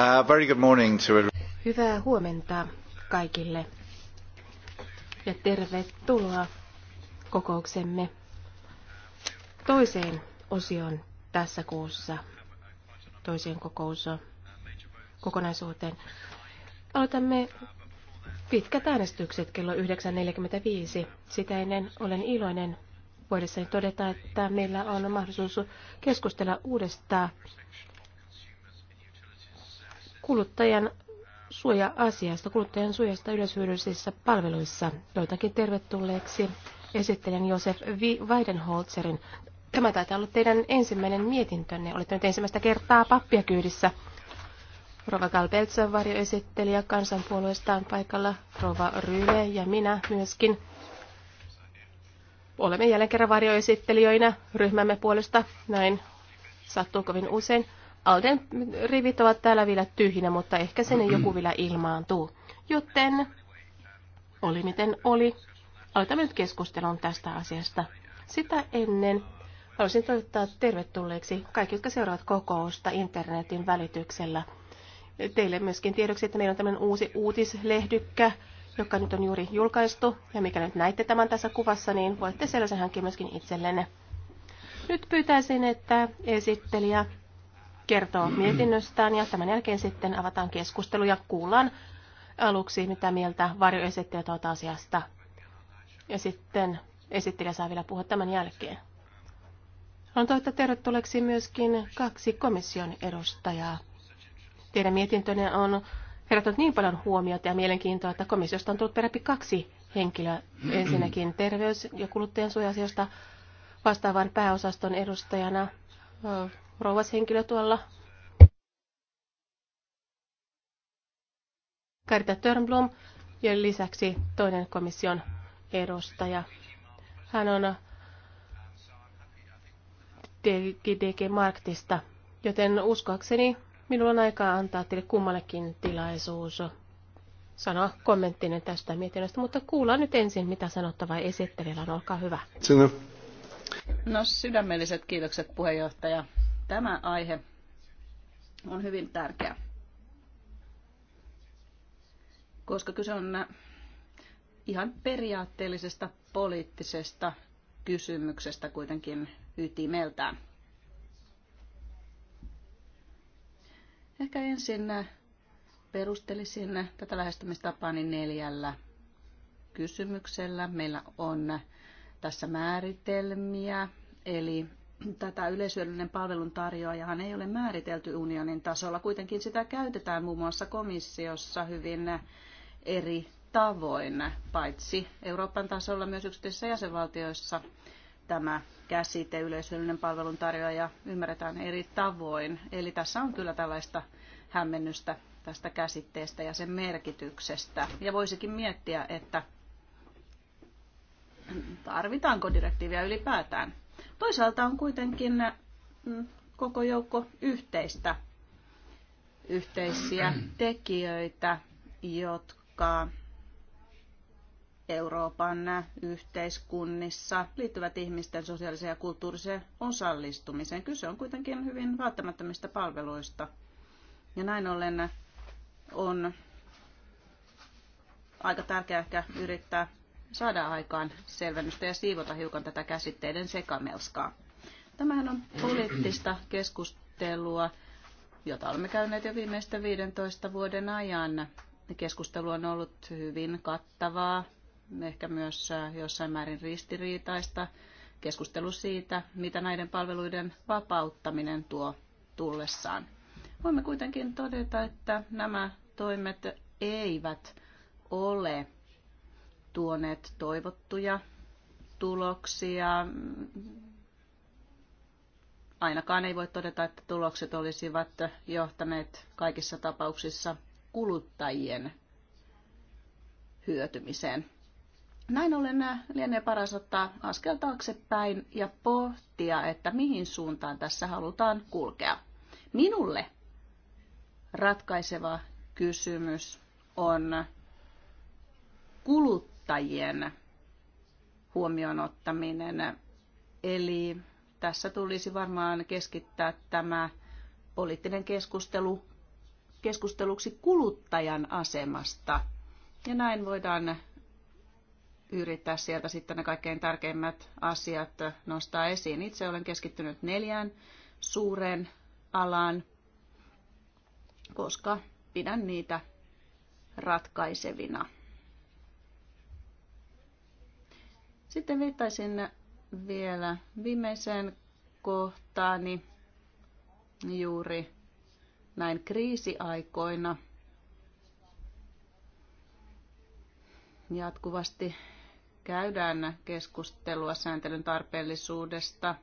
Uh, very good morning to Hyvää huomenta kaikille ja tervetuloa kokouksemme toiseen osioon tässä kuussa, toiseen kokousoon kokonaisuuteen. Aloitamme pitkät äänestykset kello 9.45. Sitä ennen olen iloinen voidessani todeta, että meillä on mahdollisuus keskustella uudesta kuluttajan suoja-asiasta, kuluttajan suojasta yleishyödyllisissä palveluissa. Joitakin tervetulleeksi esittelen Josef Weidenholzerin. Tämä taitaa olla teidän ensimmäinen mietintönne. Olette nyt ensimmäistä kertaa kyydissä. Rova Kalpeltsän varjoesittelijä kansanpuolueesta on paikalla. Rova Ryle ja minä myöskin. Olemme jälleen kerran varjoesittelijöinä ryhmämme puolesta. Näin sattuu kovin usein. Alden rivit ovat täällä vielä tyhjinä, mutta ehkä sinne joku vielä ilmaantuu. Joten oli miten oli. Aloitamme nyt keskustelun tästä asiasta. Sitä ennen haluaisin toivottaa tervetulleeksi kaikki, jotka seuraavat kokousta internetin välityksellä. Teille myöskin tiedoksi, että meillä on tämmöinen uusi uutislehdykkä, joka nyt on juuri julkaistu. Ja mikä nyt näitte tämän tässä kuvassa, niin voitte sellaisen hankkia myöskin itsellenne. Nyt pyytäisin, että esittelijä kertoo mietinnöstään ja tämän jälkeen sitten avataan keskustelu ja kuullaan aluksi, mitä mieltä varjoesittäjät ovat asiasta. Ja sitten esittelijä saa vielä puhua tämän jälkeen. On toivottavasti tervetulleeksi myöskin kaksi komission edustajaa. Teidän mietintönne on herättänyt niin paljon huomiota ja mielenkiintoa, että komissiosta on tullut peräpi kaksi henkilöä. Ensinnäkin terveys- ja kuluttajansuoja-asioista vastaavan pääosaston edustajana rouvas henkilö tuolla. Karita Törnblom ja lisäksi toinen komission edustaja. Hän on DG Marktista, joten uskoakseni minulla on aikaa antaa teille kummallekin tilaisuus sanoa kommenttinen tästä mietinnöstä, mutta kuullaan nyt ensin, mitä sanottava esittelijällä on. Olkaa hyvä. Sinä. No sydämelliset kiitokset puheenjohtaja tämä aihe on hyvin tärkeä, koska kyse on ihan periaatteellisesta poliittisesta kysymyksestä kuitenkin ytimeltään. Ehkä ensin perustelisin tätä lähestymistapaani niin neljällä kysymyksellä. Meillä on tässä määritelmiä, eli tätä yleisyydellinen palveluntarjoajahan ei ole määritelty unionin tasolla. Kuitenkin sitä käytetään muun muassa komissiossa hyvin eri tavoin, paitsi Euroopan tasolla myös yksityisissä jäsenvaltioissa tämä käsite yleisöllinen palveluntarjoaja ymmärretään eri tavoin. Eli tässä on kyllä tällaista hämmennystä tästä käsitteestä ja sen merkityksestä. Ja voisikin miettiä, että tarvitaanko direktiiviä ylipäätään. Toisaalta on kuitenkin mm, koko joukko yhteistä, yhteisiä tekijöitä, jotka Euroopan yhteiskunnissa liittyvät ihmisten sosiaaliseen ja kulttuuriseen osallistumiseen. Kyse on kuitenkin hyvin välttämättömistä palveluista. Ja näin ollen on aika tärkeää ehkä yrittää saada aikaan selvennystä ja siivota hiukan tätä käsitteiden sekamelskaa. Tämähän on poliittista keskustelua, jota olemme käyneet jo viimeisten 15 vuoden ajan. Keskustelu on ollut hyvin kattavaa, ehkä myös äh, jossain määrin ristiriitaista. Keskustelu siitä, mitä näiden palveluiden vapauttaminen tuo tullessaan. Voimme kuitenkin todeta, että nämä toimet eivät ole tuoneet toivottuja tuloksia. Ainakaan ei voi todeta, että tulokset olisivat johtaneet kaikissa tapauksissa kuluttajien hyötymiseen. Näin ollen lienee paras ottaa askel taaksepäin ja pohtia, että mihin suuntaan tässä halutaan kulkea. Minulle ratkaiseva kysymys on kuluttajien kuluttajien huomioon ottaminen. Eli tässä tulisi varmaan keskittää tämä poliittinen keskustelu keskusteluksi kuluttajan asemasta. Ja näin voidaan yrittää sieltä sitten ne kaikkein tärkeimmät asiat nostaa esiin. Itse olen keskittynyt neljään suureen alaan, koska pidän niitä ratkaisevina. Sitten viittaisin vielä viimeiseen kohtaani juuri näin kriisiaikoina. Jatkuvasti käydään keskustelua sääntelyn tarpeellisuudesta.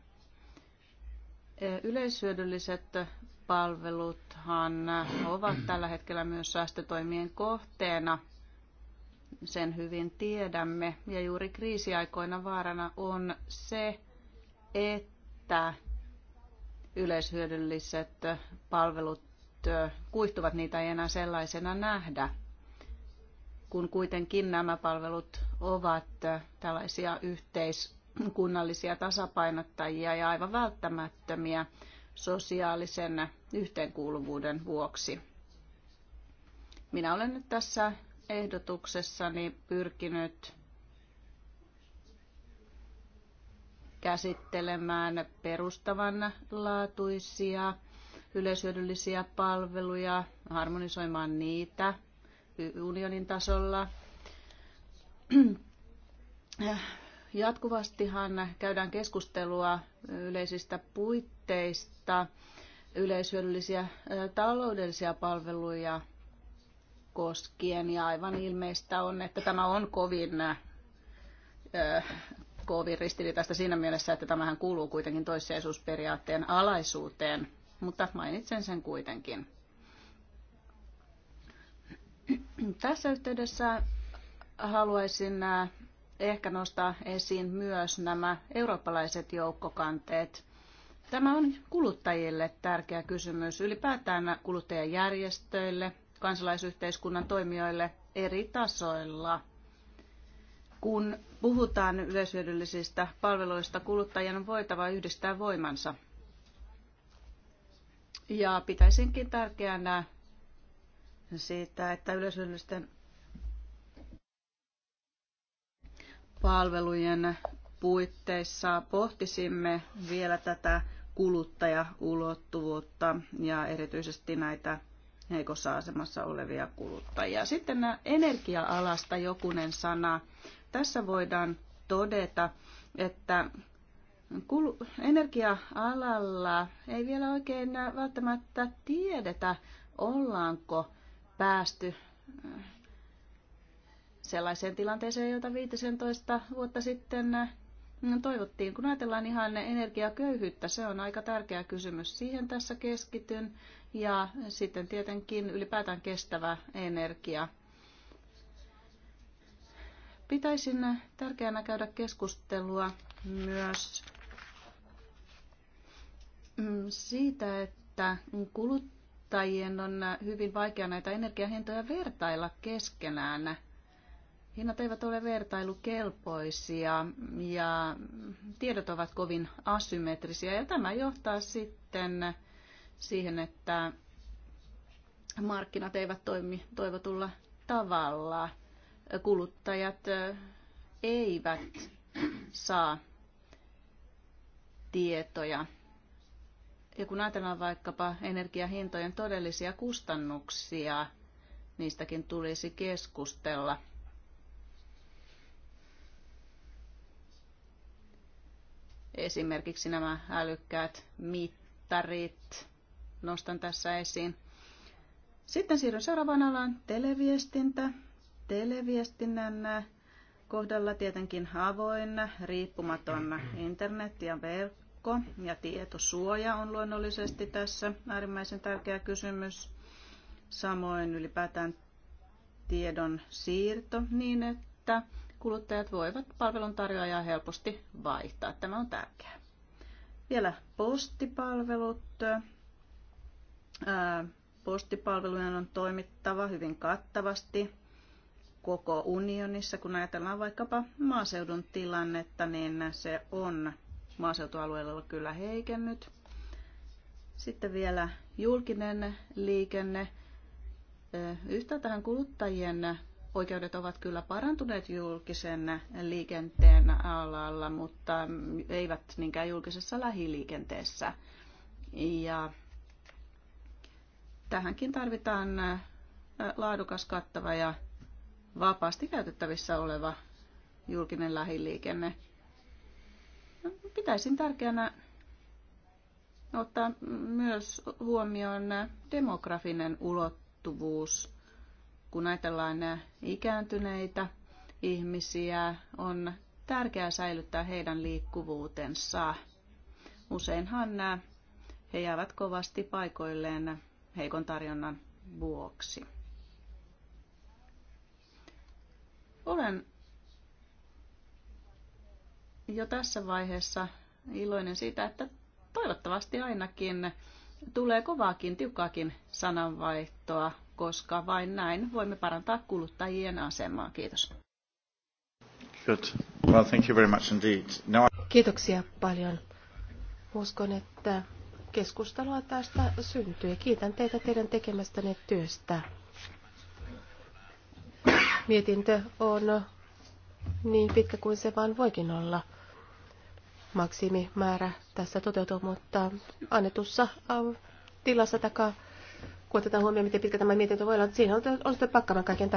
Yleishyödylliset palveluthan ovat tällä hetkellä myös säästötoimien kohteena – sen hyvin tiedämme. Ja juuri kriisiaikoina vaarana on se, että yleishyödylliset palvelut kuihtuvat, niitä ei enää sellaisena nähdä, kun kuitenkin nämä palvelut ovat tällaisia yhteiskunnallisia tasapainottajia ja aivan välttämättömiä sosiaalisen yhteenkuuluvuuden vuoksi. Minä olen nyt tässä ehdotuksessani pyrkinyt käsittelemään perustavanlaatuisia yleishyödyllisiä palveluja, harmonisoimaan niitä unionin tasolla. Jatkuvastihan käydään keskustelua yleisistä puitteista, yleishyödyllisiä taloudellisia palveluja koskien. Ja aivan ilmeistä on, että tämä on kovin, kovin ristiriitaista siinä mielessä, että tämähän kuuluu kuitenkin toissijaisuusperiaatteen alaisuuteen, mutta mainitsen sen kuitenkin. Tässä yhteydessä haluaisin ehkä nostaa esiin myös nämä eurooppalaiset joukkokanteet. Tämä on kuluttajille tärkeä kysymys, ylipäätään kuluttajajärjestöille, kansalaisyhteiskunnan toimijoille eri tasoilla. Kun puhutaan yleishyödyllisistä palveluista, kuluttajien on voitava yhdistää voimansa. Ja pitäisinkin tärkeänä siitä, että yleishyödyllisten palvelujen puitteissa pohtisimme vielä tätä kuluttajaulottuvuutta ja erityisesti näitä heikossa asemassa olevia kuluttajia. Sitten energia-alasta jokunen sana. Tässä voidaan todeta, että energia-alalla ei vielä oikein välttämättä tiedetä, ollaanko päästy äh, sellaiseen tilanteeseen, jota 15 vuotta sitten No, toivottiin. Kun ajatellaan ihan energiaköyhyyttä, se on aika tärkeä kysymys. Siihen tässä keskityn. Ja sitten tietenkin ylipäätään kestävä energia. Pitäisin tärkeänä käydä keskustelua myös siitä, että kuluttajien on hyvin vaikea näitä energiahintoja vertailla keskenään hinnat eivät ole vertailukelpoisia ja tiedot ovat kovin asymmetrisiä ja tämä johtaa sitten siihen, että markkinat eivät toimi toivotulla tavalla. Kuluttajat eivät saa tietoja. Ja kun ajatellaan vaikkapa energiahintojen todellisia kustannuksia, niistäkin tulisi keskustella – esimerkiksi nämä älykkäät mittarit. Nostan tässä esiin. Sitten siirryn seuraavaan alaan televiestintä. Televiestinnän kohdalla tietenkin avoin, riippumaton internet ja verkko ja tietosuoja on luonnollisesti tässä äärimmäisen tärkeä kysymys. Samoin ylipäätään tiedon siirto niin, että kuluttajat voivat palveluntarjoajaa helposti vaihtaa. Tämä on tärkeää. Vielä postipalvelut. Postipalvelujen on toimittava hyvin kattavasti koko unionissa. Kun ajatellaan vaikkapa maaseudun tilannetta, niin se on maaseutualueella kyllä heikennyt. Sitten vielä julkinen liikenne. Yhtä tähän kuluttajien oikeudet ovat kyllä parantuneet julkisen liikenteen alalla, mutta eivät niinkään julkisessa lähiliikenteessä. Ja tähänkin tarvitaan laadukas, kattava ja vapaasti käytettävissä oleva julkinen lähiliikenne. Pitäisin tärkeänä ottaa myös huomioon demografinen ulottuvuus kun ajatellaan ikääntyneitä ihmisiä, on tärkeää säilyttää heidän liikkuvuutensa. Useinhan nämä, he jäävät kovasti paikoilleen heikon tarjonnan vuoksi. Olen jo tässä vaiheessa iloinen siitä, että toivottavasti ainakin tulee kovaakin, tiukkaakin sananvaihtoa koska vain näin voimme parantaa kuluttajien asemaa. Kiitos. Good. Well, thank you very much indeed. Now I... Kiitoksia paljon. Uskon, että keskustelua tästä syntyy. Kiitän teitä teidän tekemästänne työstä. Mietintö on niin pitkä kuin se vaan voikin olla. Maksimimäärä tässä toteutuu, mutta annetussa äh, tilassa takaa kun otetaan huomioon, miten pitkä tämä mietintö voi olla, että siinä sitten pakkana kaiken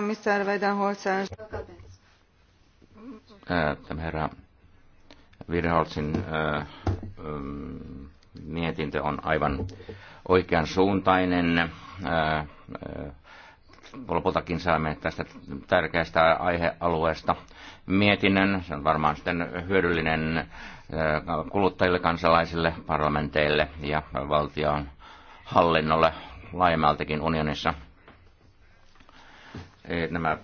Mistä arvoidaan Weidenholzer. Tämä herra Virholtsin mietintö on aivan oikean suuntainen. Lopultakin saamme tästä tärkeästä aihealueesta mietinnön. Se on varmaan sitten hyödyllinen kuluttajille, kansalaisille, parlamenteille ja valtioon hallinnolle laajemmaltakin unionissa. E, nämä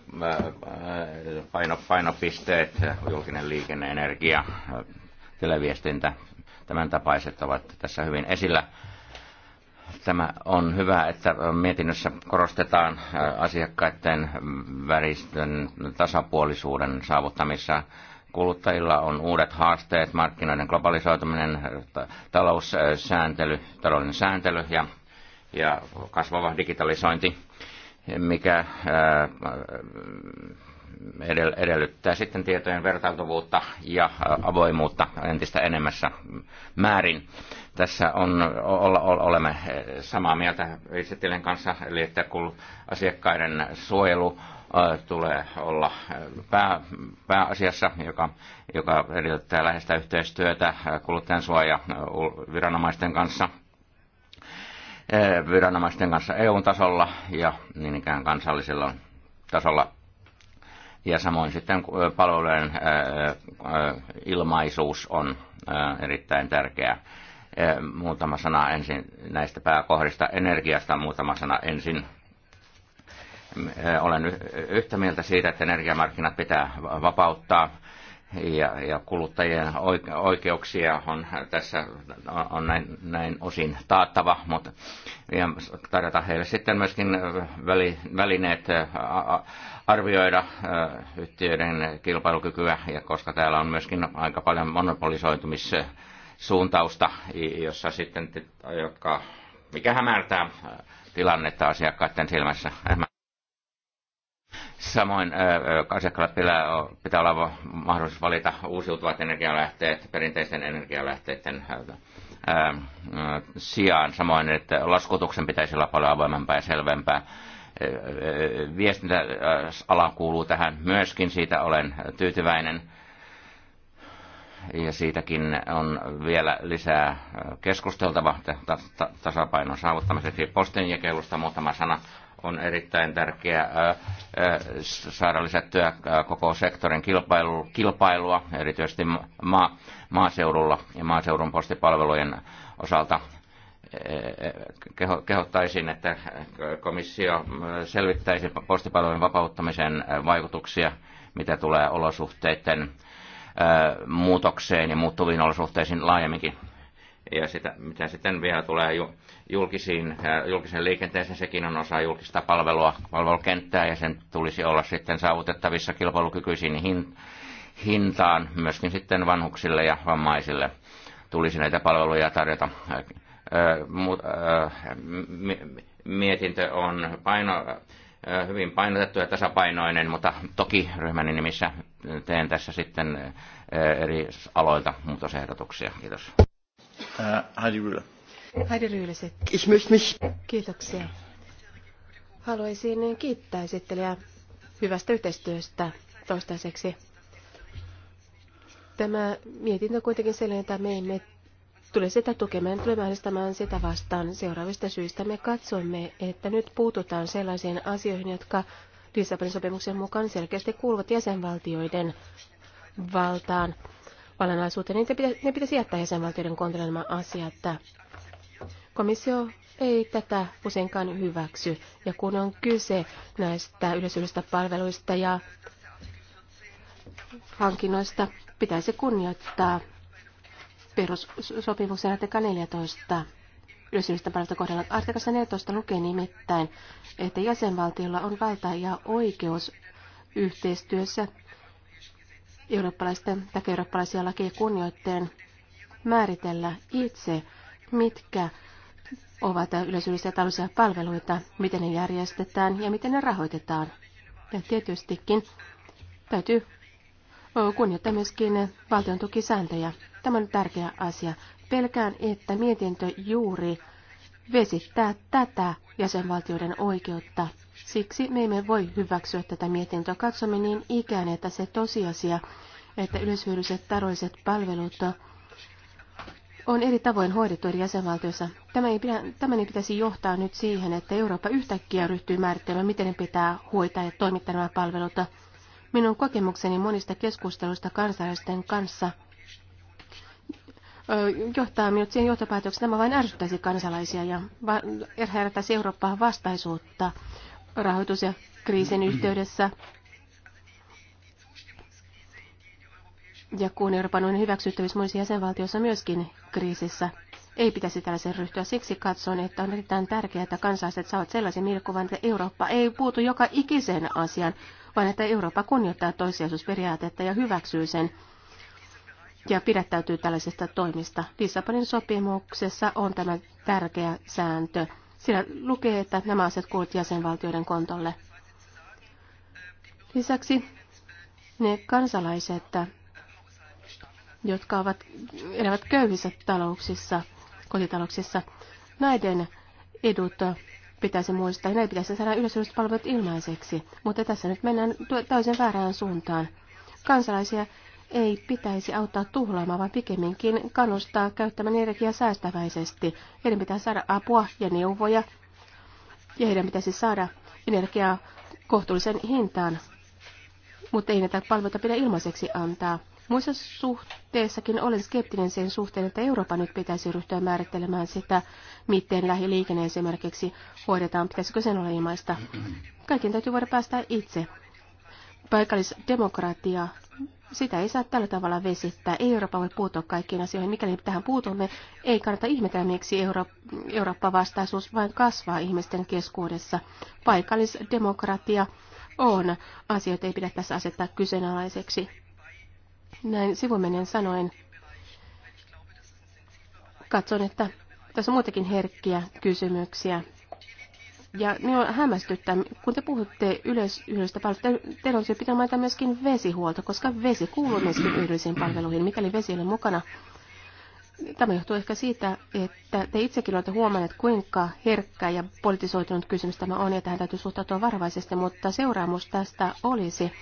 painopisteet, julkinen liikenne, energia, televiestintä, tämän tapaiset ovat tässä hyvin esillä. Tämä on hyvä, että mietinnössä korostetaan asiakkaiden väristön tasapuolisuuden saavuttamissa kuluttajilla on uudet haasteet, markkinoiden globalisoituminen, taloussääntely, talouden sääntely ja, ja kasvava digitalisointi, mikä edellyttää sitten tietojen vertailtavuutta ja avoimuutta entistä enemmässä määrin. Tässä on, olemme samaa mieltä itse kanssa, eli että kun asiakkaiden suojelu tulee olla pää, pääasiassa, joka, joka edellyttää läheistä yhteistyötä suoja viranomaisten kanssa viranomaisten kanssa EU-tasolla ja niin ikään kansallisella tasolla. Ja samoin sitten palvelujen ilmaisuus on erittäin tärkeä Muutama sana ensin näistä pääkohdista. Energiasta muutama sana ensin olen yhtä mieltä siitä, että energiamarkkinat pitää vapauttaa ja, ja kuluttajien oikeuksia on tässä on näin, näin osin taattava, mutta ja tarjota heille sitten myöskin välineet arvioida yhtiöiden kilpailukykyä, ja koska täällä on myöskin aika paljon monopolisoitumissuuntausta, jossa sitten, jotka, mikä hämärtää tilannetta asiakkaiden silmässä. Samoin äh, äh, asiakkailla pitää olla mahdollisuus valita uusiutuvat energialähteet perinteisten energialähteiden äh, sijaan. Samoin, että laskutuksen pitäisi olla paljon avoimempaa ja selvempää. Viestintäala kuuluu tähän myöskin, siitä olen tyytyväinen. Ja siitäkin on vielä lisää keskusteltava tasapainon saavuttamiseksi jakelusta muutama sana on erittäin tärkeää saada lisättyä koko sektorin kilpailua, erityisesti maa, maaseudulla ja maaseudun postipalvelujen osalta. kehottaisin, että komissio selvittäisi postipalvelujen vapauttamisen vaikutuksia, mitä tulee olosuhteiden muutokseen ja muuttuviin olosuhteisiin laajemminkin. Ja sitä, mitä sitten vielä tulee julkisiin, äh, julkisen liikenteeseen. Sekin on osa julkista palvelua, palvelukenttää ja sen tulisi olla sitten saavutettavissa kilpailukykyisiin hintaan myöskin sitten vanhuksille ja vammaisille tulisi näitä palveluja tarjota. Mietintö on paino, hyvin painotettu ja tasapainoinen, mutta toki ryhmäni nimissä teen tässä sitten eri aloilta muutosehdotuksia. Kiitos. Äh, do you Heidi mich... Kiitoksia. Haluaisin kiittää esittelijää hyvästä yhteistyöstä toistaiseksi. Tämä mietintö kuitenkin että me emme tule sitä tukemaan, tulemme äänestämään sitä vastaan. Seuraavista syistä me katsoimme, että nyt puututaan sellaisiin asioihin, jotka Lissabonin sopimuksen mukaan selkeästi kuuluvat jäsenvaltioiden valtaan. Valanaisuuteen, niin ne pitäisi jättää jäsenvaltioiden kontrolloimaan asiat. Komissio ei tätä useinkaan hyväksy. Ja kun on kyse näistä yleisöllisistä palveluista ja hankinnoista, pitäisi kunnioittaa perussopimuksen artikka 14 yleisöllisistä palveluista kohdalla. Artikassa 14 lukee nimittäin, että jäsenvaltiolla on valta ja oikeus yhteistyössä eurooppalaisten tai eurooppalaisia lakeja kunnioitteen määritellä itse, mitkä ovat yleisöllisiä taloudellisia palveluita, miten ne järjestetään ja miten ne rahoitetaan. Ja tietystikin täytyy kunnioittaa myöskin valtion tukisääntöjä. Tämä on tärkeä asia. Pelkään, että mietintö juuri vesittää tätä jäsenvaltioiden oikeutta. Siksi me emme voi hyväksyä tätä mietintöä. Katsomme niin ikään, että se tosiasia, että yleishyödylliset taloudelliset palvelut on eri tavoin hoidettu eri jäsenvaltioissa. Tämä ei, pidä, tämän ei pitäisi johtaa nyt siihen, että Eurooppa yhtäkkiä ryhtyy määrittelemään, miten ne pitää hoitaa ja toimittaa nämä palvelut. Minun kokemukseni monista keskusteluista kansalaisten kanssa johtaa minut siihen johtopäätökseen, että nämä vain ärsyttäisi kansalaisia ja herättäisi Eurooppaa vastaisuutta rahoitus- ja kriisin yhteydessä Ja kun Euroopan unionin hyväksyttävyys muissa jäsenvaltioissa myöskin kriisissä, ei pitäisi tällaisen ryhtyä. Siksi katson, että on erittäin tärkeää, että kansalaiset saavat sellaisen mielikuvan, että Eurooppa ei puutu joka ikiseen asian, vaan että Eurooppa kunnioittaa toissijaisuusperiaatetta ja hyväksyy sen ja pidättäytyy tällaisesta toimista. Lissabonin sopimuksessa on tämä tärkeä sääntö. Sillä lukee, että nämä asiat kuuluvat jäsenvaltioiden kontolle. Lisäksi ne kansalaiset, jotka ovat, elävät köyhissä talouksissa, kotitalouksissa. Näiden edut pitäisi muistaa, näin pitäisi saada palvelut ilmaiseksi, mutta tässä nyt mennään täysin väärään suuntaan. Kansalaisia ei pitäisi auttaa tuhlaamaan, vaan pikemminkin kannustaa käyttämään energiaa säästäväisesti. Heidän pitää saada apua ja neuvoja, ja heidän pitäisi saada energiaa kohtuullisen hintaan, mutta ei näitä palveluita pidä ilmaiseksi antaa. Muissa suhteissakin olen skeptinen sen suhteen, että Euroopan nyt pitäisi ryhtyä määrittelemään sitä, miten lähiliikenne esimerkiksi hoidetaan, pitäisikö sen olla ilmaista. Kaiken täytyy voida päästä itse. Paikallisdemokratia, sitä ei saa tällä tavalla vesittää. Ei Eurooppa voi puuttua kaikkiin asioihin. Mikäli tähän puutumme, ei kannata ihmetellä, miksi Euro- Eurooppa-vastaisuus vain kasvaa ihmisten keskuudessa. Paikallisdemokratia on. Asioita ei pidä tässä asettaa kyseenalaiseksi. Näin sivuminen sanoen katson, että tässä on muitakin herkkiä kysymyksiä. Ja minua hämmästyttää, kun te puhutte yleisyydestä palveluista, teillä olisi pitää mainita myöskin vesihuolto, koska vesi kuuluu myöskin yhdellisiin palveluihin, mikäli vesi ei ole mukana. Tämä johtuu ehkä siitä, että te itsekin olette huomanneet, kuinka herkkä ja politisoitunut kysymys tämä on, ja tähän täytyy suhtautua varovaisesti, mutta seuraamus tästä olisi,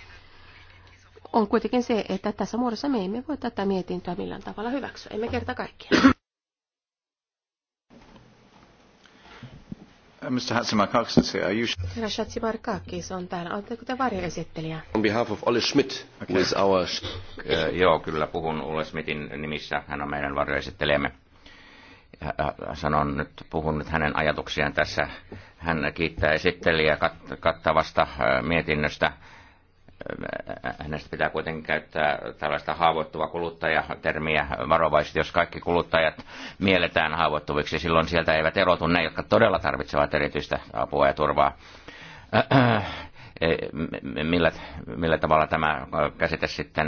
on kuitenkin se, että tässä muodossa me emme voi tätä mietintöä millään tavalla hyväksyä. Emme kerta kaikkiaan. Uh, Mr. Hatzimarkakis is here. on täällä. Oletteko te varjoesittelijä? On behalf of Ole Schmidt, okay. who is our... Uh, joo, kyllä puhun Ole Schmidtin nimissä. Hän on meidän varjoesittelijämme. Sanon nyt, puhun nyt hänen ajatuksiaan tässä. Hän kiittää esittelijää kat- kattavasta uh, mietinnöstä hänestä pitää kuitenkin käyttää tällaista haavoittuva kuluttajatermiä varovaisesti, jos kaikki kuluttajat mielletään haavoittuviksi, silloin sieltä eivät erotu ne, jotka todella tarvitsevat erityistä apua ja turvaa. Äh, äh, millä, millä tavalla tämä äh, käsite sitten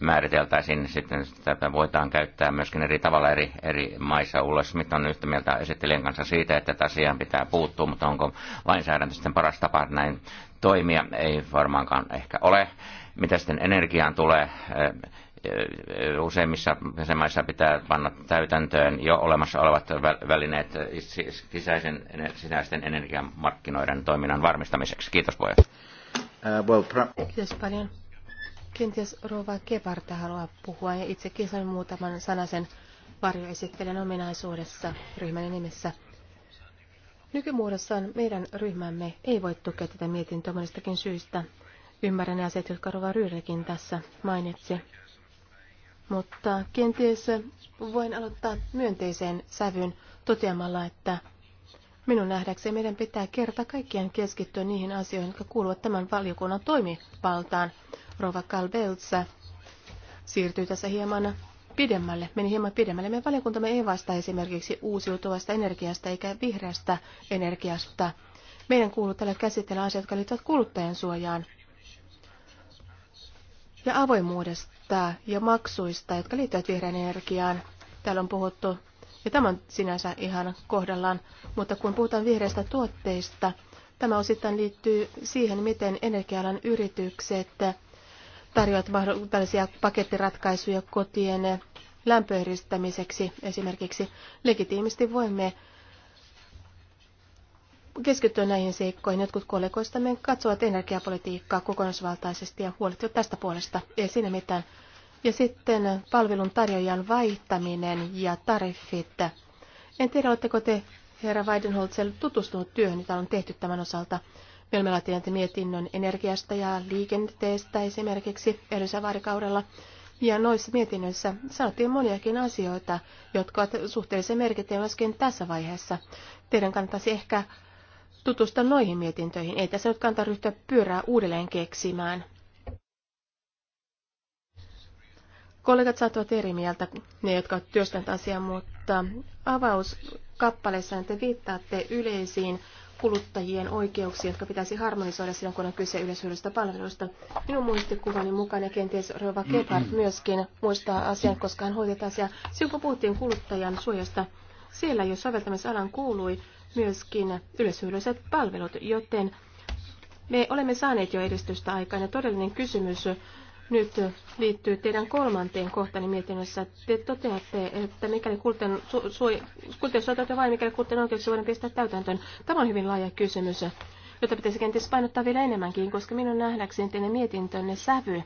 määriteltäisiin, sitten tätä voidaan käyttää myöskin eri tavalla eri, eri maissa. Ulla Smith on yhtä mieltä esittelijän kanssa siitä, että tätä asiaan pitää puuttua, mutta onko lainsäädäntö sitten paras tapa näin toimia ei varmaankaan ehkä ole. Mitä sitten energiaan tulee, useimmissa maissa pitää panna täytäntöön jo olemassa olevat välineet sisäisen, sisäisten energiamarkkinoiden toiminnan varmistamiseksi. Kiitos puheenjohtaja. Uh, well, Kiitos paljon. Kenties Rova Keparta haluaa puhua ja itsekin sanon muutaman sanasen varjoesittelijän ominaisuudessa ryhmän nimessä. Nykymuodossaan meidän ryhmämme ei voi tukea tätä mietintöä monestakin syystä. Ymmärrän ne asiat, jotka Rova Ryrekin tässä mainitsi. Mutta kenties voin aloittaa myönteiseen sävyyn toteamalla, että minun nähdäkseni meidän pitää kerta kaikkien keskittyä niihin asioihin, jotka kuuluvat tämän valiokunnan toimivaltaan. Rova Kalbeltsä siirtyy tässä hieman pidemmälle, meni hieman pidemmälle. Meidän valiokuntamme ei vastaa esimerkiksi uusiutuvasta energiasta eikä vihreästä energiasta. Meidän kuuluu tällä käsitellä asioita, jotka liittyvät kuluttajan suojaan ja avoimuudesta ja maksuista, jotka liittyvät vihreän energiaan. Täällä on puhuttu, ja tämä on sinänsä ihan kohdallaan, mutta kun puhutaan vihreistä tuotteista, tämä osittain liittyy siihen, miten energialan yritykset tarjoavat tällaisia pakettiratkaisuja kotien lämpöeristämiseksi esimerkiksi. Legitiimisti voimme keskittyä näihin seikkoihin. Jotkut kollegoistamme katsovat energiapolitiikkaa kokonaisvaltaisesti ja huolehtivat tästä puolesta. Ei siinä mitään. Ja sitten palvelun tarjoajan vaihtaminen ja tariffit. En tiedä, oletteko te, herra Weidenholzel, tutustunut työhön, mitä on tehty tämän osalta. Vilmela tienti mietinnön energiasta ja liikenteestä esimerkiksi edellisellä vaalikaudella. Ja noissa mietinnöissä sanottiin moniakin asioita, jotka ovat suhteellisen merkittäviä myöskin tässä vaiheessa. Teidän kannattaisi ehkä tutustua noihin mietintöihin. Ei tässä nyt kannata ryhtyä pyörää uudelleen keksimään. Kollegat saattavat eri mieltä, ne jotka ovat työstäneet asiaa, mutta avauskappaleissa te viittaatte yleisiin kuluttajien oikeuksia, jotka pitäisi harmonisoida silloin, kun on kyse yleishyödyllisistä palveluista. Minun muistikuvani mukaan ja kenties Rova Gebhardt mm-hmm. myöskin muistaa asian, koska hän hoitaa asiaa. Silloin kun puhuttiin kuluttajan suojasta, siellä jo soveltamisalan kuului myöskin yleishyödylliset palvelut, joten me olemme saaneet jo edistystä aikaan ja todellinen kysymys nyt liittyy teidän kolmanteen kohtani mietinnössä. Te toteatte, että mikäli kuluttajan suojeltu vain mikäli kulten oikeuksia voidaan pistää täytäntöön. Tämä on hyvin laaja kysymys, jota pitäisi kenties painottaa vielä enemmänkin, koska minun nähdäkseni teidän mietintönne sävy,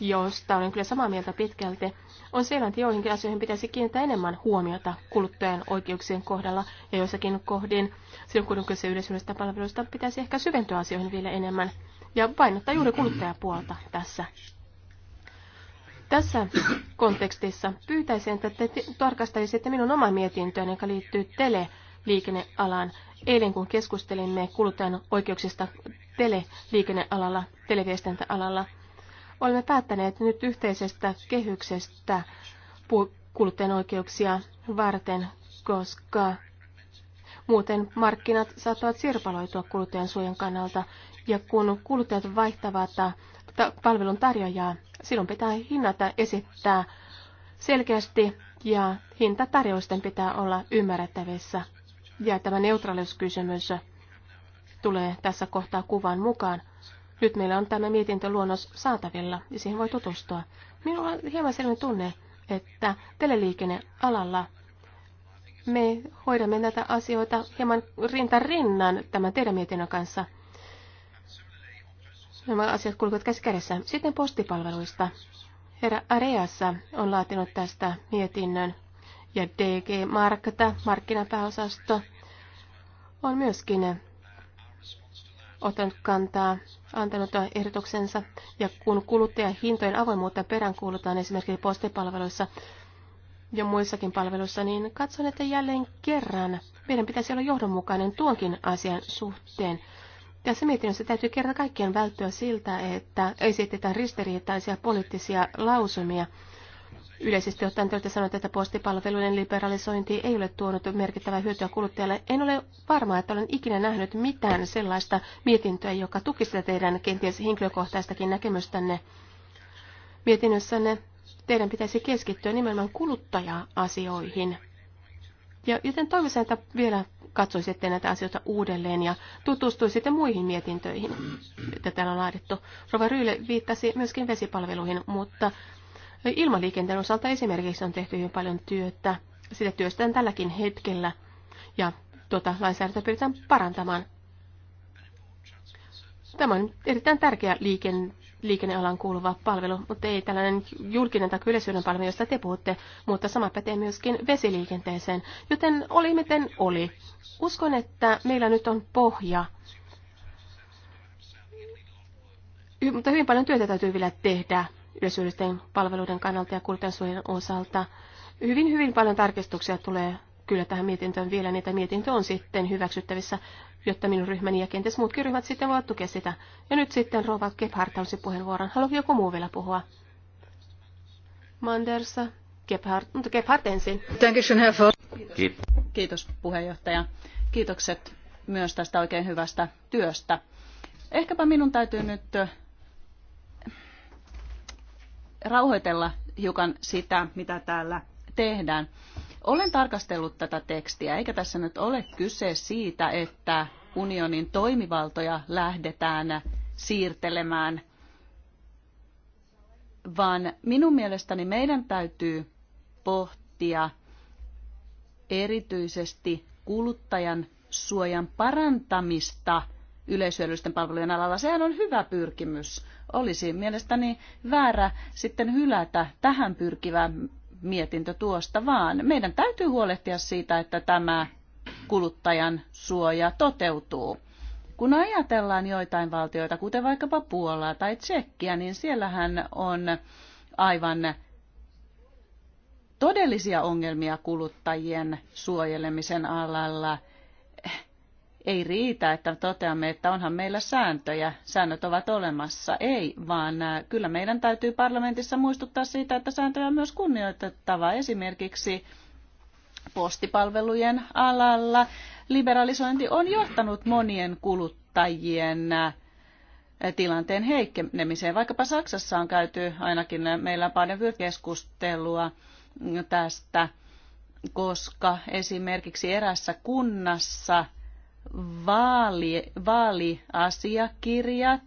josta olen kyllä samaa mieltä pitkälti, on sellainen, että joihinkin asioihin pitäisi kiinnittää enemmän huomiota kuluttajan oikeuksien kohdalla ja joissakin kohdin silloin kun kyse yleisyydestä palveluista pitäisi ehkä syventyä asioihin vielä enemmän ja painottaa juuri kuluttajapuolta tässä. Tässä kontekstissa pyytäisin, että te tarkastaisitte minun oma mietintöön, joka liittyy teleliikennealaan. Eilen kun keskustelimme kuluttajan oikeuksista teleliikennealalla, televiestintäalalla, olemme päättäneet nyt yhteisestä kehyksestä kuluttajan oikeuksia varten, koska Muuten markkinat saattavat sirpaloitua kuluttajan suojan kannalta, ja kun kuluttajat vaihtavat palvelun tarjoajaa, silloin pitää hinnata esittää selkeästi ja hintatarjousten pitää olla ymmärrettävissä. Ja tämä neutraaliuskysymys tulee tässä kohtaa kuvan mukaan. Nyt meillä on tämä mietintöluonnos saatavilla ja siihen voi tutustua. Minulla on hieman sellainen tunne, että teleliikennealalla me hoidamme näitä asioita hieman rinta rinnan tämän teidän mietinnön kanssa. Nämä asiat kulkevat käsi kädessä. Sitten postipalveluista. Herra Areassa on laatinut tästä mietinnön ja DG Markta, markkinapääosasto, on myöskin ottanut kantaa, antanut ehdotuksensa. Ja kun kuluttajahintojen avoimuutta peräänkuulutaan esimerkiksi postipalveluissa, ja muissakin palveluissa, niin katson, että jälleen kerran meidän pitäisi olla johdonmukainen tuonkin asian suhteen. Tässä mietinnössä täytyy kerta kaikkien välttyä siltä, että esitetään ristiriitaisia poliittisia lausumia. Yleisesti ottaen te sanoa, että postipalveluiden liberalisointi ei ole tuonut merkittävää hyötyä kuluttajalle. En ole varma, että olen ikinä nähnyt mitään sellaista mietintöä, joka tukisi teidän kenties henkilökohtaistakin näkemystänne. Mietinnössänne Teidän pitäisi keskittyä nimenomaan kuluttaja-asioihin. Ja joten toivoisin, että vielä katsoisitte näitä asioita uudelleen ja tutustuisitte muihin mietintöihin, joita täällä on laadittu. Rova Ryyle viittasi myöskin vesipalveluihin, mutta ilmaliikenteen osalta esimerkiksi on tehty hyvin paljon työtä. Sitä työstään tälläkin hetkellä ja tuota lainsäädäntöä pyritään parantamaan. Tämä on erittäin tärkeä liikenne liikennealan kuuluva palvelu, mutta ei tällainen julkinen tai yleisyyden palvelu, josta te puhutte, mutta sama pätee myöskin vesiliikenteeseen. Joten oli miten oli. Uskon, että meillä nyt on pohja. mutta hyvin paljon työtä täytyy vielä tehdä yleisyyden palveluiden kannalta ja kuluttajansuojelun osalta. Hyvin, hyvin paljon tarkistuksia tulee kyllä tähän mietintöön vielä, niin että mietintö on sitten hyväksyttävissä, jotta minun ryhmäni ja kenties muutkin ryhmät sitten voivat tukea sitä. Ja nyt sitten Rova Gebhardt on se puheenvuoron. Haluatko joku muu vielä puhua? Mandersa, Gebhardt, mutta Gebhardt ensin. Kiitos. Kiitos puheenjohtaja. Kiitokset myös tästä oikein hyvästä työstä. Ehkäpä minun täytyy nyt äh, rauhoitella hiukan sitä, mitä täällä tehdään. Olen tarkastellut tätä tekstiä, eikä tässä nyt ole kyse siitä, että unionin toimivaltoja lähdetään siirtelemään, vaan minun mielestäni meidän täytyy pohtia erityisesti kuluttajan suojan parantamista yleishyödyllisten palvelujen alalla. Sehän on hyvä pyrkimys. Olisi mielestäni väärä sitten hylätä tähän pyrkivä mietintö tuosta, vaan meidän täytyy huolehtia siitä, että tämä kuluttajan suoja toteutuu. Kun ajatellaan joitain valtioita, kuten vaikkapa Puolaa tai Tsekkiä, niin siellähän on aivan todellisia ongelmia kuluttajien suojelemisen alalla – ei riitä, että toteamme, että onhan meillä sääntöjä, säännöt ovat olemassa. Ei, vaan äh, kyllä meidän täytyy parlamentissa muistuttaa siitä, että sääntöjä on myös kunnioitettava. Esimerkiksi postipalvelujen alalla liberalisointi on johtanut monien kuluttajien äh, tilanteen heikkenemiseen. Vaikkapa Saksassa on käyty ainakin äh, meillä paljon keskustelua mm, tästä, koska esimerkiksi erässä kunnassa – vaali, vaaliasiakirjat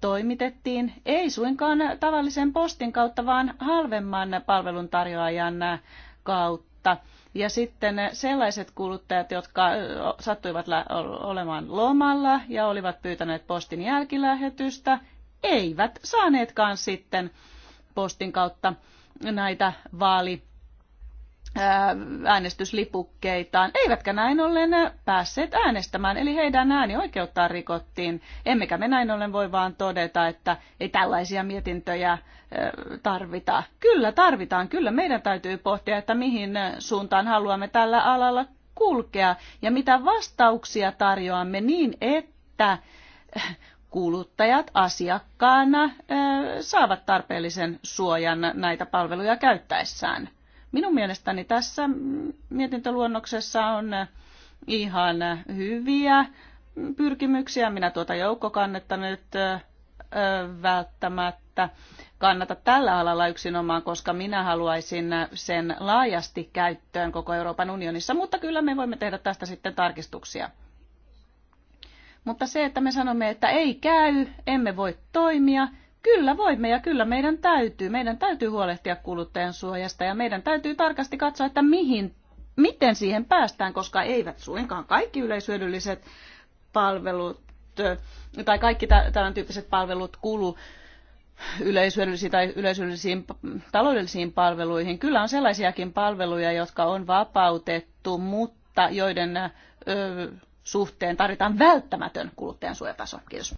toimitettiin ei suinkaan tavallisen postin kautta, vaan halvemman palveluntarjoajan kautta. Ja sitten sellaiset kuluttajat, jotka sattuivat olemaan lomalla ja olivat pyytäneet postin jälkilähetystä, eivät saaneetkaan sitten postin kautta näitä vaali äänestyslipukkeita, eivätkä näin ollen päässeet äänestämään, eli heidän äänioikeuttaan rikottiin. Emmekä me näin ollen voi vaan todeta, että ei tällaisia mietintöjä tarvita. Kyllä tarvitaan, kyllä meidän täytyy pohtia, että mihin suuntaan haluamme tällä alalla kulkea ja mitä vastauksia tarjoamme niin, että kuluttajat asiakkaana saavat tarpeellisen suojan näitä palveluja käyttäessään. Minun mielestäni tässä mietintöluonnoksessa on ihan hyviä pyrkimyksiä. Minä tuota joukkokannetta nyt välttämättä kannata tällä alalla yksinomaan, koska minä haluaisin sen laajasti käyttöön koko Euroopan unionissa, mutta kyllä me voimme tehdä tästä sitten tarkistuksia. Mutta se, että me sanomme, että ei käy, emme voi toimia, Kyllä voimme ja kyllä meidän täytyy. Meidän täytyy huolehtia kuluttajan suojasta ja meidän täytyy tarkasti katsoa, että mihin, miten siihen päästään, koska eivät suinkaan kaikki yleisyödylliset palvelut tai kaikki tämän tyyppiset palvelut kulu yleisyydellisiin tai yleisyydellisiin taloudellisiin palveluihin. Kyllä on sellaisiakin palveluja, jotka on vapautettu, mutta joiden ö, suhteen tarvitaan välttämätön kuluttajan suojataso. Kiitos.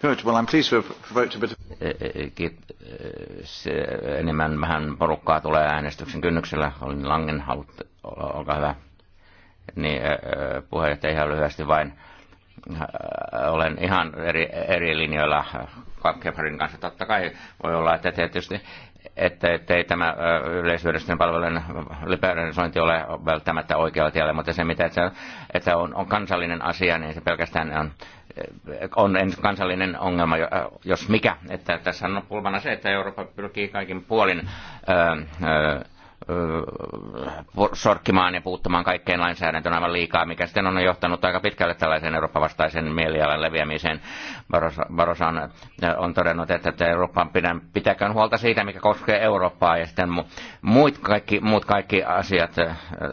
Good. Well, I'm pleased we've provoked a bit of... E, e, e, enemmän vähän porukkaa tulee äänestyksen kynnyksellä. Olin Langen, halut, olkaa hyvä. Niin, puheenjohtaja ihan lyhyesti vain. Äh, olen ihan eri, eri linjoilla Kepharin kanssa. Totta kai voi olla, että tietysti että, ei tämä yleishyödyllisten palvelujen liberalisointi ole välttämättä oikealla tiellä, mutta se mitä että se, että on, on kansallinen asia, niin se pelkästään on, on kansallinen ongelma, jos mikä. Että tässä on pulmana se, että Eurooppa pyrkii kaikin puolin ää, sorkkimaan ja puuttumaan kaikkeen lainsäädäntöön aivan liikaa, mikä sitten on johtanut aika pitkälle tällaisen Euroopan vastaisen mielialan leviämiseen. Barosan on, todennut, että, että Euroopan pidän, pitäkään huolta siitä, mikä koskee Eurooppaa ja sitten muut kaikki, muut kaikki asiat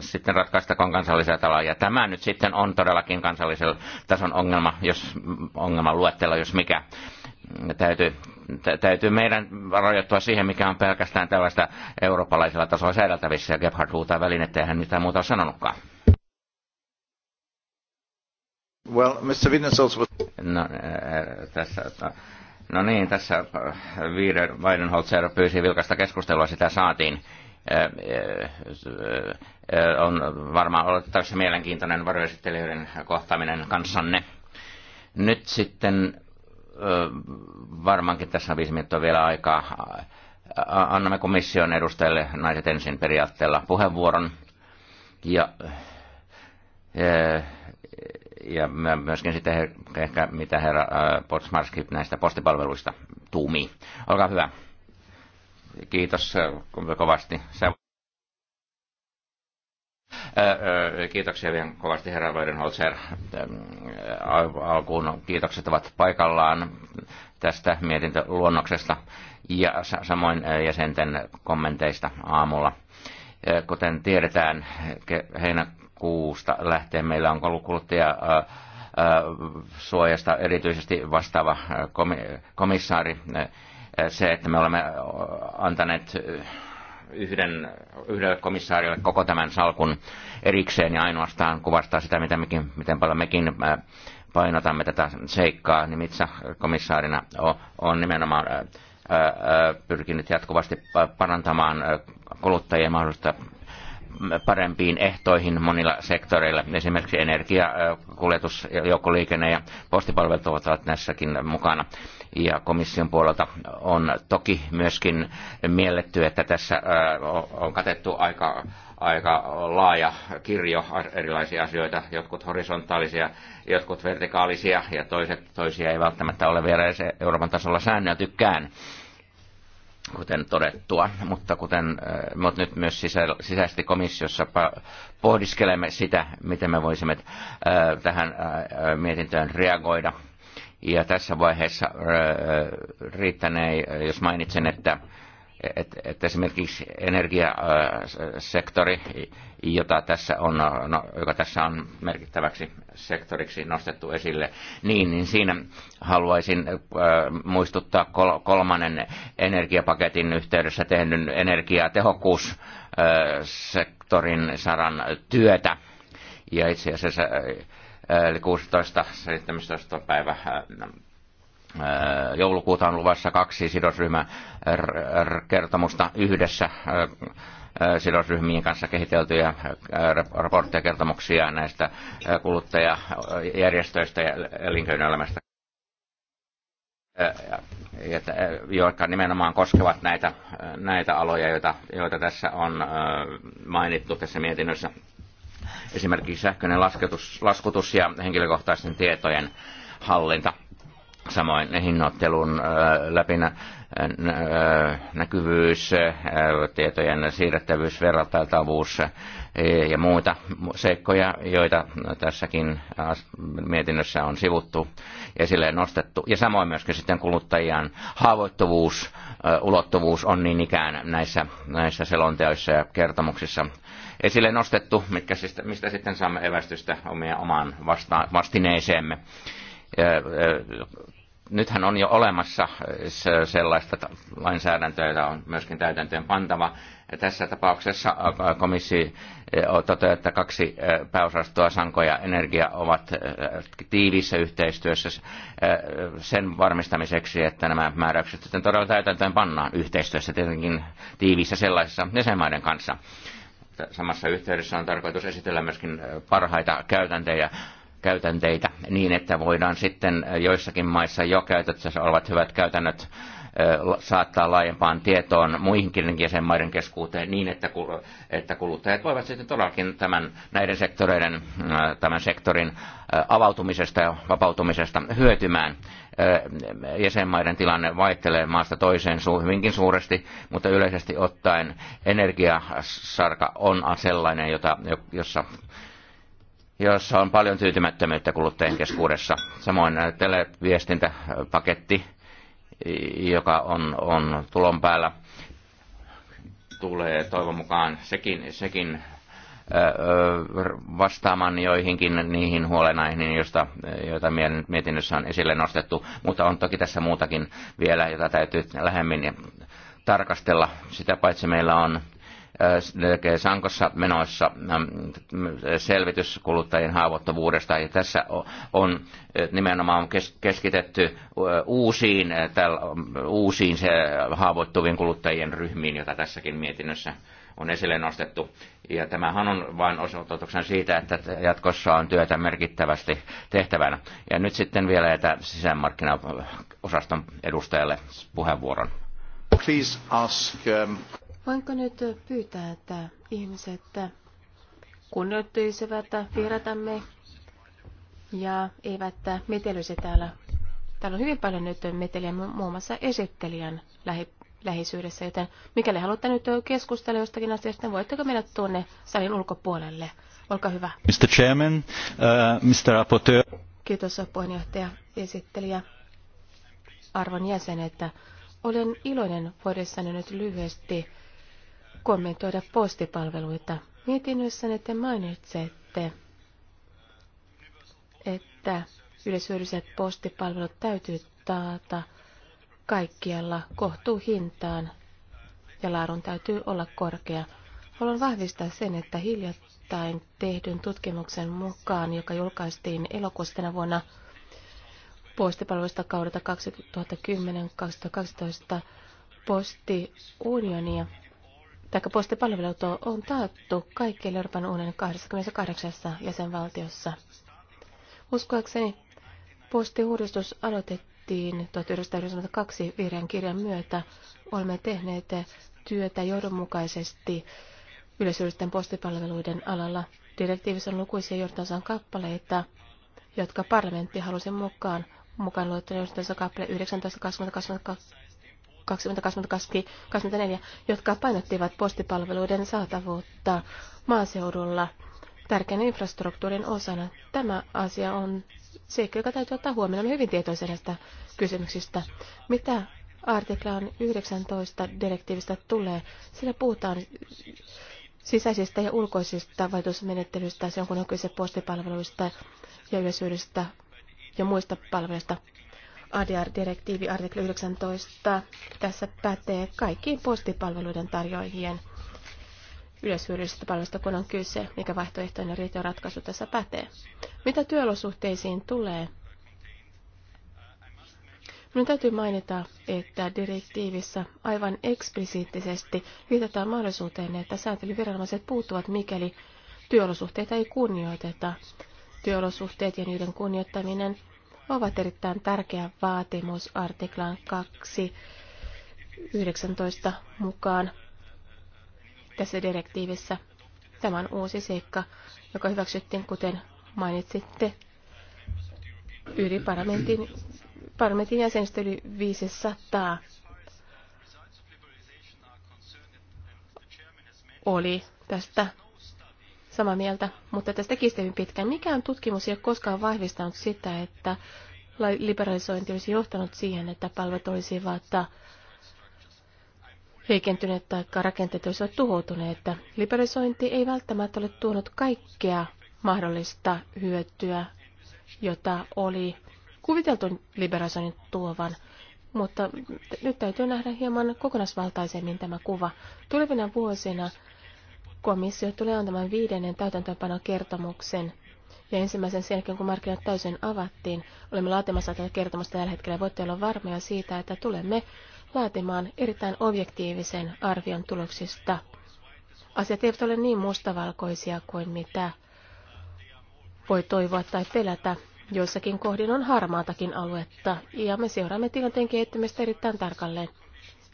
sitten ratkaistakoon kansallisella tavalla. Ja tämä nyt sitten on todellakin kansallisen tason ongelma, jos ongelman luettelo, jos mikä. Täytyy, täytyy meidän rajoittua siihen, mikä on pelkästään tällaista eurooppalaisella tasolla säädeltävissä, ja Gebhard huutaa välinettä, eihän mitään muuta ole sanonutkaan. Well, Mr. Vittens also... No, äh, tässä, no niin, tässä äh, Weidenholzer pyysi vilkasta keskustelua, sitä saatiin äh, äh, on varmaan ollut mielenkiintoinen varjoesittelijöiden kohtaaminen kanssanne. Nyt sitten varmaankin tässä on viisi minuuttia vielä aikaa. Annamme komission edustajille naiset ensin periaatteella puheenvuoron. Ja, ja, ja myöskin sitten ehkä mitä herra Potsmarski näistä postipalveluista tuumi. Olkaa hyvä. Kiitos kovasti. Kiitoksia vielä kovasti herra Weidenholzer. Alkuun kiitokset ovat paikallaan tästä mietintöluonnoksesta ja samoin jäsenten kommenteista aamulla. Kuten tiedetään, heinäkuusta lähtien meillä on ollut kuluttaja suojasta erityisesti vastaava komissaari. Se, että me olemme antaneet yhden, yhdelle komissaarille koko tämän salkun erikseen ja ainoastaan kuvastaa sitä, mitä mekin, miten paljon mekin äh, painotamme tätä seikkaa. Nimitsa komissaarina on nimenomaan äh, äh, pyrkinyt jatkuvasti parantamaan kuluttajien mahdollista parempiin ehtoihin monilla sektoreilla. Esimerkiksi energia, kuljetus, joukkoliikenne ja postipalvelut ovat näissäkin mukana. Ja komission puolelta on toki myöskin mielletty, että tässä on katettu aika aika laaja kirjo erilaisia asioita, jotkut horisontaalisia, jotkut vertikaalisia ja toiset, toisia ei välttämättä ole vielä edes Euroopan tasolla säännötykään kuten todettua, mutta, kuten, äh, mutta nyt myös sisäisesti komissiossa pohdiskelemme sitä, miten me voisimme äh, tähän äh, mietintöön reagoida. Ja tässä vaiheessa riittänee, jos mainitsen, että että et esimerkiksi energiasektori, jota tässä on, no, joka tässä on merkittäväksi sektoriksi nostettu esille, niin, niin siinä haluaisin äh, muistuttaa kol, kolmannen energiapaketin yhteydessä tehdyn energiatehokkuussektorin äh, saran työtä. Ja itse asiassa äh, 16-17 päivä äh, Äh, joulukuuta on luvassa kaksi sidosryhmäkertomusta äh, yhdessä äh, sidosryhmien kanssa kehiteltyjä raportteja kertomuksia näistä kuluttajajärjestöistä ja elinkeinoelämästä jotka nimenomaan koskevat näitä, näitä aloja, joita, joita tässä on mainittu tässä mietinnössä. Esimerkiksi sähköinen laskutus, laskutus ja henkilökohtaisten tietojen hallinta Samoin hinnoittelun äh, läpinä äh, äh, näkyvyys, tietojen siirrettävyys, verrattavuus ja muita seikkoja, joita tässäkin mietinnössä on sivuttu esille nostettu. Ja samoin myöskin sitten kuluttajien haavoittuvuus, ulottuvuus on niin ikään näissä, näissä selonteoissa ja kertomuksissa esille nostettu, mitkä, mistä sitten saamme evästystä omia, omaan vasta, vastineeseemme nythän on jo olemassa sellaista lainsäädäntöä, jota on myöskin täytäntöön pantava. Tässä tapauksessa komissio toteaa, että kaksi pääosastoa, Sanko ja Energia, ovat tiiviissä yhteistyössä sen varmistamiseksi, että nämä määräykset sitten todella täytäntöön pannaan yhteistyössä tietenkin tiiviissä sellaisessa jäsenmaiden kanssa. Samassa yhteydessä on tarkoitus esitellä myöskin parhaita käytäntöjä käytänteitä niin, että voidaan sitten joissakin maissa jo käytössä olevat hyvät käytännöt saattaa laajempaan tietoon muihinkin jäsenmaiden keskuuteen niin, että, että kuluttajat voivat sitten todellakin tämän, näiden sektoreiden, tämän sektorin avautumisesta ja vapautumisesta hyötymään. Jäsenmaiden tilanne vaihtelee maasta toiseen hyvinkin suuresti, mutta yleisesti ottaen energiasarka on sellainen, jota, jossa jossa on paljon tyytymättömyyttä kuluttajien keskuudessa. Samoin äh, televiestintäpaketti, joka on, on tulon päällä, tulee toivon mukaan sekin, sekin äh, äh, vastaamaan joihinkin niihin huolenaihin, joista, joita mietinnössä on esille nostettu. Mutta on toki tässä muutakin vielä, jota täytyy lähemmin tarkastella. Sitä paitsi meillä on Sankossa menoissa selvitys kuluttajien haavoittuvuudesta. Ja tässä on nimenomaan keskitetty uusiin, uusiin se haavoittuvien kuluttajien ryhmiin, jota tässäkin mietinnössä on esille nostettu. Ja tämähän on vain osoituksen siitä, että jatkossa on työtä merkittävästi tehtävänä. Ja nyt sitten vielä että sisämarkkinaosaston edustajalle puheenvuoron. Please ask, um... Voinko nyt pyytää, että ihmiset kunnioittuisivat vieratamme ja eivät metelyisi täällä. Täällä on hyvin paljon nyt meteliä muun muassa esittelijän lähi- lähisyydessä, joten mikäli haluatte nyt keskustella jostakin asiasta, niin voitteko mennä tuonne salin ulkopuolelle. Olkaa hyvä. Mr. Chairman, uh, Mr. Rapporteur. Kiitos puheenjohtaja, esittelijä, arvon jäsen, että olen iloinen voidessani nyt lyhyesti kommentoida postipalveluita. Mietinnössänne te mainitsette, että yleisyydelliset postipalvelut täytyy taata kaikkialla kohtuuhintaan ja laadun täytyy olla korkea. Haluan vahvistaa sen, että hiljattain tehdyn tutkimuksen mukaan, joka julkaistiin elokuussa tänä vuonna postipalveluista kaudelta 2010-2012, postiunionia tai postipalvelut on taattu kaikille Euroopan unionin 28 jäsenvaltiossa. Uskoakseni postiuudistus aloitettiin 1992 vihreän kirjan myötä. Olemme tehneet työtä johdonmukaisesti yleisyydisten postipalveluiden alalla. Direktiivissä on lukuisia johtonsa kappaleita, jotka parlamentti halusi mukaan mukaan luettuna 19 kappale 19, 20, 22, 2024, jotka painottivat postipalveluiden saatavuutta maaseudulla tärkeän infrastruktuurin osana. Tämä asia on se, joka täytyy ottaa huomioon. hyvin tietoisia näistä kysymyksistä. Mitä artiklaan 19 direktiivistä tulee? Sillä puhutaan sisäisistä ja ulkoisista vaikutusmenettelyistä, se on kun on kyse postipalveluista ja yleisyydestä ja muista palveluista. ADR-direktiivi artikla 19. Tässä pätee kaikkiin postipalveluiden tarjoajien yleishyödyllisestä palvelusta, kun on kyse, mikä vaihtoehtoinen riitoratkaisu tässä pätee. Mitä työolosuhteisiin tulee? Minun täytyy mainita, että direktiivissä aivan eksplisiittisesti viitataan mahdollisuuteen, että sääntelyviranomaiset puuttuvat, mikäli työolosuhteita ei kunnioiteta. Työolosuhteet ja niiden kunnioittaminen ovat erittäin tärkeä vaatimus artiklan 2.19 mukaan tässä direktiivissä. Tämä on uusi seikka, joka hyväksyttiin, kuten mainitsitte, yli parlamentin, parlamentin jäsenistä yli 500 oli tästä samaa mieltä, mutta tästä hyvin pitkään. Mikään tutkimus ei ole koskaan vahvistanut sitä, että liberalisointi olisi johtanut siihen, että palvelut olisivat heikentyneet tai rakenteet olisivat tuhoutuneet. että Liberalisointi ei välttämättä ole tuonut kaikkea mahdollista hyötyä, jota oli kuviteltu liberalisoinnin tuovan. Mutta nyt täytyy nähdä hieman kokonaisvaltaisemmin tämä kuva. Tulevina vuosina Komissio tulee antamaan viidennen täytäntöönpanokertomuksen ja ensimmäisen sen jälkeen, kun markkinat täysin avattiin, olemme laatimassa tätä kertomusta tällä hetkellä. Voitte olla varmoja siitä, että tulemme laatimaan erittäin objektiivisen arvion tuloksista. Asiat eivät ole niin mustavalkoisia kuin mitä voi toivoa tai pelätä. Joissakin kohdin on harmaatakin aluetta, ja me seuraamme tilanteen kehittymistä erittäin tarkalleen.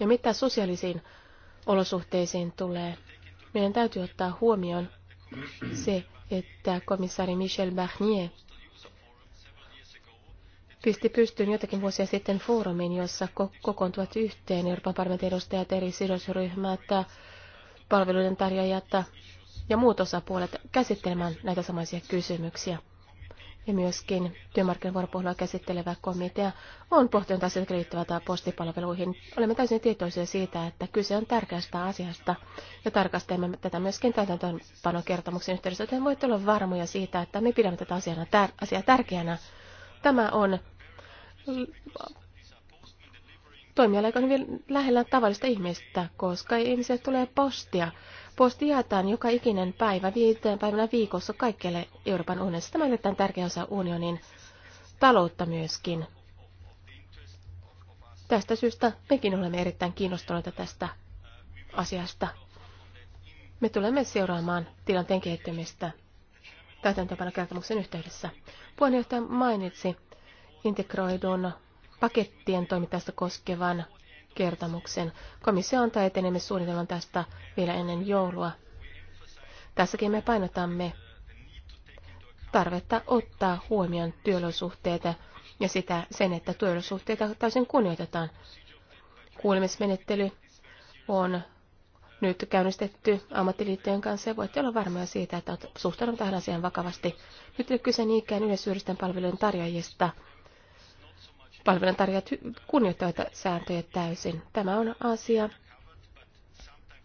Ja mitä sosiaalisiin olosuhteisiin tulee, meidän täytyy ottaa huomioon se, että komissaari Michel Barnier pisti pystyyn jotakin vuosia sitten foorumin, jossa kokoontuvat yhteen Euroopan parlamentin edustajat, eri sidosryhmät, palveluiden tarjoajat ja muut osapuolet käsittelemään näitä samaisia kysymyksiä ja myöskin työmarkkinavuoropuhelua käsittelevä komitea on pohtinut asiat liittyvätä postipalveluihin. Olemme täysin tietoisia siitä, että kyse on tärkeästä asiasta ja tarkastelemme tätä myöskin täytäntöönpanokertomuksen yhteydessä, joten voitte olla varmoja siitä, että me pidämme tätä asiana tär- asiaa tärkeänä. Tämä on toimiala, joka on hyvin lähellä tavallista ihmistä, koska ihmiset tulee postia Posti jaetaan joka ikinen päivä, viiteen päivänä viikossa kaikkelle Euroopan unionissa. Tämä on erittäin tärkeä osa unionin taloutta myöskin. Tästä syystä mekin olemme erittäin kiinnostuneita tästä asiasta. Me tulemme seuraamaan tilanteen kehittymistä täytäntöpana kertomuksen yhteydessä. Puheenjohtaja mainitsi integroidun pakettien toimintaista koskevan kertomuksen. Komissio antaa etenemissuunnitelman tästä vielä ennen joulua. Tässäkin me painotamme tarvetta ottaa huomioon työolosuhteita ja sitä sen, että työolosuhteita täysin kunnioitetaan. Kuulemismenettely on nyt käynnistetty ammattiliittojen kanssa ja voitte olla varmoja siitä, että suhtaudumme tähän asiaan vakavasti. Nyt ei kyse niinkään yleisyyristen palvelujen tarjoajista, palveluntarjoajat kunnioittavat sääntöjä täysin. Tämä on asia,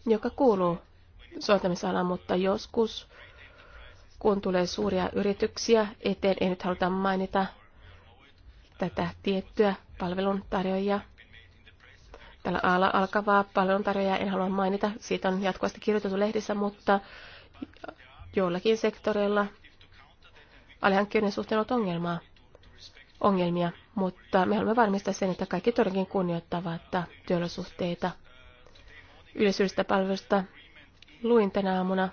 joka kuuluu soveltamisalaan, mutta joskus, kun tulee suuria yrityksiä eteen, ei nyt haluta mainita tätä tiettyä palveluntarjoajaa, tällä alalla alkavaa palveluntarjoajaa en halua mainita, siitä on jatkuvasti kirjoitettu lehdissä, mutta joillakin sektoreilla alihankkijoiden suhteen on ongelmaa, ongelmia mutta me haluamme varmistaa sen, että kaikki todellakin kunnioittavat työolosuhteita. Yleisyydestä palvelusta luin tänä aamuna,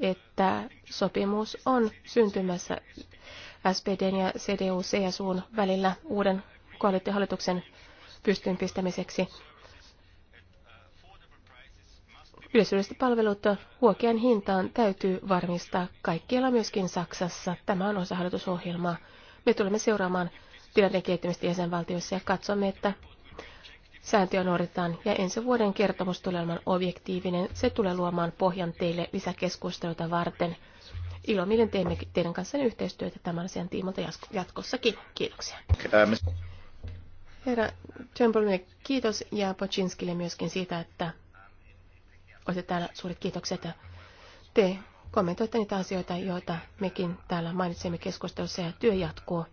että sopimus on syntymässä SPD ja CDU-CSUn välillä uuden koalitiohallituksen pystyyn pistämiseksi. Yleisyydestä palvelut huokean hintaan täytyy varmistaa kaikkialla myöskin Saksassa. Tämä on osa hallitusohjelmaa. Me tulemme seuraamaan tilanteen kehittymistä jäsenvaltioissa ja katsomme, että sääntöjä noudatetaan. Ja ensi vuoden kertomus tulee olemaan objektiivinen. Se tulee luomaan pohjan teille lisäkeskusteluita varten. miten teemme teidän kanssa yhteistyötä tämän asian tiimolta jatkossakin. Kiitoksia. Herra Turnbullille kiitos ja Pocinskille myöskin siitä, että olette täällä. Suuret kiitokset. Te kommentoitte niitä asioita, joita mekin täällä mainitsimme keskustelussa ja työ jatkuu.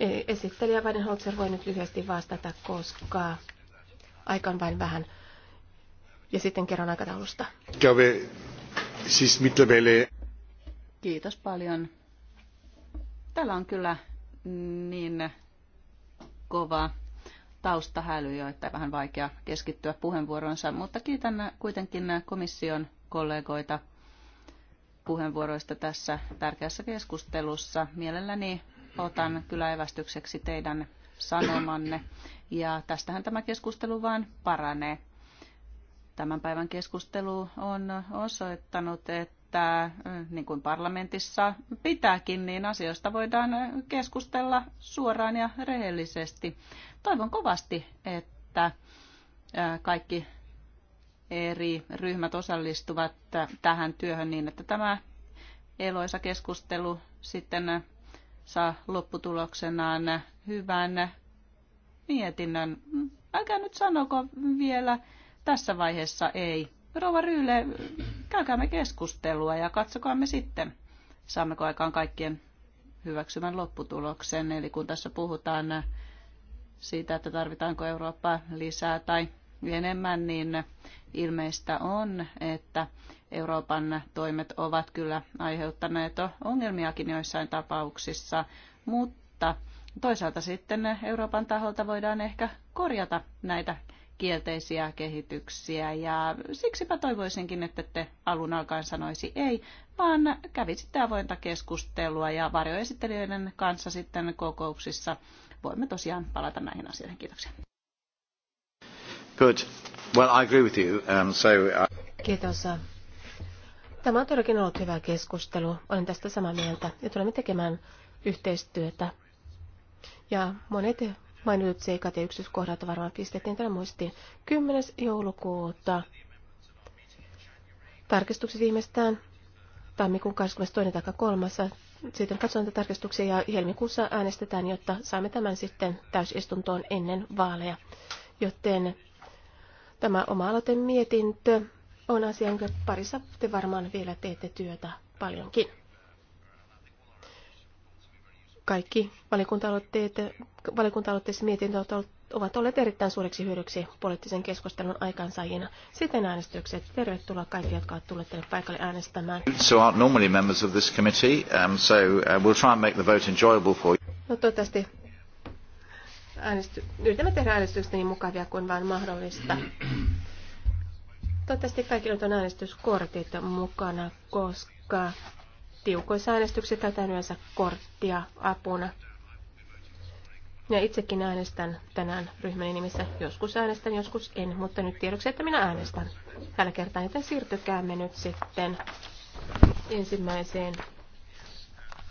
E, esittelijä Weidenholzer voi nyt lyhyesti vastata, koska aika on vain vähän. Ja sitten kerron aikataulusta. Siis Kiitos paljon. Täällä on kyllä niin kova taustahäly jo, että vähän vaikea keskittyä puheenvuoronsa, mutta kiitän kuitenkin komission kollegoita puheenvuoroista tässä tärkeässä keskustelussa. Mielelläni otan kyllä evästykseksi teidän sanomanne. Ja tästähän tämä keskustelu vain paranee. Tämän päivän keskustelu on osoittanut, että mm, niin kuin parlamentissa pitääkin, niin asioista voidaan keskustella suoraan ja rehellisesti. Toivon kovasti, että mm, kaikki eri ryhmät osallistuvat tähän työhön niin, että tämä eloisa keskustelu sitten saa lopputuloksenaan hyvän mietinnön. Älkää nyt sanoko vielä tässä vaiheessa ei. Rova Ryyle, käykäämme keskustelua ja katsokaamme sitten, saammeko aikaan kaikkien hyväksymän lopputuloksen. Eli kun tässä puhutaan siitä, että tarvitaanko Eurooppaa lisää tai enemmän, niin ilmeistä on, että Euroopan toimet ovat kyllä aiheuttaneet ongelmiakin joissain tapauksissa, mutta toisaalta sitten Euroopan taholta voidaan ehkä korjata näitä kielteisiä kehityksiä ja siksipä toivoisinkin, että te alun alkaen sanoisi ei, vaan kävisitte avointa keskustelua ja varjoesittelijöiden kanssa sitten kokouksissa voimme tosiaan palata näihin asioihin. Kiitoksia. Good. Well, I agree with you. Um, so, I... Uh, Kiitos. Tämä on todellakin ollut hyvä keskustelu. Olen tästä samaa mieltä ja tulemme tekemään yhteistyötä. Ja monet mainitut seikat ja yksityiskohdat varmaan pistettiin tällä muistiin. 10. joulukuuta. Tarkistukset viimeistään tammikuun 22. tai 3. Sitten katsotaan tätä tarkistuksia ja helmikuussa äänestetään, jotta saamme tämän sitten täysistuntoon ennen vaaleja. Joten Tämä oma mietintö on asia, jonka parissa te varmaan vielä teette työtä paljonkin. Kaikki valiokunta-aloitteet, valiokunta-aloitteessa mietintö ovat olleet erittäin suureksi hyödyksi poliittisen keskustelun aikansaajina. Sitten äänestykset. Tervetuloa kaikki, jotka ovat tulleet tänne paikalle äänestämään. So normally members of this committee, um, so uh, we'll try and make the vote enjoyable for you. No, toivottavasti äänesty- yritämme tehdä äänestystä niin mukavia kuin vain mahdollista. Toivottavasti kaikilla on äänestyskortit mukana, koska tiukoissa äänestyksissä käytetään yleensä korttia apuna. Ja itsekin äänestän tänään ryhmäni nimissä. Joskus äänestän, joskus en, mutta nyt tiedoksi, että minä äänestän. Tällä kertaa, joten siirtykäämme nyt sitten ensimmäiseen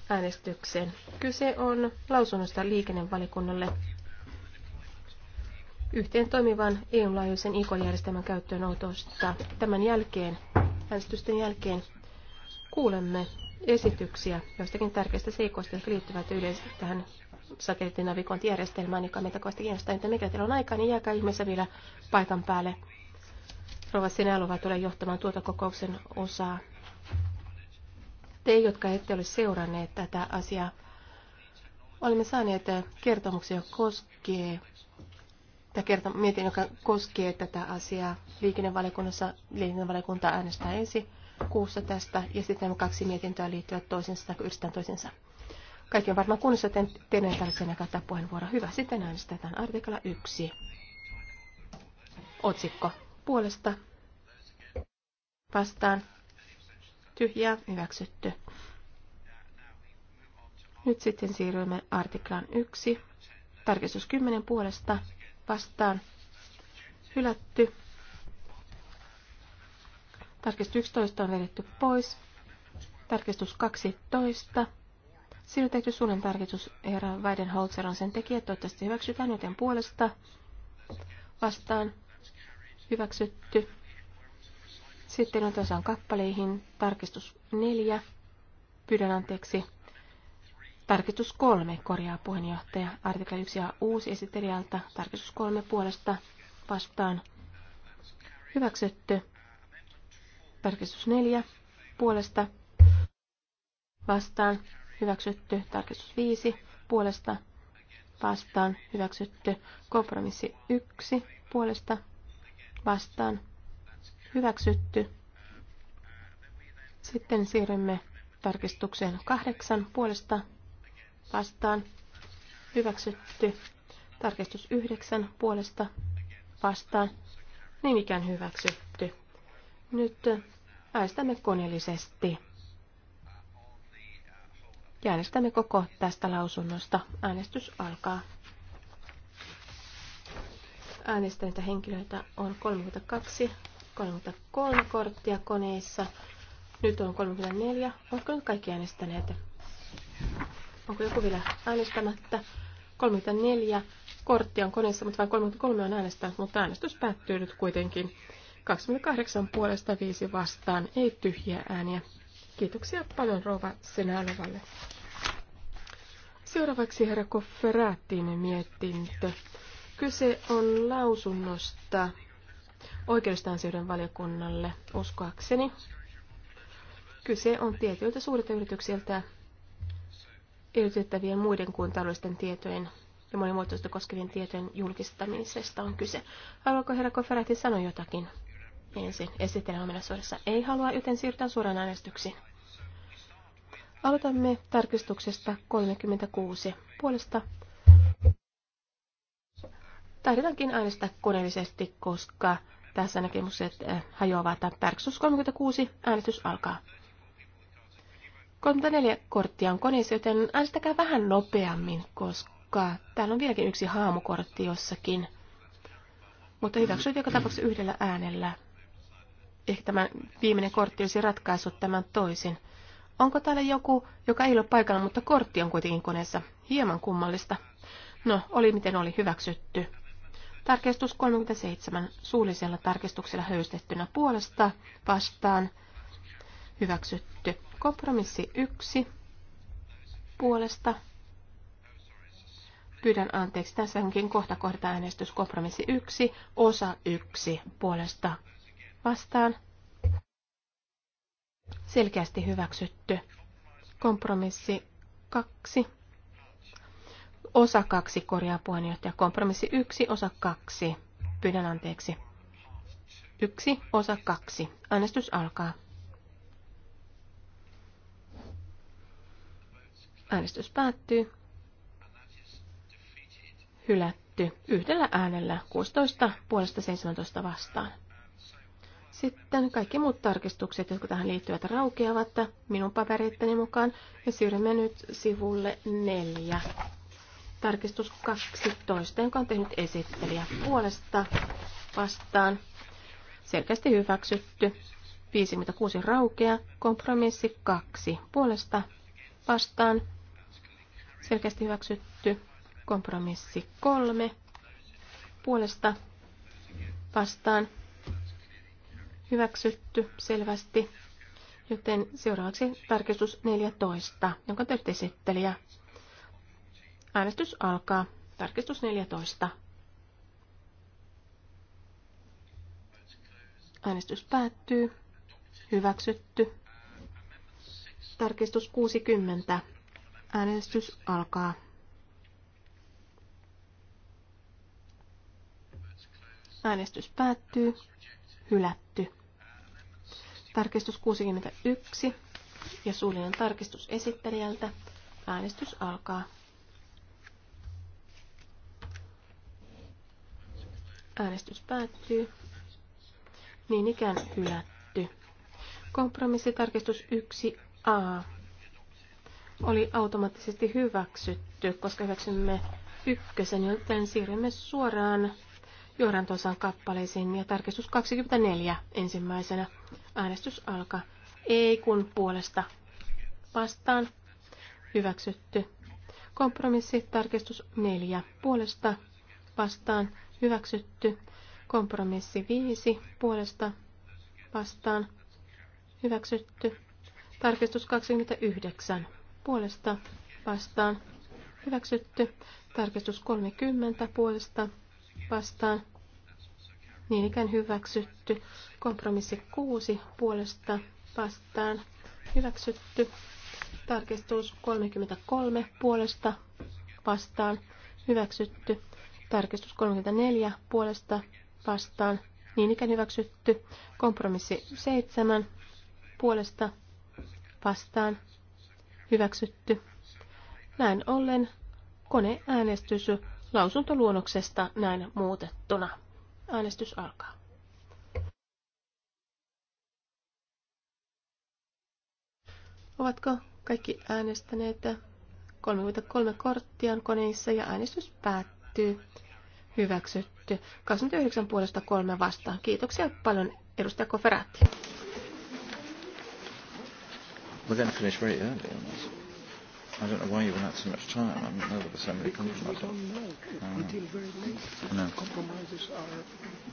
äänestykseen. Kyse on lausunnosta liikennevalikunnalle yhteen toimivan EU-laajuisen IK-järjestelmän käyttöönotosta. Tämän jälkeen, äänestysten jälkeen, kuulemme esityksiä joistakin tärkeistä seikoista, jotka liittyvät yleensä tähän satelliittinavigointijärjestelmään, joka meitä kovasti kiinnostaa. että mikä teillä on aikaa, niin jääkää ihmeessä vielä paikan päälle. Rova Sinälova tulee johtamaan tuota kokouksen osaa. Te, jotka ette ole seuranneet tätä asiaa, olemme saaneet kertomuksia koskee tämä kerta, mietin, joka koskee tätä asiaa liikennevaliokunnassa. Liikennevaliokunta äänestää ensi kuussa tästä ja sitten nämä kaksi mietintöä liittyvät toisensa tai yhdistetään toisensa. Kaikki on varmaan kunnossa, joten teidän tarvitsee näkää puheenvuoro. Hyvä, sitten äänestetään artikla 1. Otsikko puolesta vastaan tyhjää hyväksytty. Nyt sitten siirrymme artiklaan 1. Tarkistus 10 puolesta vastaan hylätty. Tarkistus 11 on vedetty pois. Tarkistus 12. Sinun tehty suunnan tarkistus herra Weidenholzer on sen tekijä. Toivottavasti hyväksytään, joten puolesta vastaan hyväksytty. Sitten on tasaan kappaleihin tarkistus 4. Pyydän anteeksi Tarkistus kolme korjaa puheenjohtaja. Artikla 1 ja uusi esittelijältä. Tarkistus kolme puolesta vastaan. Hyväksytty. Tarkistus neljä puolesta vastaan. Hyväksytty. Tarkistus viisi puolesta vastaan. Hyväksytty. Kompromissi yksi puolesta vastaan. Hyväksytty. Sitten siirrymme tarkistukseen kahdeksan puolesta vastaan hyväksytty. Tarkistus 9 puolesta vastaan niin ikään hyväksytty. Nyt äänestämme koneellisesti. Ja äänestämme koko tästä lausunnosta. Äänestys alkaa. Äänestäneitä henkilöitä on 32, 33 korttia koneissa. Nyt on 34. Oletko nyt kaikki äänestäneet? Onko joku vielä äänestämättä? 34 korttia on koneessa, mutta vain 33 on äänestänyt, mutta äänestys päättyy nyt kuitenkin. 28 puolesta 5 vastaan, ei tyhjiä ääniä. Kiitoksia paljon Rova Senälovalle. Seuraavaksi herra Kofferaatin mietintö. Kyse on lausunnosta oikeustansioiden valiokunnalle, uskoakseni. Kyse on tietyiltä suurilta yrityksiltä ylitettävien muiden kuin taloudellisten tietojen ja monimuotoista koskevien tietojen julkistamisesta on kyse. Haluaako herra Koferati sanoa jotakin? Ensin esittelen ominaisuudessa ei halua, joten siirrytään suoraan äänestyksiin. Aloitamme tarkistuksesta 36 puolesta. Taidetaankin äänestää koneellisesti, koska tässä näkemykset eh, hajoavat. Tarkistus 36, äänestys alkaa. 34 korttia on koneessa, joten äänestäkää vähän nopeammin, koska täällä on vieläkin yksi haamukortti jossakin. Mutta hyväksyt joka tapauksessa yhdellä äänellä. Ehkä tämä viimeinen kortti olisi ratkaissut tämän toisin. Onko täällä joku, joka ei ole paikalla, mutta kortti on kuitenkin koneessa? Hieman kummallista. No, oli miten oli hyväksytty. Tarkistus 37 suullisella tarkistuksella höystettynä puolesta vastaan hyväksytty. Kompromissi yksi puolesta. Pyydän anteeksi, tässä onkin kohta kohta äänestys. Kompromissi yksi osa yksi puolesta vastaan. Selkeästi hyväksytty. Kompromissi kaksi osa kaksi korjaa puheenjohtaja. Kompromissi yksi osa kaksi Pyydän anteeksi. Yksi osa kaksi Äänestys alkaa. Äänestys päättyy. Hylätty yhdellä äänellä 16 puolesta 17 vastaan. Sitten kaikki muut tarkistukset, jotka tähän liittyvät, raukeavat minun paperitteni mukaan. Ja siirrymme nyt sivulle 4. Tarkistus 12, jonka on tehnyt esittelijä puolesta vastaan. Selkeästi hyväksytty. 56 raukea, kompromissi 2 puolesta vastaan Selkeästi hyväksytty. Kompromissi kolme. Puolesta vastaan hyväksytty selvästi. Joten seuraavaksi tarkistus 14, jonka tehty esittelijä. Äänestys alkaa. Tarkistus 14. Äänestys päättyy. Hyväksytty. Tarkistus 60 Äänestys alkaa. Äänestys päättyy. Hylätty. Tarkistus 61 ja suullinen tarkistus esittelijältä. Äänestys alkaa. Äänestys päättyy. Niin ikään hylätty. Kompromissitarkistus 1a oli automaattisesti hyväksytty, koska hyväksymme ykkösen, joten siirrymme suoraan johdantosan kappaleisiin ja tarkistus 24 ensimmäisenä. Äänestys alkaa. Ei kun puolesta vastaan hyväksytty. Kompromissi tarkistus 4 puolesta vastaan hyväksytty. Kompromissi 5 puolesta vastaan hyväksytty. Tarkistus 29 puolesta vastaan hyväksytty. Tarkistus 30 puolesta vastaan niin ikään hyväksytty. Kompromissi 6 puolesta vastaan hyväksytty. Tarkistus 33 puolesta vastaan hyväksytty. Tarkistus 34 puolesta vastaan niin ikään hyväksytty. Kompromissi 7 puolesta vastaan Hyväksytty. Näin ollen koneäänestys lausuntoluonnoksesta näin muutettuna. Äänestys alkaa. Ovatko kaikki äänestäneet? 33 korttia on koneissa ja äänestys päättyy. Hyväksytty. 29 puolesta kolme vastaan. Kiitoksia paljon edustaja Koferaatti. We're going to finish very early on this. I don't know why you've had so much time. I don't know there were so many because We don't know oh. until very late. No. Compromises are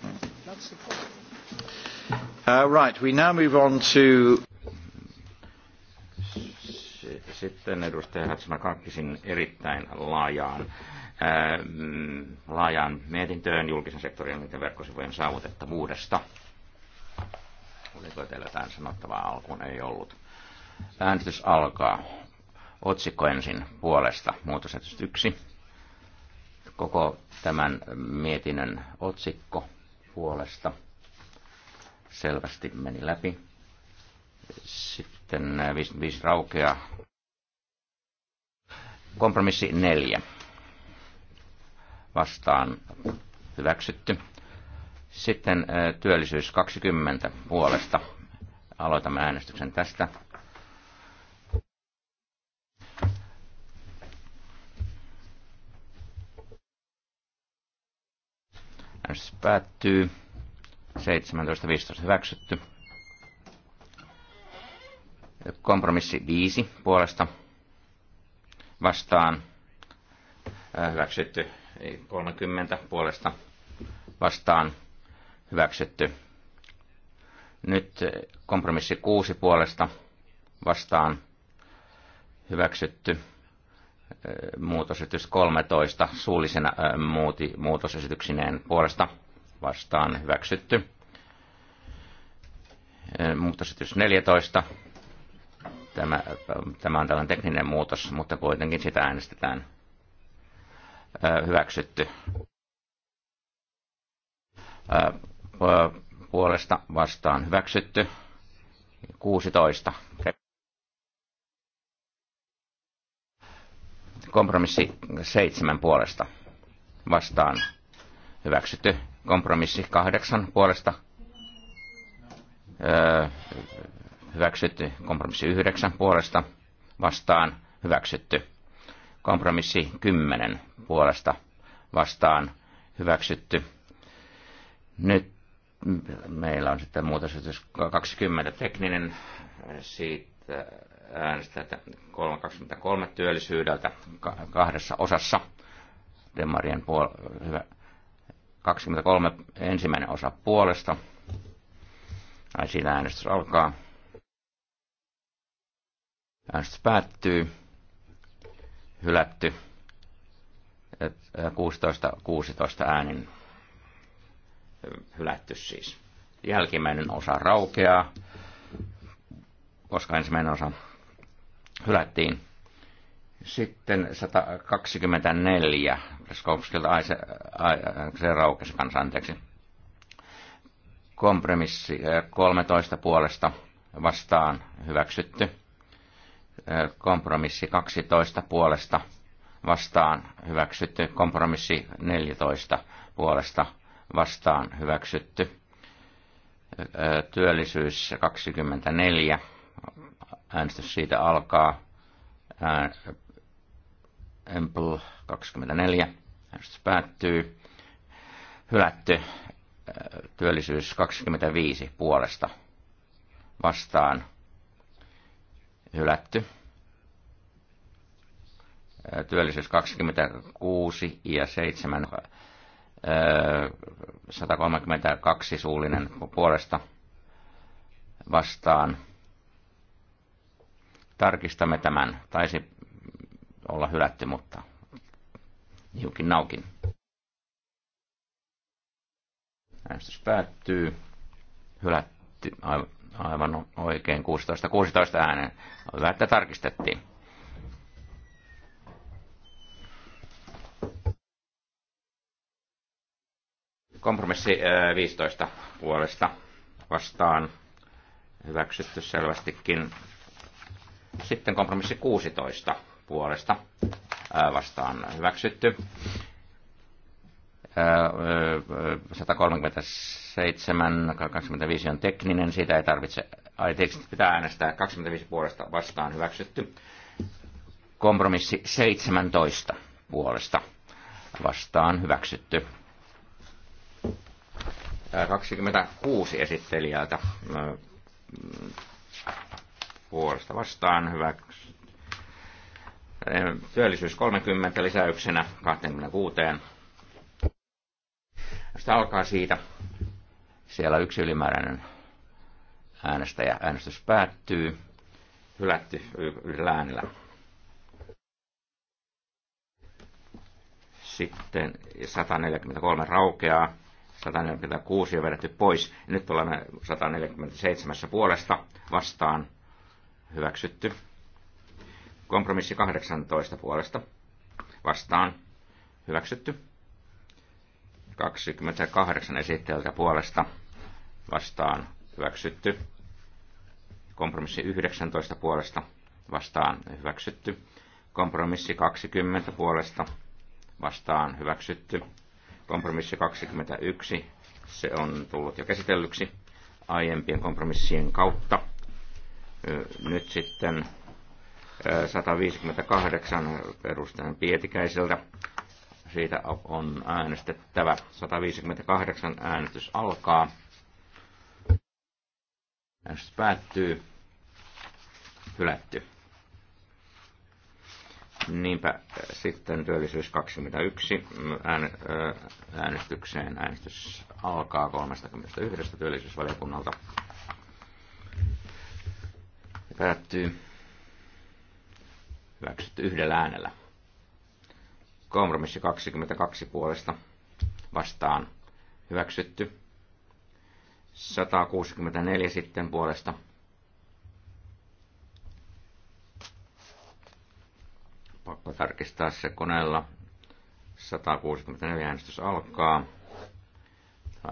no. the problem. Uh, right, we now move on to... Sitten edustaja Hatsma Kakkisin erittäin laajaan, ää, äh, laajaan mietintöön julkisen sektorin ja verkkosivujen saavutettavuudesta. Oliko teillä jotain sanottavaa alkuun? Ei ollut. Äänestys alkaa. Otsikko ensin puolesta. Muutosesitys 1. Koko tämän mietinnön otsikko puolesta selvästi meni läpi. Sitten 5 äh, raukea. Kompromissi 4. Vastaan hyväksytty. Sitten äh, työllisyys 20 puolesta. Aloitamme äänestyksen tästä Äänestys päättyy. 17.15 hyväksytty. Kompromissi 5 puolesta vastaan hyväksytty 30 puolesta vastaan hyväksytty. Nyt kompromissi 6 puolesta vastaan hyväksytty muutosesitys 13 suullisena muuti, muutosesityksineen puolesta vastaan hyväksytty. Muutosesitys 14. Tämä, tämä on tällainen tekninen muutos, mutta kuitenkin sitä äänestetään hyväksytty. Puolesta vastaan hyväksytty. 16. Kompromissi seitsemän puolesta vastaan hyväksytty. Kompromissi kahdeksan puolesta öö, hyväksytty. Kompromissi yhdeksän puolesta vastaan hyväksytty. Kompromissi kymmenen puolesta vastaan hyväksytty. Nyt meillä on sitten muutosesitys 20 tekninen siitä äänestää 23 työllisyydeltä kahdessa osassa. Demarien puol- hyvä. 23 ensimmäinen osa puolesta. Ai siinä äänestys alkaa. Äänestys päättyy. Hylätty. 16-16 äänin hylätty siis. Jälkimmäinen osa raukeaa, koska ensimmäinen osa hylättiin. Sitten 124, Skovskilta ai, se, ai, se raukesi kanssa, anteeksi. Kompromissi 13 äh, äh, puolesta vastaan hyväksytty. Kompromissi 12 puolesta vastaan hyväksytty. Kompromissi 14 puolesta vastaan hyväksytty. Työllisyys 24 Äänestys siitä alkaa. Empl 24. Äänestys päättyy. Hylätty. Työllisyys 25 puolesta vastaan. Hylätty työllisyys 26 ja 7, 132 suullinen puolesta vastaan Tarkistamme tämän. Taisi olla hylätty, mutta hiukin naukin. Äänestys päättyy. Hylätty aivan oikein 16-16 äänen. Hyvä, että tarkistettiin. Kompromissi 15 äh, puolesta vastaan hyväksytty selvästikin sitten kompromissi 16 puolesta vastaan hyväksytty. 137, 25 on tekninen, siitä ei tarvitse, ai pitää äänestää 25 puolesta vastaan hyväksytty. Kompromissi 17 puolesta vastaan hyväksytty. 26 esittelijältä puolesta vastaan hyväksi. Eh, työllisyys 30 lisäyksenä 26. Sitä alkaa siitä. Siellä yksi ylimääräinen äänestäjä. Äänestys päättyy. Hylätty yhdellä äänellä. Sitten 143 raukeaa. 146 on vedetty pois. Nyt olemme 147 puolesta vastaan hyväksytty. Kompromissi 18 puolesta vastaan hyväksytty. 28 esittäjältä puolesta vastaan hyväksytty. Kompromissi 19 puolesta vastaan hyväksytty. Kompromissi 20 puolesta vastaan hyväksytty. Kompromissi 21, se on tullut jo käsitellyksi aiempien kompromissien kautta nyt sitten 158 perusteen pietikäiseltä. Siitä on äänestettävä. 158 äänestys alkaa. Äänestys päättyy. Hylätty. Niinpä sitten työllisyys 21 äänestykseen. Äänestys alkaa 31. työllisyysvaliokunnalta. Päättyy. Hyväksytty yhdellä äänellä. Kompromissi 22 puolesta vastaan. Hyväksytty. 164 sitten puolesta. Pakko tarkistaa se koneella. 164 äänestys alkaa.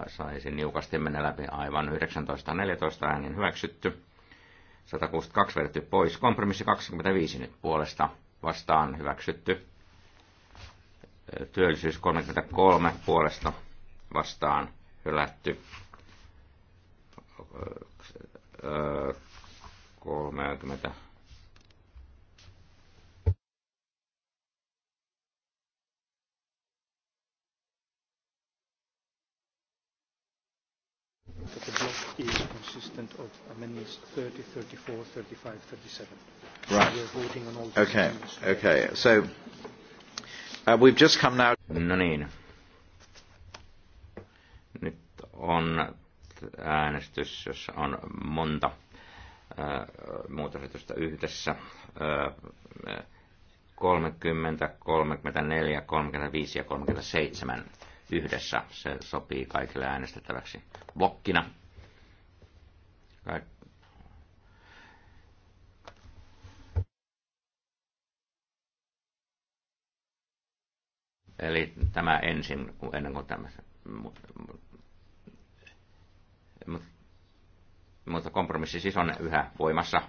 saisi niukasti mennä läpi aivan 19.14 äänin hyväksytty. 162 vedetty pois. Kompromissi 25 nyt puolesta vastaan hyväksytty. Työllisyys 33 puolesta vastaan hylätty. 30 That the block is consistent of amendments 30, 34, 35, 37. Right. So we're voting on all the okay. Amendments. Okay. So uh, we've just come now. No niin. Nyt on äänestys, jossa on monta äh, muutosesitystä yhdessä. Äh, 30, 34, 35 ja 37 yhdessä. Se sopii kaikille äänestettäväksi Vokkina, Kaik- Eli tämä ensin, ennen kuin tämä. mutta kompromissi siis on yhä voimassa.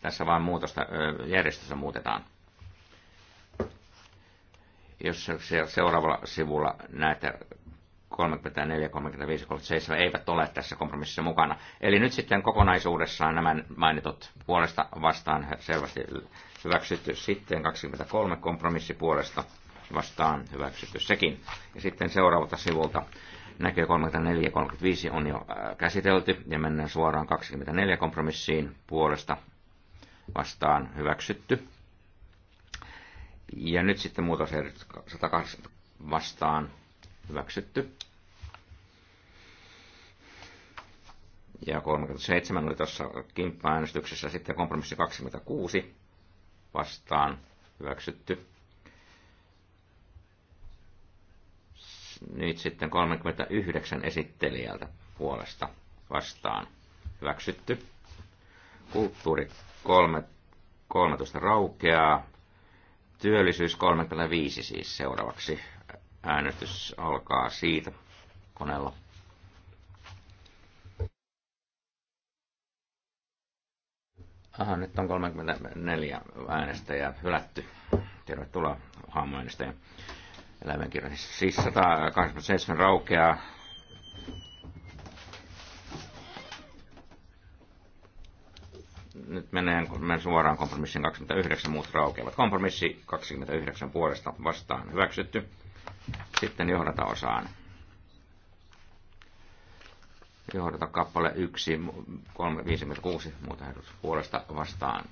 Tässä vain muutosta, järjestössä muutetaan jos seuraavalla sivulla näitä 34, 35, 37 eivät ole tässä kompromississa mukana. Eli nyt sitten kokonaisuudessaan nämä mainitut puolesta vastaan selvästi hyväksytty. Sitten 23 kompromissi puolesta vastaan hyväksytty sekin. Ja sitten seuraavalta sivulta näkyy 34 35 on jo äh, käsitelty ja mennään suoraan 24 kompromissiin puolesta vastaan hyväksytty. Ja nyt sitten muutosehdotus 180 vastaan hyväksytty. Ja 37 oli tuossa kimppa-äänestyksessä. Sitten kompromissi 26 vastaan hyväksytty. Nyt sitten 39 esittelijältä puolesta vastaan hyväksytty. Kulttuuri 3, 13 raukeaa. Työllisyys 35 siis seuraavaksi. Äänestys alkaa siitä koneella. Aha, nyt on 34 äänestäjää hylätty. Tervetuloa haamuäänestäjä. eläimenkirjassa. Siis 187 raukeaa, nyt menee, menen suoraan kompromissin 29, muut raukeavat. Kompromissi 29 puolesta vastaan hyväksytty. Sitten johdata osaan. Johdata kappale 1, 3, 56, muuta ehdotus puolesta vastaan.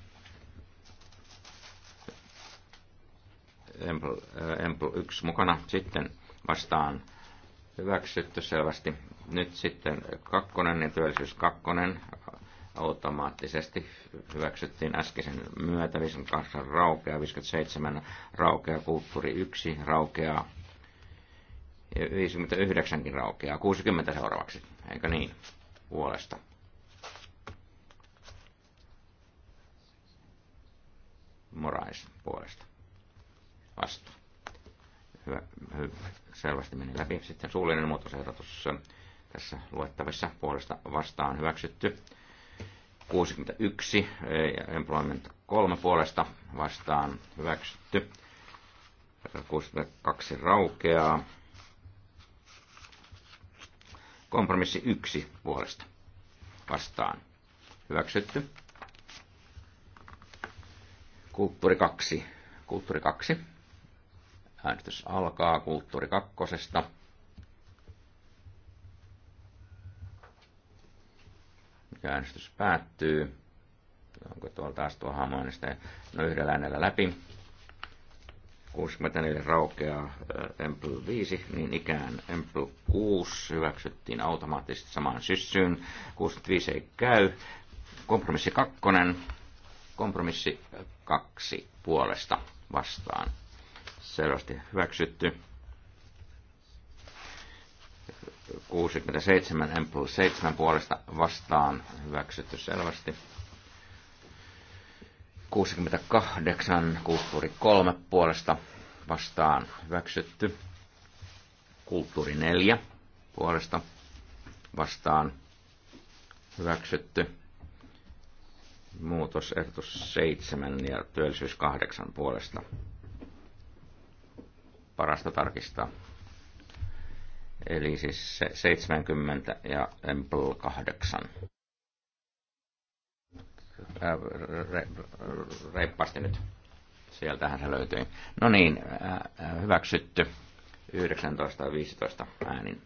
Empl, äh, Empl 1 mukana, sitten vastaan hyväksytty selvästi. Nyt sitten kakkonen niin työllisyys kakkonen automaattisesti hyväksyttiin äskeisen myötä 58 raukea, 57 raukeaa, kulttuuri 1 raukeaa, 59 raukea, raukeaa, 60 seuraavaksi, eikö niin, puolesta. Morais puolesta. Vasta. Hyvä, hyvä. Selvästi meni läpi. Sitten suullinen muutosehdotus tässä luettavissa puolesta vastaan hyväksytty. 61 eh, employment 3 puolesta vastaan hyväksytty. 62 raukeaa. Kompromissi 1 puolesta vastaan hyväksytty. Kulttuuri 2. Kulttuuri 2. Äänestys alkaa kulttuuri kakkosesta. Äänestys päättyy. Onko tuolla taas tuo hamoinista? Niin no yhdellä äänellä läpi. 64 raukeaa Emple 5, niin ikään Emple 6 hyväksyttiin automaattisesti samaan syssyyn. 65 ei käy. Kompromissi 2, kompromissi 2 puolesta vastaan. Selvästi hyväksytty. 67 M plus 7 puolesta vastaan hyväksytty selvästi. 68 kulttuuri 3 puolesta vastaan hyväksytty. Kulttuuri 4 puolesta vastaan hyväksytty. Muutos ehdotus 7 ja työllisyys 8 puolesta. Parasta tarkistaa eli siis 70 ja Empl 8. Reippaasti nyt. Sieltähän se löytyi. No niin, hyväksytty. 19 ja 15 äänin.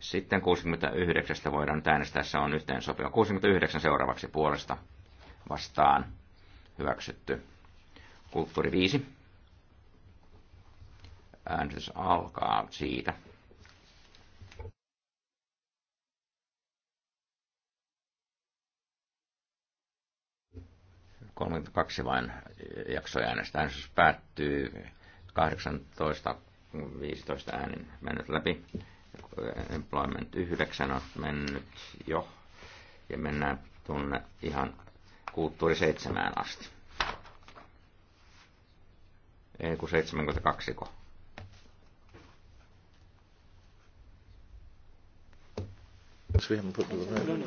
Sitten 69 voidaan nyt äänestää, se on yhteen sopiva. 69 seuraavaksi puolesta vastaan hyväksytty. Kulttuuri 5 Äänestys alkaa siitä. kaksi vain jaksoja äänestä. Äänestys päättyy 18-15 äänin mennyt läpi. Employment 9 on mennyt jo. Ja mennään tunne ihan kulttuuri 7 asti. Ei kun 72 ko. Because we haven't put the vote. No, no.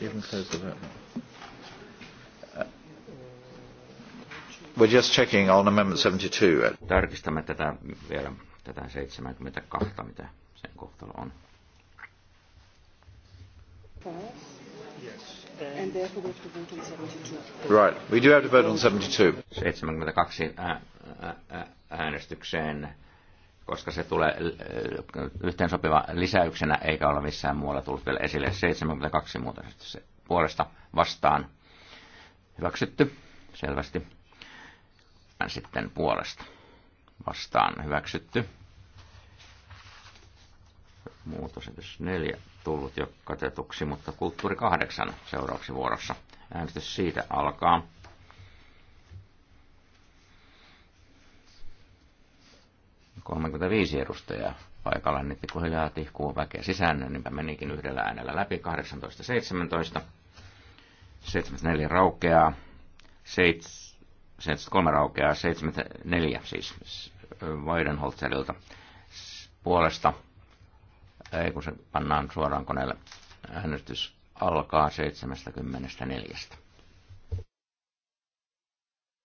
You haven't closed the vote. No, no. uh, we're just checking on amendment 72. Tarkistamme tätä vielä, tätä 72, mitä sen kohtalo on. And therefore we have to vote on 72. Right, we do have to vote on 72. 72 ää, ää, äänestykseen koska se tulee eh, yhteen sopiva lisäyksenä, eikä ole missään muualla tullut vielä esille. 72 muuta se puolesta vastaan hyväksytty, selvästi. Sitten puolesta vastaan hyväksytty. Muutosesitys 4 tullut jo katetuksi, mutta kulttuuri 8 seuraavaksi vuorossa. Äänestys siitä alkaa. 35 edustajaa paikalla, niin pikkuhiljaa tihkuu väkeä sisään, niinpä menikin yhdellä äänellä läpi, 18-17, 74 raukeaa, 73 raukeaa, 74 siis, siis Weidenholzerilta puolesta, ei kun se pannaan suoraan koneelle, äänestys alkaa 74.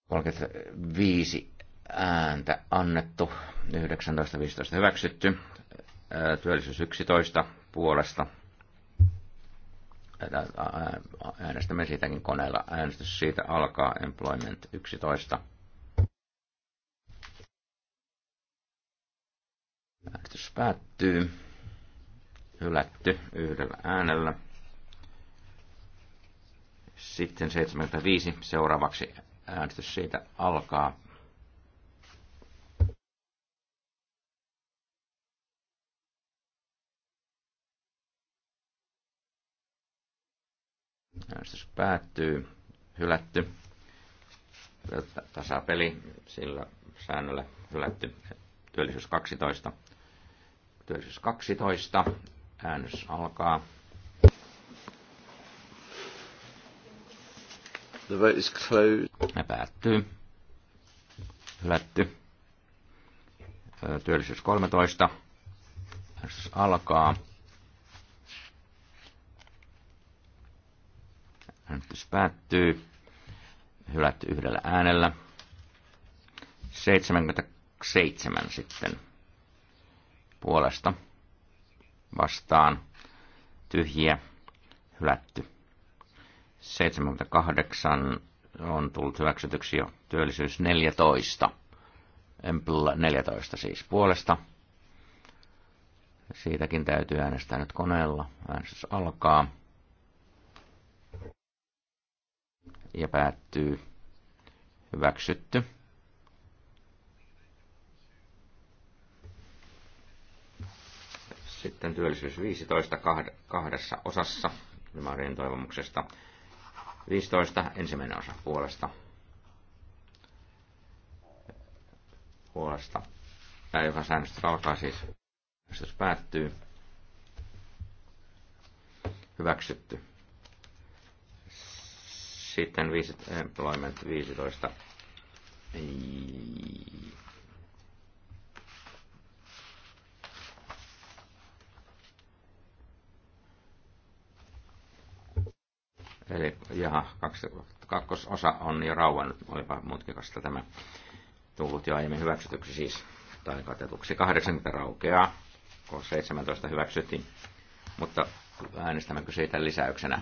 35 ääntä annettu, 19.15 hyväksytty, työllisyys 11 puolesta. Äänestämme siitäkin koneella. Äänestys siitä alkaa employment 11. Äänestys päättyy. Hylätty yhdellä äänellä. Sitten 75. Seuraavaksi äänestys siitä alkaa. Äänestys päättyy. Hylätty. Tasapeli sillä säännöllä hylätty. Työllisyys 12. Työllisyys 12. Äänestys alkaa. The vote is closed. Ja päättyy. Hylätty. Työllisyys 13. Äänestys alkaa. Äänestys päättyy. Hylätty yhdellä äänellä. 77 sitten puolesta vastaan tyhjiä hylätty. 78 on tullut hyväksytyksi jo työllisyys 14. Empl 14 siis puolesta. Siitäkin täytyy äänestää nyt koneella. Äänestys alkaa. ja päättyy hyväksytty. Sitten työllisyys 15 kahdessa osassa Demarien toivomuksesta. 15 ensimmäinen osa puolesta. Puolesta. Tämä joka säännöstä alkaa siis. Säännöstys päättyy. Hyväksytty. Sitten visit eh, employment 15. Eli jaha, kaksi, kakkososa on jo rauhannut, olipa mutkikasta tämä tullut jo aiemmin hyväksytyksi siis, tai katetuksi. 80 raukeaa, kun 17 hyväksyttiin, mutta äänestämmekö siitä lisäyksenä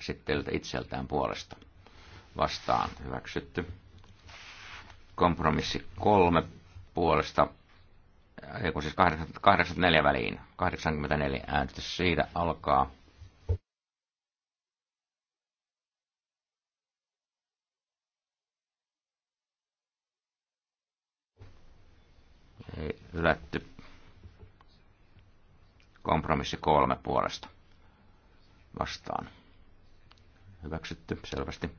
esittelijältä itseltään puolesta. Vastaan hyväksytty. Kompromissi kolme puolesta, ei kun siis 84 väliin, 84 ääntä siitä alkaa. Ei ylätty. Kompromissi kolme puolesta vastaan hyväksytty selvästi.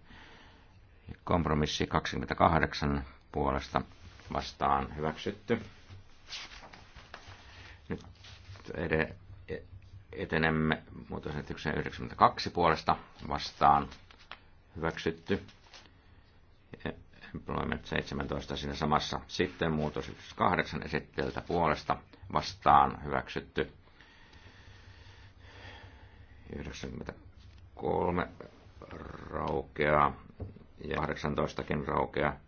Kompromissi 28 puolesta vastaan hyväksytty. Nyt ed- etenemme muutosesityksen 92 puolesta vastaan hyväksytty. Employment 17 siinä samassa. Sitten muutos 8 esittäjältä puolesta vastaan hyväksytty. 93 raukeaa ja 18kin raukeaa.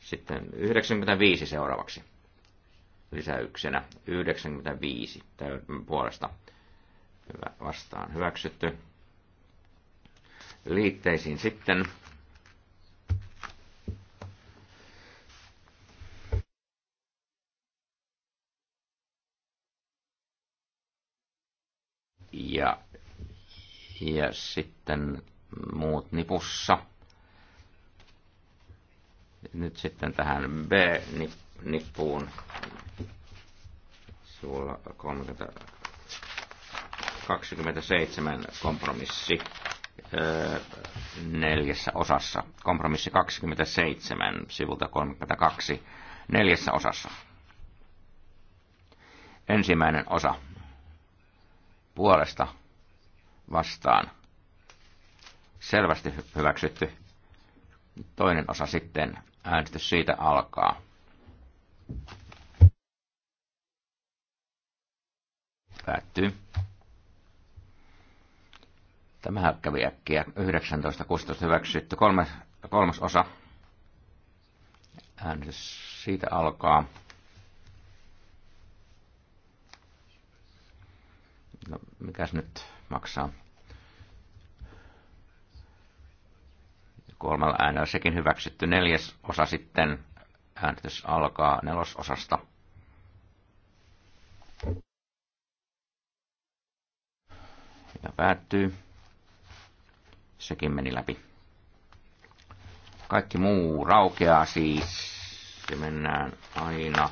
Sitten 95 seuraavaksi lisäyksenä. 95 puolesta Hyvä, vastaan hyväksytty. Liitteisiin sitten ja, ja sitten muut nipussa. Nyt sitten tähän B-nippuun. Sulla 30, 27 kompromissi neljässä osassa. Kompromissi 27 sivulta 32 neljässä osassa. Ensimmäinen osa puolesta vastaan selvästi hyväksytty. Toinen osa sitten, äänestys siitä alkaa. Päättyy. Tämä kävi äkkiä 19.16 hyväksytty. Kolmas, kolmas osa. Äänestys siitä alkaa. No, mikäs nyt maksaa? kolmella äänellä sekin hyväksytty. Neljäs osa sitten äänestys alkaa nelososasta. Ja päättyy. Sekin meni läpi. Kaikki muu raukeaa siis. Ja mennään aina.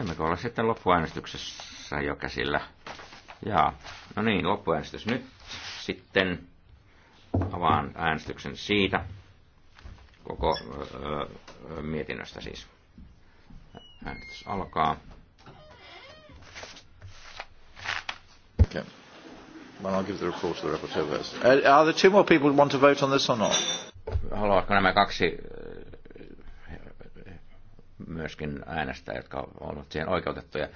Emmekö ole sitten loppuäänestyksessä jo käsillä? Jaa, no niin, loppuäänestys nyt sitten avaan äänestyksen siitä, koko öö, mietinnöstä siis. Äänestys alkaa. Okay. Well, I'll give the report to the Uh, are there two more people who want to vote on this or not? Haluatko nämä kaksi myöskin äänestää, jotka ovat siihen oikeutettuja?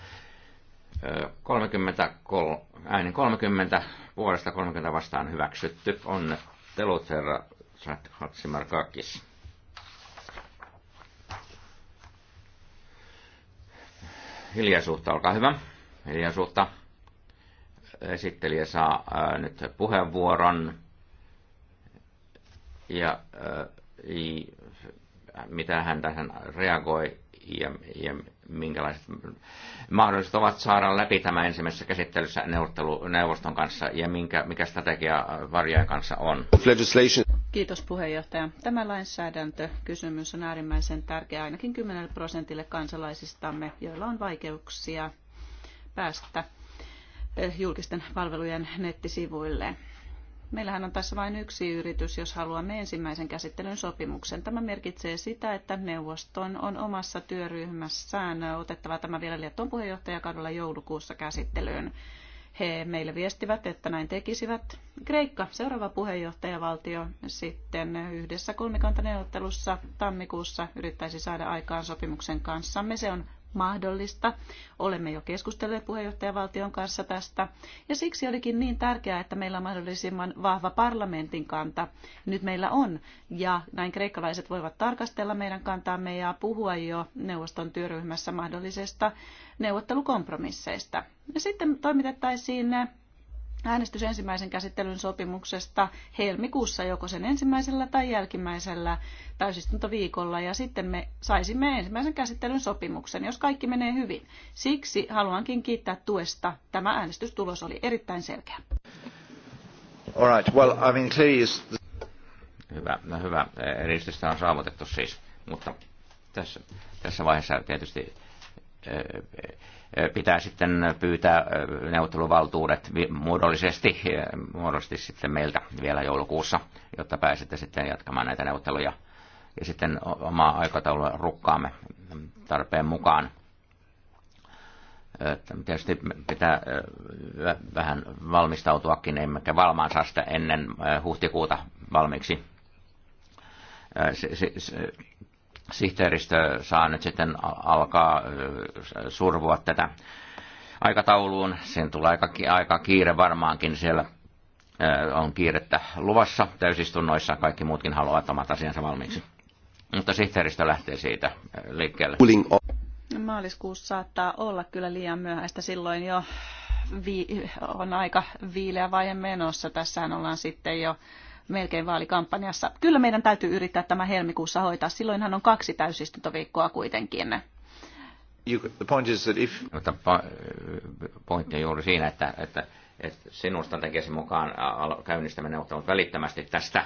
33, äänen 30 puolesta 30 vastaan hyväksytty. Onnettelut herra Hatsimarkakis. Hiljaisuutta, olkaa hyvä. Hiljaisuutta. Esittelijä saa ää, äh, nyt puheenvuoron. Ja ää, äh, i, mitä hän tähän reagoi ja, ja minkälaiset mahdollisuudet ovat saada läpi tämä ensimmäisessä käsittelyssä neuvoston kanssa ja minkä, mikä strategia varjojen kanssa on. Kiitos puheenjohtaja. Tämä lainsäädäntökysymys on äärimmäisen tärkeä ainakin 10 prosentille kansalaisistamme, joilla on vaikeuksia päästä eh, julkisten palvelujen nettisivuilleen. Meillähän on tässä vain yksi yritys, jos haluamme ensimmäisen käsittelyn sopimuksen. Tämä merkitsee sitä, että neuvoston on omassa työryhmässään otettava tämä vielä Liettuan puheenjohtajakaudella joulukuussa käsittelyyn. He meille viestivät, että näin tekisivät. Kreikka, seuraava puheenjohtajavaltio, sitten yhdessä kolmikantaneuvottelussa tammikuussa yrittäisi saada aikaan sopimuksen kanssamme. Se on mahdollista. Olemme jo keskustelleet puheenjohtajavaltion kanssa tästä ja siksi olikin niin tärkeää, että meillä on mahdollisimman vahva parlamentin kanta. Nyt meillä on ja näin kreikkalaiset voivat tarkastella meidän kantaamme ja puhua jo neuvoston työryhmässä mahdollisesta neuvottelukompromisseista. Ja sitten toimitettaisiin äänestys ensimmäisen käsittelyn sopimuksesta helmikuussa joko sen ensimmäisellä tai jälkimmäisellä täysistuntoviikolla ja sitten me saisimme ensimmäisen käsittelyn sopimuksen, jos kaikki menee hyvin. Siksi haluankin kiittää tuesta. Tämä äänestystulos oli erittäin selkeä. All right. well, I mean, Hyvä, no hyvä. Edistystä on saavutettu siis, mutta tässä, tässä vaiheessa tietysti äh, pitää sitten pyytää neuvotteluvaltuudet muodollisesti, muodollisesti sitten meiltä vielä joulukuussa, jotta pääsette sitten jatkamaan näitä neuvotteluja ja sitten omaa aikataulua rukkaamme tarpeen mukaan. Tietysti pitää vähän valmistautuakin, emmekä valmaan saa sitä ennen huhtikuuta valmiiksi sihteeristö saa nyt sitten alkaa survua tätä aikatauluun. Sen tulee aika, aika kiire varmaankin siellä on kiirettä luvassa täysistunnoissa. Kaikki muutkin haluavat omat asiansa valmiiksi. Mutta sihteeristö lähtee siitä liikkeelle. Maaliskuussa saattaa olla kyllä liian myöhäistä. Silloin jo vi- on aika viileä vaihe menossa. Tässähän ollaan sitten jo melkein vaalikampanjassa. Kyllä meidän täytyy yrittää tämä helmikuussa hoitaa. Silloinhan on kaksi täysistuntoviikkoa kuitenkin. You, the point is that if... No, mutta pointti on juuri siinä, että, että, että sinun strategiasi mukaan käynnistämme neuvottelut välittömästi tästä.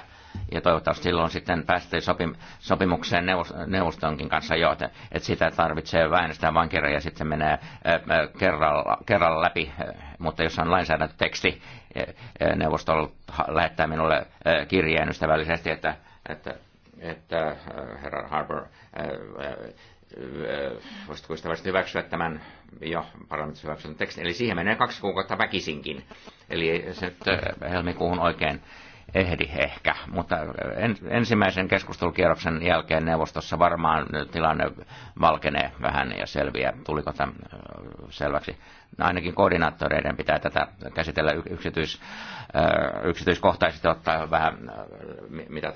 Ja toivottavasti silloin sitten päästiin sopim, sopimukseen neuvostonkin kanssa jo, että, että sitä tarvitsee väännöstä vain kerran ja sitten se menee ää, kerralla, kerralla läpi. Mutta jos on lainsäädäntöteksti, neuvostolla lähettää minulle kirjeen ystävällisesti, että, että, että herra Harbour, voisitko ystävällisesti hyväksyä tämän jo parlamentissa hyväksytyn tekstin. Eli siihen menee kaksi kuukautta väkisinkin. Eli se nyt helmikuuhun oikein ehdi ehkä, mutta ensimmäisen keskustelukierroksen jälkeen neuvostossa varmaan tilanne valkenee vähän ja selviää. Tuliko tämä selväksi? Ainakin koordinaattoreiden pitää tätä käsitellä yksityis, yksityiskohtaisesti ottaa vähän, mitä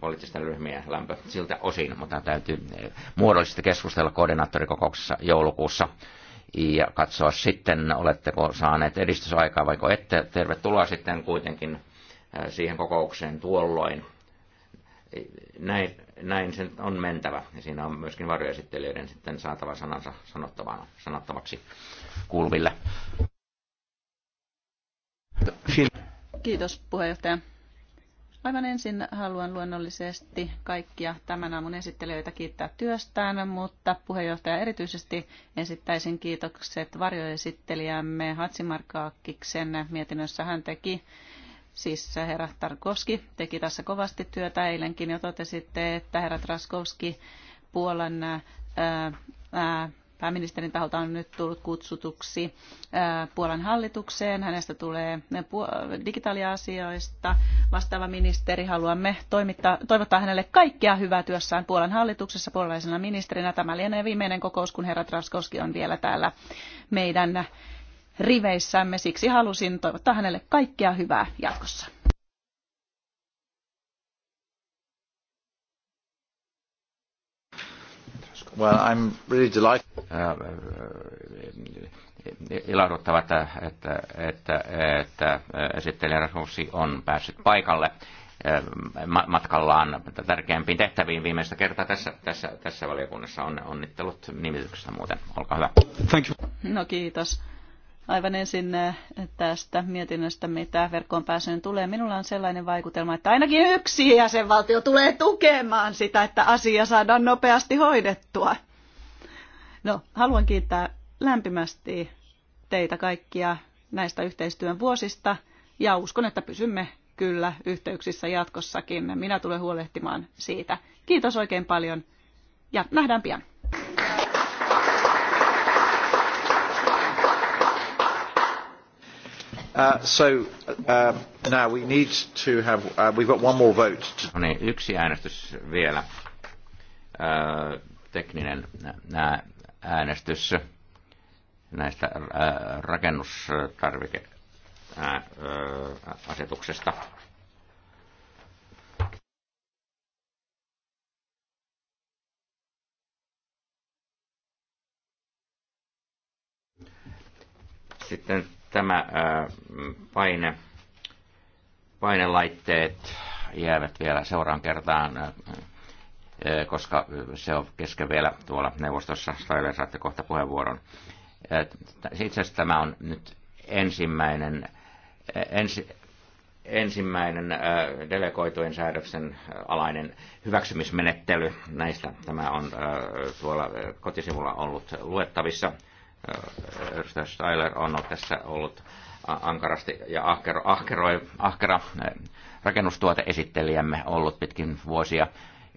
poliittisten ryhmien lämpö siltä osin, mutta täytyy muodollisesti keskustella koordinaattorikokouksessa joulukuussa ja katsoa sitten, oletteko saaneet edistysaikaa vai ette. Tervetuloa sitten kuitenkin siihen kokoukseen tuolloin. Näin, näin sen on mentävä. Ja siinä on myöskin varjoesittelijöiden sitten saatava sanansa sanottavaksi kuuluville. Kiitos puheenjohtaja. Aivan ensin haluan luonnollisesti kaikkia tämän aamun esittelijöitä kiittää työstään, mutta puheenjohtaja erityisesti esittäisin kiitokset varjoesittelijämme Hatsimarkaakkiksen mietinnössä. Hän teki Siis herra Tarkovski teki tässä kovasti työtä eilenkin jo totesitte, että herra Tarkovski Puolan ää, ää, pääministerin taholta on nyt tullut kutsutuksi Puolan hallitukseen. Hänestä tulee digitaaliasioista vastaava ministeri. Haluamme toimittaa, toivottaa hänelle kaikkea hyvää työssään Puolan hallituksessa puolalaisena ministerinä. Tämä lienee viimeinen kokous, kun herra Traskowski on vielä täällä meidän riveissämme. Siksi halusin toivottaa hänelle kaikkea hyvää jatkossa. Well, I'm really delighted. Äh, äh, äh, ilahduttavat, että, että, että, että esittelijä Rasmussi on päässyt paikalle matkallaan tärkeämpiin tehtäviin viimeistä kertaa tässä, tässä, tässä valiokunnassa. On, onnittelut nimityksestä muuten. Olkaa hyvä. Thank you. No kiitos aivan ensin eh, tästä mietinnöstä, mitä verkkoon pääsyyn tulee. Minulla on sellainen vaikutelma, että ainakin yksi jäsenvaltio tulee tukemaan sitä, että asia saadaan nopeasti hoidettua. No, haluan kiittää lämpimästi teitä kaikkia näistä yhteistyön vuosista ja uskon, että pysymme kyllä yhteyksissä jatkossakin. Minä tulen huolehtimaan siitä. Kiitos oikein paljon ja nähdään pian. Uh, so uh, now we need to have, uh, we've got one more vote. No niin, yksi äänestys vielä. Uh, tekninen äänestys näistä uh, rakennustarvikeasetuksesta. Uh, sitten tämä paine, painelaitteet jäävät vielä seuraan kertaan, koska se on kesken vielä tuolla neuvostossa. Stailer saatte kohta puheenvuoron. Itse asiassa tämä on nyt ensimmäinen, ensi, ensimmäinen delegoitujen säädöksen alainen hyväksymismenettely. Näistä tämä on tuolla kotisivulla ollut luettavissa. Edustaja Steiler on tässä ollut ankarasti ja ahkero, ahkero, ahkera eh, rakennustuoteesittelijämme ollut pitkin vuosia.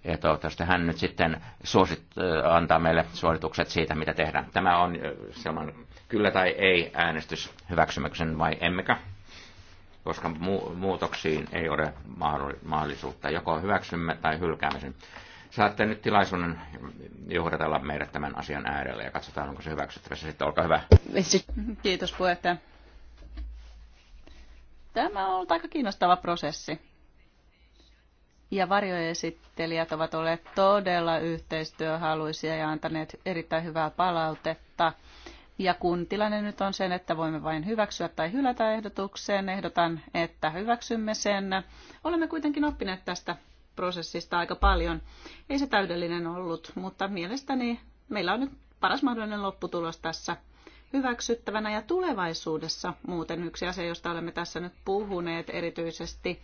Ja toivottavasti hän nyt sitten suosit, eh, antaa meille suositukset siitä, mitä tehdään. Tämä on eh, sellainen kyllä tai ei äänestys hyväksymyksen vai emmekä, koska mu- muutoksiin ei ole mahdollisuutta. Joko hyväksymme tai hylkäämisen. Saatte nyt tilaisuuden johdatella meidät tämän asian äärellä ja katsotaan, onko se hyväksyttävässä. Sitten olkaa hyvä. Kiitos puheenjohtaja. Tämä on ollut aika kiinnostava prosessi. Ja varjoesittelijät ovat olleet todella yhteistyöhaluisia ja antaneet erittäin hyvää palautetta. Ja kun tilanne nyt on sen, että voimme vain hyväksyä tai hylätä ehdotukseen, ehdotan, että hyväksymme sen. Olemme kuitenkin oppineet tästä prosessista aika paljon. Ei se täydellinen ollut, mutta mielestäni meillä on nyt paras mahdollinen lopputulos tässä hyväksyttävänä ja tulevaisuudessa muuten yksi asia, josta olemme tässä nyt puhuneet erityisesti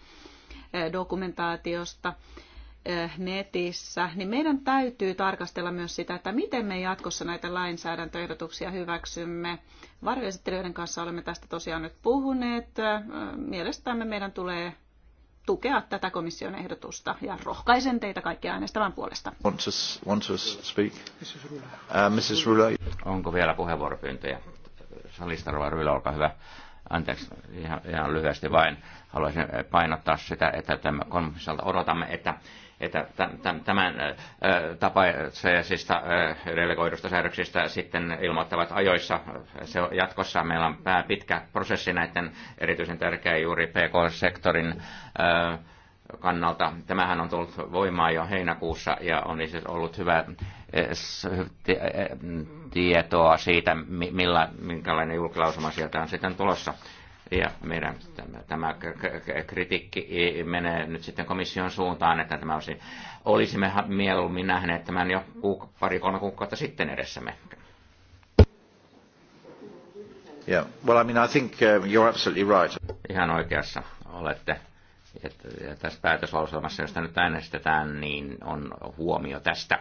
eh, dokumentaatiosta eh, netissä, niin meidän täytyy tarkastella myös sitä, että miten me jatkossa näitä lainsäädäntöehdotuksia hyväksymme. Varjoesittelijöiden kanssa olemme tästä tosiaan nyt puhuneet. Eh, mielestämme meidän tulee tukea tätä komission ehdotusta ja rohkaisen teitä kaikkia äänestämään puolesta. Want to, want to speak? Mrs. Rula. Uh, Mrs. Rula. Onko vielä puheenvuoropyyntöjä? Salista Rula, olkaa hyvä. Anteeksi, ihan, ihan lyhyesti vain haluaisin painottaa sitä, että tämän komissiolta odotamme, että että tämän tapaisista delegoidusta säädöksistä sitten ilmoittavat ajoissa. Se jatkossa meillä on pitkä prosessi näiden erityisen tärkeä juuri PK-sektorin kannalta. Tämähän on tullut voimaan jo heinäkuussa ja on siis ollut hyvä tietoa siitä, millä, minkälainen julkilausuma sieltä on sitten tulossa ja meidän tämä, tämä kritiikki menee nyt sitten komission suuntaan, että tämä olisi, olisimme mieluummin nähneet tämän jo kuuk- pari-kolme kuukautta sitten edessämme. Yeah. Well, I mean, I think uh, you're absolutely right. Ihan oikeassa olette. Että tässä päätöslauselmassa, josta nyt äänestetään, niin on huomio tästä.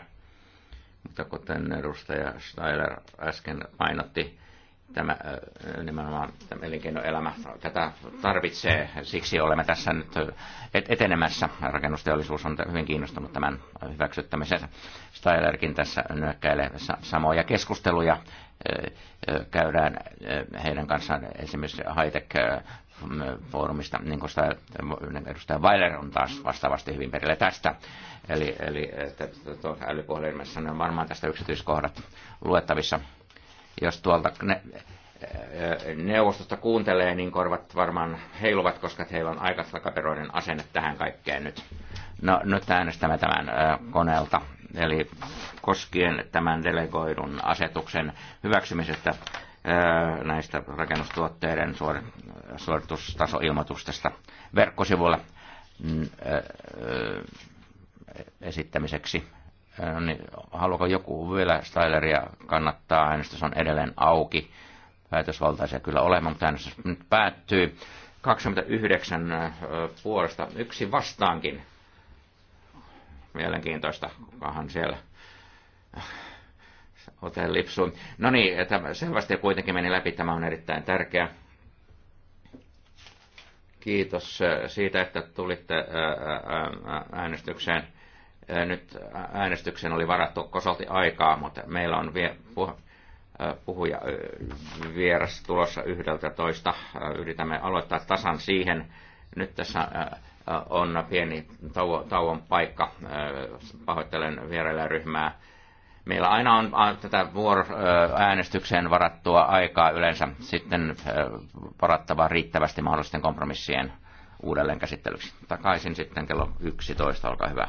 Mutta kuten edustaja Steiler äsken painotti, tämä, nimenomaan tämä elinkeinoelämä tätä tarvitsee. Siksi olemme tässä nyt etenemässä. Rakennusteollisuus on hyvin kiinnostunut tämän hyväksyttämisen. Stylerkin tässä nyökkäilee samoja keskusteluja käydään heidän kanssaan esimerkiksi high foorumista, niin kuin edustaja Weiler on taas vastaavasti hyvin perillä tästä. Eli, eli älypuhelimessa on varmaan tästä yksityiskohdat luettavissa jos tuolta ne, neuvostosta kuuntelee, niin korvat varmaan heiluvat, koska heillä on aika takaperoinen asenne tähän kaikkeen nyt. No, nyt äänestämme tämän koneelta. Eli koskien tämän delegoidun asetuksen hyväksymisestä näistä rakennustuotteiden suoritustasoilmoituksesta verkkosivulla mm, esittämiseksi niin haluaako joku vielä Styleria kannattaa, äänestys on edelleen auki. Päätösvaltaisia kyllä olemaan, mutta äänestys nyt päättyy. 29 puolesta, yksi vastaankin. Mielenkiintoista, kukahan siellä ote lipsuun. No niin, selvästi kuitenkin meni läpi, tämä on erittäin tärkeä. Kiitos siitä, että tulitte äänestykseen nyt äänestyksen oli varattu kosolti aikaa, mutta meillä on vielä puhuja vieras tulossa yhdeltä toista. Yritämme aloittaa tasan siihen. Nyt tässä on pieni tauon, tauon paikka. Pahoittelen vierellä ryhmää. Meillä aina on tätä vuoro äänestykseen varattua aikaa yleensä sitten varattava riittävästi mahdollisten kompromissien uudelleenkäsittelyksi. Takaisin sitten kello 11, olkaa hyvä.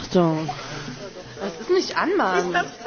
Achtung. Das ist nicht anmachen. Ist das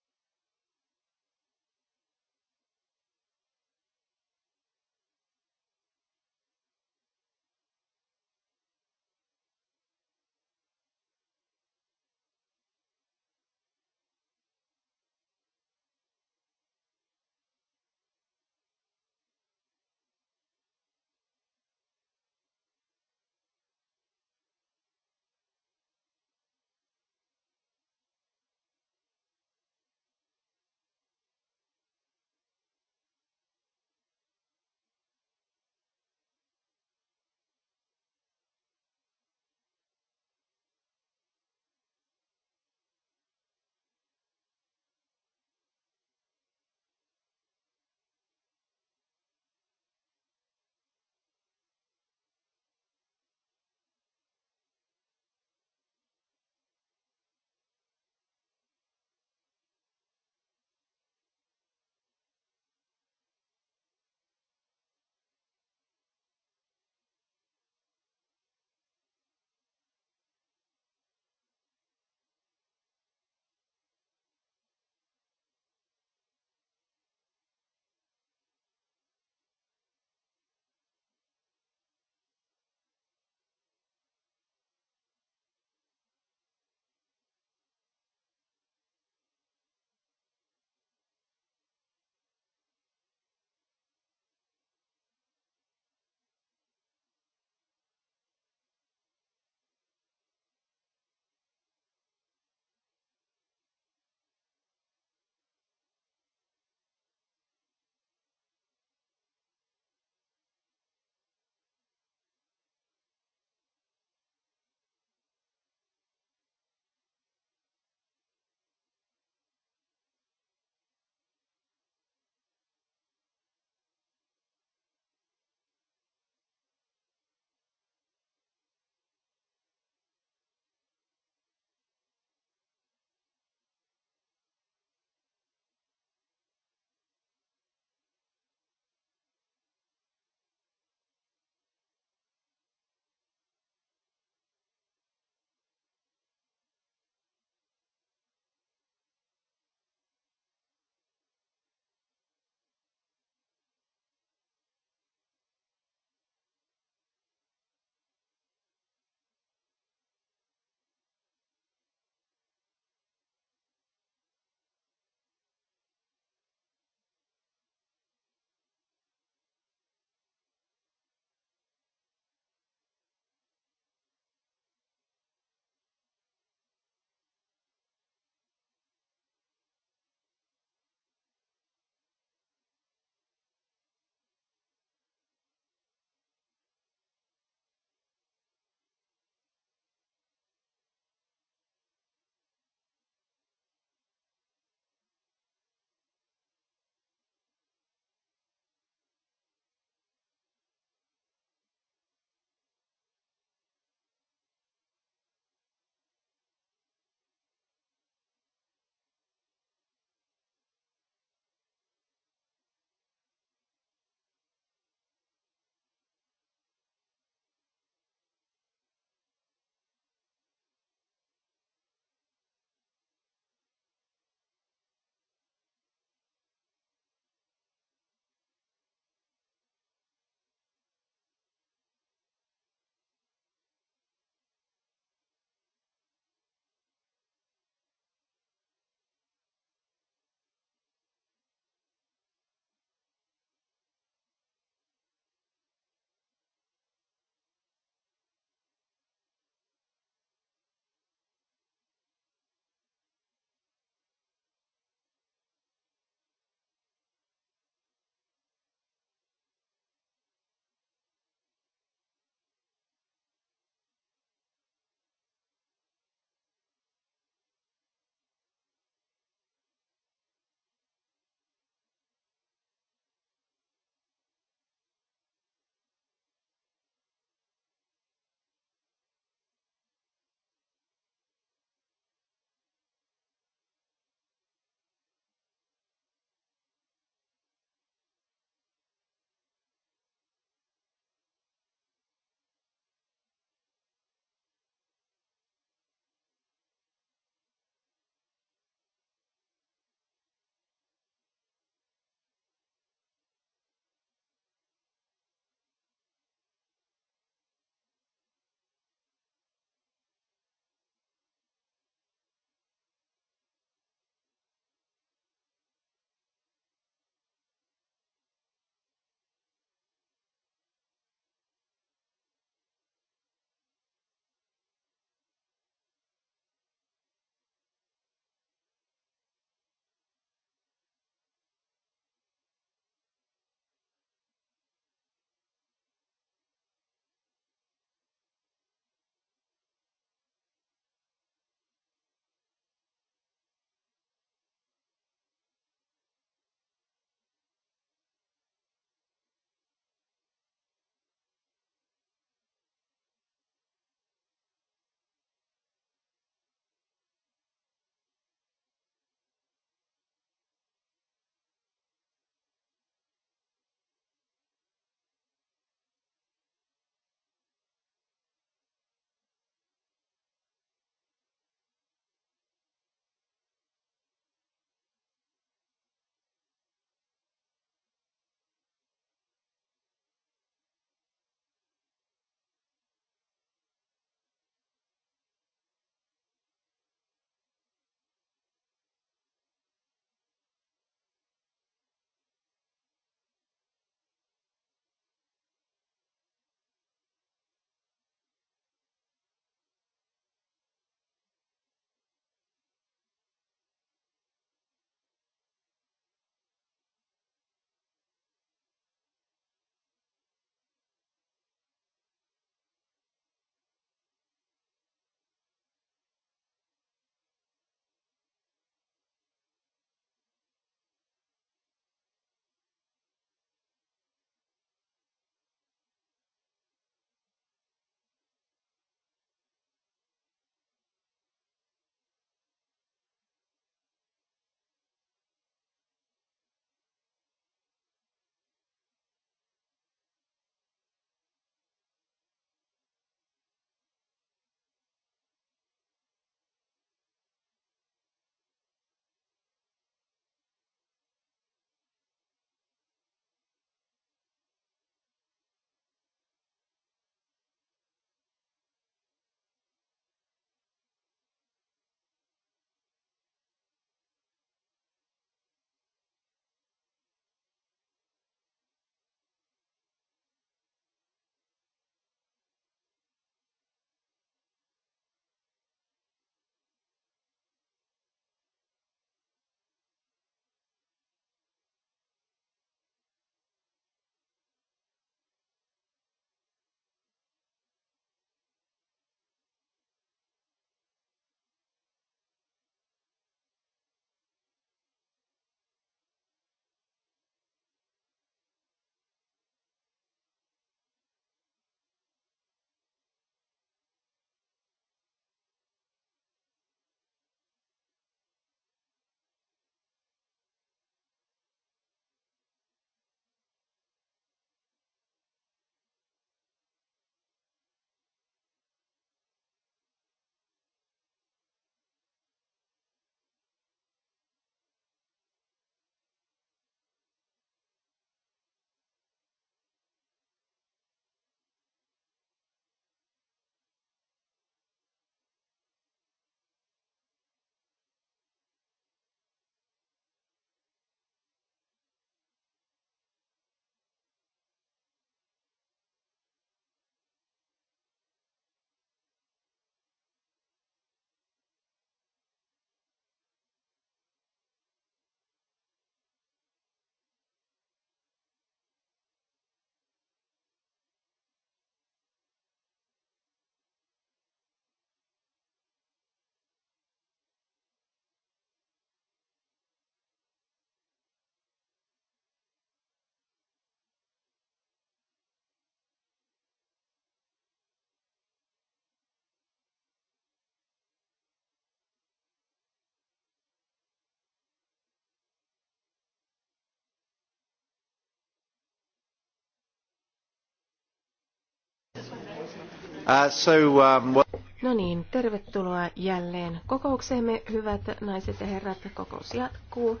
Uh, um, no niin, tervetuloa jälleen kokoukseemme, hyvät naiset ja herrat. Kokous jatkuu.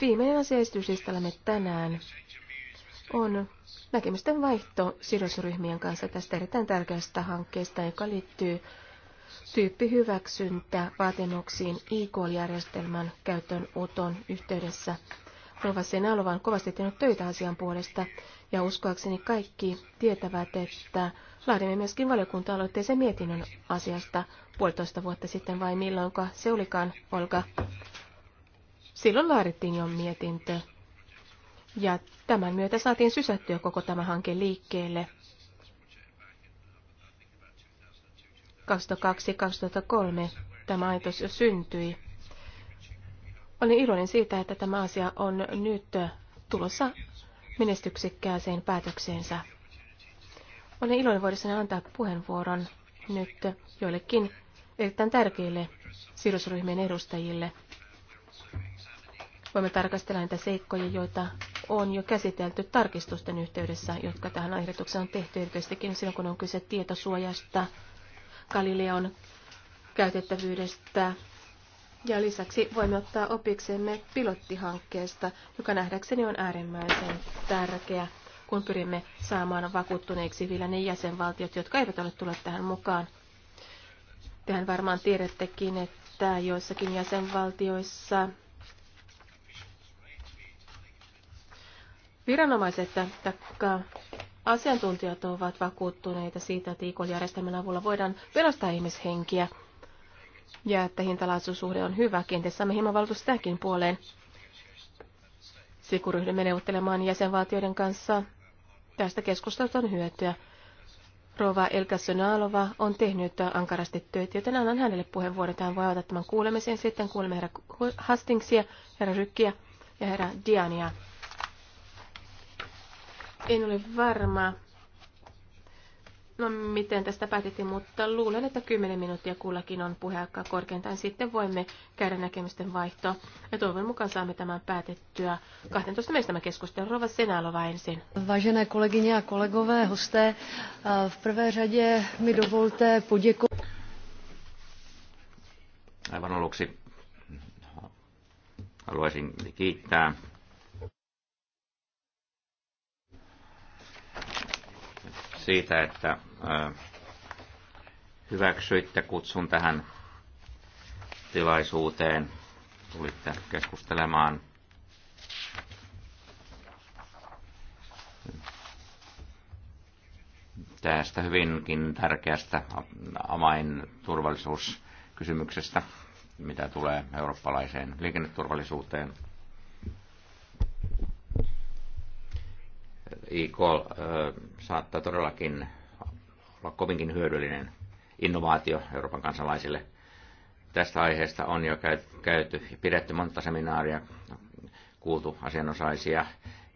Viimeinen asia tänään on näkemysten vaihto sidosryhmien kanssa tästä erittäin tärkeästä hankkeesta, joka liittyy tyyppihyväksyntä vaatimuksiin IK-järjestelmän käyttöönoton yhteydessä – Rova Senalova on kovasti tehnyt töitä asian puolesta, ja uskoakseni kaikki tietävät, että laadimme myöskin valiokunta aloitteeseen mietinnön asiasta puolitoista vuotta sitten, vai milloinka se olikaan, Olga? Silloin laadittiin jo mietintö, ja tämän myötä saatiin sysättyä koko tämä hanke liikkeelle. 2002-2003 tämä jo syntyi. Olen iloinen siitä, että tämä asia on nyt tulossa menestyksekkääseen päätökseensä. Olen iloinen voidessani antaa puheenvuoron nyt joillekin erittäin tärkeille sidosryhmien edustajille. Voimme tarkastella niitä seikkoja, joita on jo käsitelty tarkistusten yhteydessä, jotka tähän ehdotukseen on tehty, erityisestikin silloin, kun on kyse tietosuojasta, Galileon käytettävyydestä, ja lisäksi voimme ottaa opiksemme pilottihankkeesta, joka nähdäkseni on äärimmäisen tärkeä, kun pyrimme saamaan vakuuttuneiksi vielä ne jäsenvaltiot, jotka eivät ole tulleet tähän mukaan. Tehän varmaan tiedättekin, että joissakin jäsenvaltioissa viranomaiset tai asiantuntijat ovat vakuuttuneita siitä, että IKL-järjestelmän e avulla voidaan pelastaa ihmishenkiä – ja että hintalaatuisuhde on hyvä. Kenties saamme hieman valtuus tähänkin puoleen. Siku ryhdymme neuvottelemaan jäsenvaltioiden kanssa. Tästä keskustelusta on hyötyä. Rova Elka Sönalova on tehnyt ankarasti töitä, joten annan hänelle puheenvuoron. Hän voi ottaa tämän kuulemisen. Sitten kuulemme herra Hastingsia, herra Rykkiä ja herra Diania. En ole varma, no, miten tästä päätettiin, mutta luulen, että 10 minuuttia kullakin on puheaikaa korkeintaan. Sitten voimme käydä näkemysten vaihtoa ja toivon mukaan saamme tämän päätettyä. 12 meistä keskustelun Rova Senalova ensin. Vážené kolegyně ja kolegové, hosté, eh, v prvé řadě mi dovolte poděkovat. Aivan aluksi haluaisin kiittää siitä, että hyväksyitte kutsun tähän tilaisuuteen. Tulitte keskustelemaan tästä hyvinkin tärkeästä turvallisuuskysymyksestä, mitä tulee eurooppalaiseen liikenneturvallisuuteen. e-call saattaa todellakin olla kovinkin hyödyllinen innovaatio Euroopan kansalaisille. Tästä aiheesta on jo käyty ja pidetty monta seminaaria, kuultu asianosaisia,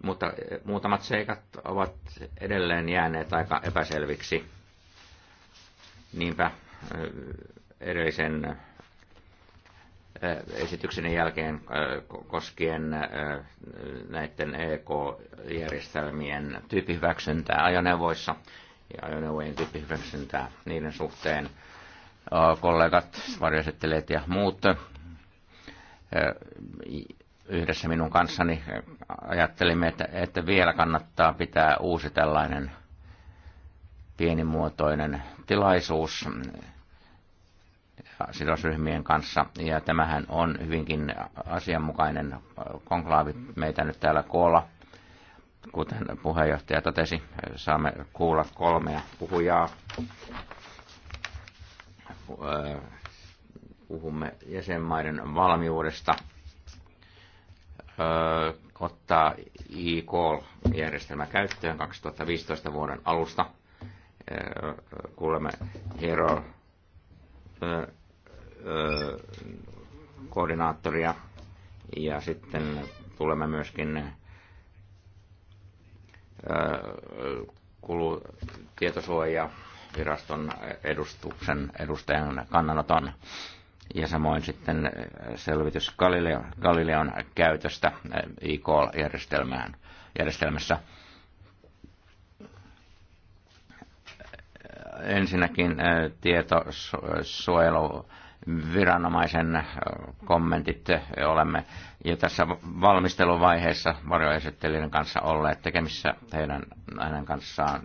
mutta muutamat seikat ovat edelleen jääneet aika epäselviksi. Niinpä edellisen esityksen jälkeen koskien näiden EK-järjestelmien tyyppihyväksyntää ajoneuvoissa ja ajoneuvojen tyyppihyväksyntää niiden suhteen. Kollegat, varjoesittelijät ja muut yhdessä minun kanssani ajattelimme, että, että vielä kannattaa pitää uusi tällainen pienimuotoinen tilaisuus sidosryhmien kanssa. Ja tämähän on hyvinkin asianmukainen konklaavi meitä nyt täällä koolla. Kuten puheenjohtaja totesi, saamme kuulla kolmea puhujaa. Puhumme jäsenmaiden valmiudesta ottaa e-call-järjestelmä käyttöön 2015 vuoden alusta. Kuulemme Hero koordinaattoria ja sitten tulemme myöskin kulutietosuoja viraston edustuksen edustajan kannanoton ja samoin sitten selvitys Galileo, Galileon käytöstä IK-järjestelmään järjestelmässä. Ensinnäkin tietosuojelu viranomaisen kommentit olemme jo tässä valmisteluvaiheessa varjoesittelijän kanssa olleet tekemissä heidän, hänen kanssaan,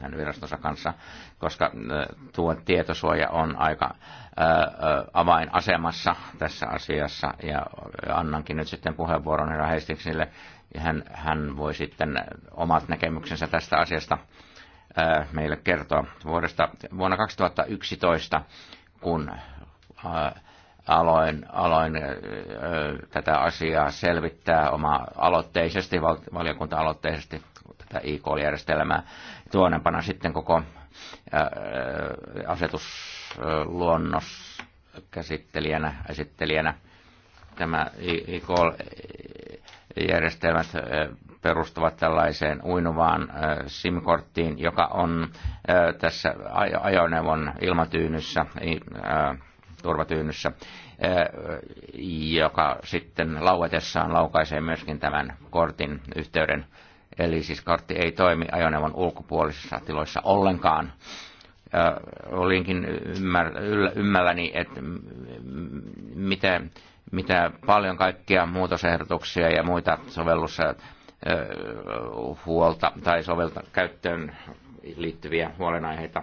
hänen virastonsa kanssa, koska tuo tietosuoja on aika avainasemassa tässä asiassa ja annankin nyt sitten puheenvuoron herra Heistiksille hän, hän voi sitten omat näkemyksensä tästä asiasta meille kertoa. Vuodesta, vuonna 2011, kun Äh, aloin, aloin äh, tätä asiaa selvittää oma-aloitteisesti, valiokunta-aloitteisesti tätä IK-järjestelmää. Tuonempana sitten koko äh, asetusluonnos käsittelijänä, esittelijänä tämä IK-järjestelmät perustuvat tällaiseen uinuvaan SIM-korttiin, joka on tässä ajoneuvon ilmatyynyssä turvatyynnyssä, joka sitten lauetessaan laukaisee myöskin tämän kortin yhteyden. Eli siis kortti ei toimi ajoneuvon ulkopuolisissa tiloissa ollenkaan. Olinkin ymmär, ymmälläni, että mitä, mitä paljon kaikkia muutosehdotuksia ja muita sovellussa huolta tai sovelta käyttöön liittyviä huolenaiheita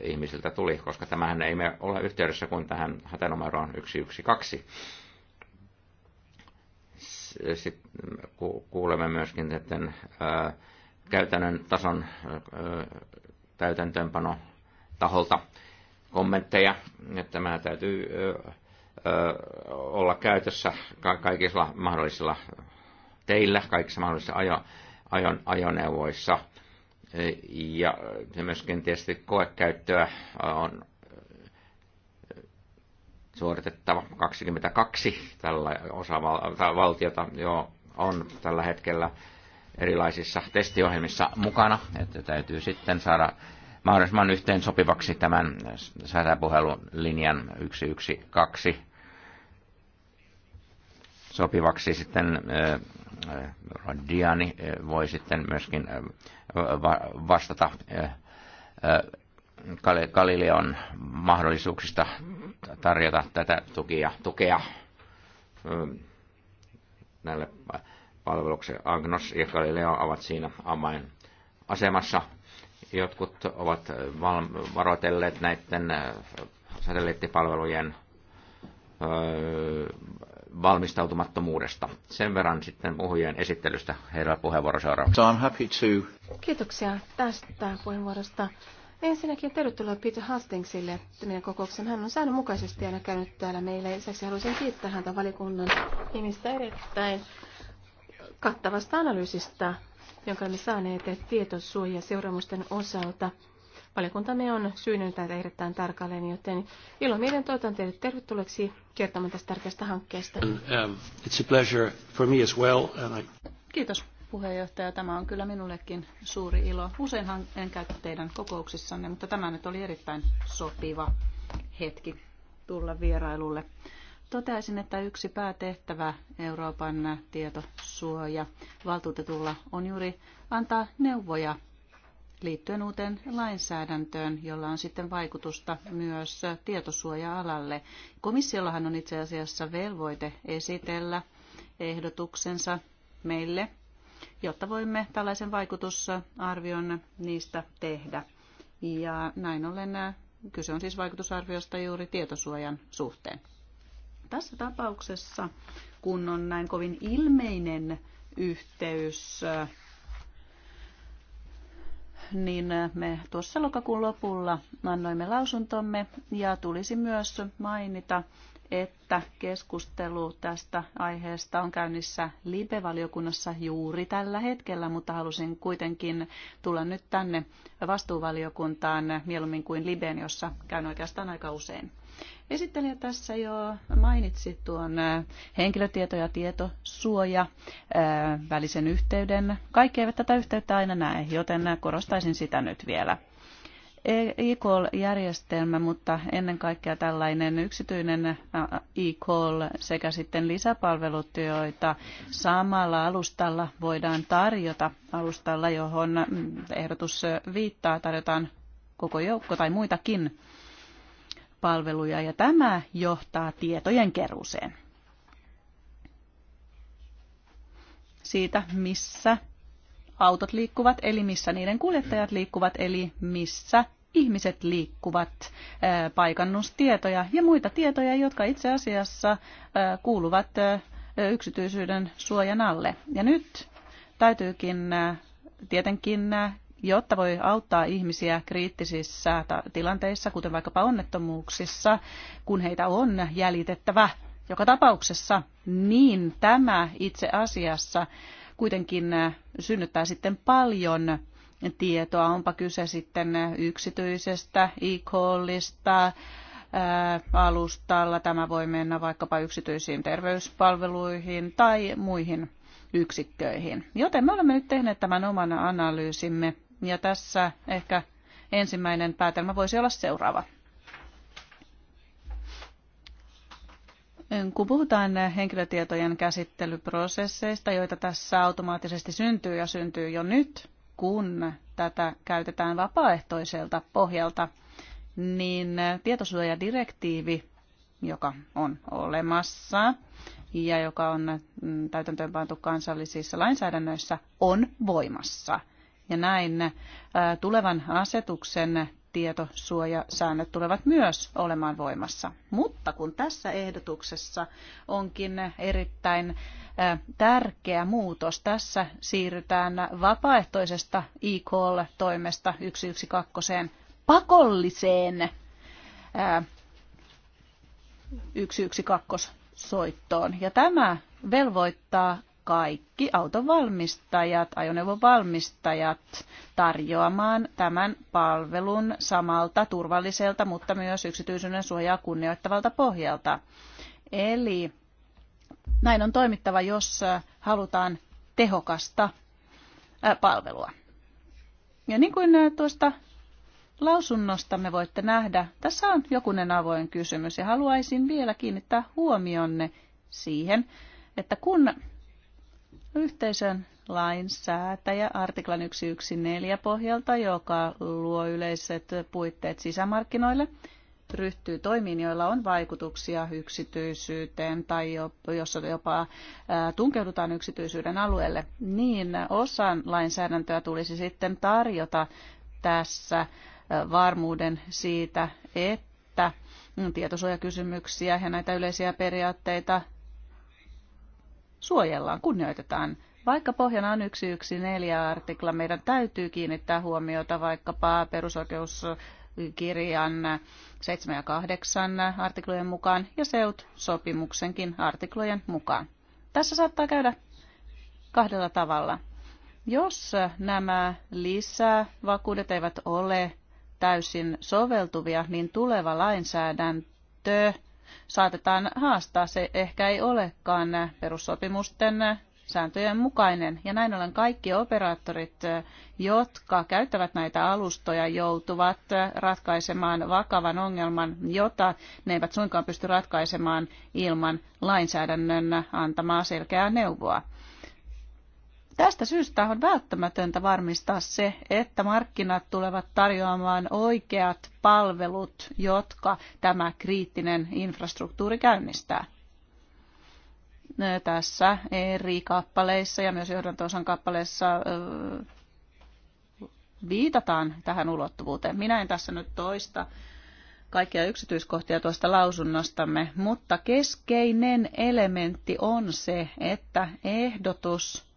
ihmisiltä tuli, koska tämähän ei me ole yhteydessä kuin tähän hätänumeroon 112. Sitten kuulemme myöskin että käytännön tason täytäntöönpano taholta kommentteja, että tämä täytyy olla käytössä kaikilla mahdollisilla teillä, kaikissa mahdollisissa ajo, ajon, ajoneuvoissa ja myöskin tietysti koekäyttöä on äh, suoritettava 22 tällä osa valtiota jo on tällä hetkellä erilaisissa testiohjelmissa mukana, että täytyy sitten saada mahdollisimman yhteen sopivaksi tämän sähköpuhelun linjan 112 sopivaksi sitten äh, äh, Diani voi sitten myöskin vastata eh, eh, Galileon mahdollisuuksista tarjota tätä tukia, tukea eh, näille palvelukselle. Agnos ja Galileo ovat siinä amain asemassa. Jotkut ovat varoitelleet näiden satelliittipalvelujen valmistautumattomuudesta. Sen verran sitten puhujien esittelystä. Herra puheenvuoro seuraavaksi. So I'm happy to... Kiitoksia tästä puheenvuorosta. Ensinnäkin tervetuloa Peter Hastingsille meidän kokouksen. Hän on säännönmukaisesti aina käynyt täällä meillä. Lisäksi haluaisin kiittää häntä valikunnan nimistä erittäin kattavasta analyysistä, jonka olemme saaneet tietosuojaseuraamusten osalta – Valiokuntamme on syynyt tätä erittäin tarkalleen, joten ilomielen toivotan teille tervetulleeksi kertomaan tästä tärkeästä hankkeesta. And, um, it's a pleasure for me as well, and I... Kiitos puheenjohtaja. Tämä on kyllä minullekin suuri ilo. Useinhan en käy teidän kokouksissanne, mutta tämä nyt oli erittäin sopiva hetki tulla vierailulle. Toteaisin, että yksi päätehtävä Euroopan tietosuoja valtuutetulla on juuri antaa neuvoja liittyen uuteen lainsäädäntöön, jolla on sitten vaikutusta myös tietosuoja-alalle. Komissiollahan on itse asiassa velvoite esitellä ehdotuksensa meille, jotta voimme tällaisen vaikutusarvion niistä tehdä. Ja näin ollen äh, kyse on siis vaikutusarviosta juuri tietosuojan suhteen. Tässä tapauksessa, kun on näin kovin ilmeinen yhteys äh, niin me tuossa lokakuun lopulla annoimme lausuntomme ja tulisi myös mainita että keskustelu tästä aiheesta on käynnissä LIBE-valiokunnassa juuri tällä hetkellä, mutta halusin kuitenkin tulla nyt tänne vastuuvaliokuntaan mieluummin kuin LIBEen, jossa käyn oikeastaan aika usein. Esittelijä tässä jo mainitsi tuon äh, henkilötieto- ja tietosuoja äh, välisen yhteyden. Kaikki eivät tätä yhteyttä aina näe, joten korostaisin sitä nyt vielä e-call-järjestelmä, mutta ennen kaikkea tällainen yksityinen e-call sekä sitten lisäpalvelut, joita samalla alustalla voidaan tarjota, alustalla johon ehdotus viittaa, tarjotaan koko joukko tai muitakin palveluja ja tämä johtaa tietojen keruuseen. Siitä, missä autot liikkuvat, eli missä niiden kuljettajat liikkuvat, eli missä ihmiset liikkuvat, paikannustietoja ja muita tietoja, jotka itse asiassa kuuluvat yksityisyyden suojan alle. Ja nyt täytyykin tietenkin jotta voi auttaa ihmisiä kriittisissä tilanteissa, kuten vaikkapa onnettomuuksissa, kun heitä on jäljitettävä joka tapauksessa, niin tämä itse asiassa kuitenkin synnyttää sitten paljon tietoa, onpa kyse sitten yksityisestä e-callista, alustalla. Tämä voi mennä vaikkapa yksityisiin terveyspalveluihin tai muihin yksikköihin. Joten me olemme nyt tehneet tämän oman analyysimme ja tässä ehkä ensimmäinen päätelmä voisi olla seuraava. Kun puhutaan henkilötietojen käsittelyprosesseista, joita tässä automaattisesti syntyy ja syntyy jo nyt, kun tätä käytetään vapaaehtoiselta pohjalta, niin tietosuojadirektiivi, joka on olemassa ja joka on mm, täytäntöönpantu kansallisissa lainsäädännöissä, on voimassa. Ja näin tulevan asetuksen tietosuojasäännöt tulevat myös olemaan voimassa. Mutta kun tässä ehdotuksessa onkin erittäin tärkeä muutos, tässä siirrytään vapaaehtoisesta e-call-toimesta 112 pakolliseen 112-soittoon. Ja tämä velvoittaa kaikki autovalmistajat, ajoneuvovalmistajat tarjoamaan tämän palvelun samalta turvalliselta, mutta myös yksityisyyden suojaa kunnioittavalta pohjalta. Eli näin on toimittava, jos äh, halutaan tehokasta äh, palvelua. Ja niin kuin äh, tuosta lausunnosta me voitte nähdä, tässä on jokunen avoin kysymys ja haluaisin vielä kiinnittää huomionne siihen, että kun yhteisön lainsäätäjä artiklan 114 pohjalta, joka luo yleiset puitteet sisämarkkinoille, ryhtyy toimiin, joilla on vaikutuksia yksityisyyteen tai jos jopa tunkeudutaan yksityisyyden alueelle, niin osan lainsäädäntöä tulisi sitten tarjota tässä varmuuden siitä, että mm, tietosuojakysymyksiä ja näitä yleisiä periaatteita suojellaan, kunnioitetaan. Vaikka pohjana on 114 artikla, meidän täytyy kiinnittää huomiota vaikkapa perusoikeuskirjan 7 ja 8 artiklojen mukaan ja SEUT-sopimuksenkin artiklojen mukaan. Tässä saattaa käydä kahdella tavalla. Jos nämä lisävakuudet eivät ole täysin soveltuvia, niin tuleva lainsäädäntö saatetaan haastaa. Se ehkä ei olekaan perussopimusten sääntöjen mukainen. Ja näin ollen kaikki operaattorit, jotka käyttävät näitä alustoja, joutuvat ratkaisemaan vakavan ongelman, jota ne eivät suinkaan pysty ratkaisemaan ilman lainsäädännön antamaa selkeää neuvoa. Tästä syystä on välttämätöntä varmistaa se, että markkinat tulevat tarjoamaan oikeat palvelut, jotka tämä kriittinen infrastruktuuri käynnistää. Tässä eri kappaleissa ja myös johdantosan kappaleissa viitataan tähän ulottuvuuteen. Minä en tässä nyt toista kaikkia yksityiskohtia tuosta lausunnostamme, mutta keskeinen elementti on se, että ehdotus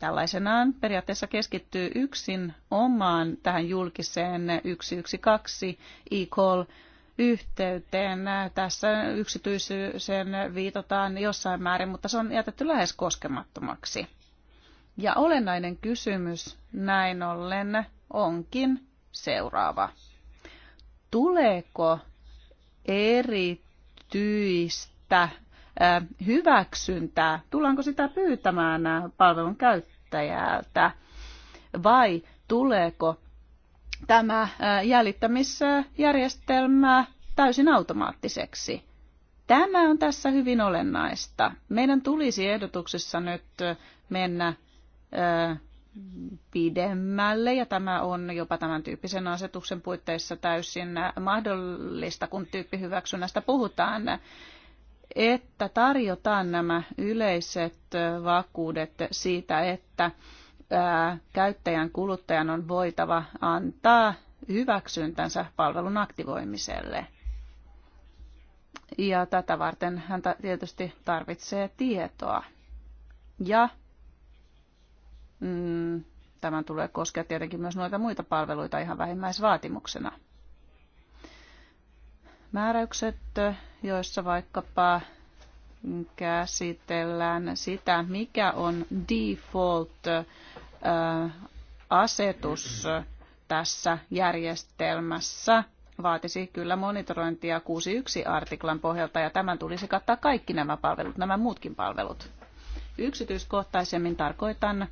tällaisenaan periaatteessa keskittyy yksin omaan tähän julkiseen 112 e-call yhteyteen. Tässä yksityisyyteen viitataan jossain määrin, mutta se on jätetty lähes koskemattomaksi. Ja olennainen kysymys näin ollen onkin seuraava. Tuleeko erityistä hyväksyntää? Tullaanko sitä pyytämään palvelun käyttäjältä vai tuleeko tämä jäljittämisjärjestelmä täysin automaattiseksi? Tämä on tässä hyvin olennaista. Meidän tulisi ehdotuksessa nyt mennä pidemmälle ja tämä on jopa tämän tyyppisen asetuksen puitteissa täysin mahdollista, kun tyyppihyväksynnästä puhutaan että tarjotaan nämä yleiset vakuudet siitä, että käyttäjän kuluttajan on voitava antaa hyväksyntänsä palvelun aktivoimiselle. Ja tätä varten hän tietysti tarvitsee tietoa. Ja mm, tämän tulee koskea tietenkin myös noita muita palveluita ihan vähimmäisvaatimuksena määräykset, joissa vaikkapa käsitellään sitä, mikä on default-asetus tässä järjestelmässä, vaatisi kyllä monitorointia 6.1 artiklan pohjalta ja tämän tulisi kattaa kaikki nämä palvelut, nämä muutkin palvelut. Yksityiskohtaisemmin tarkoitan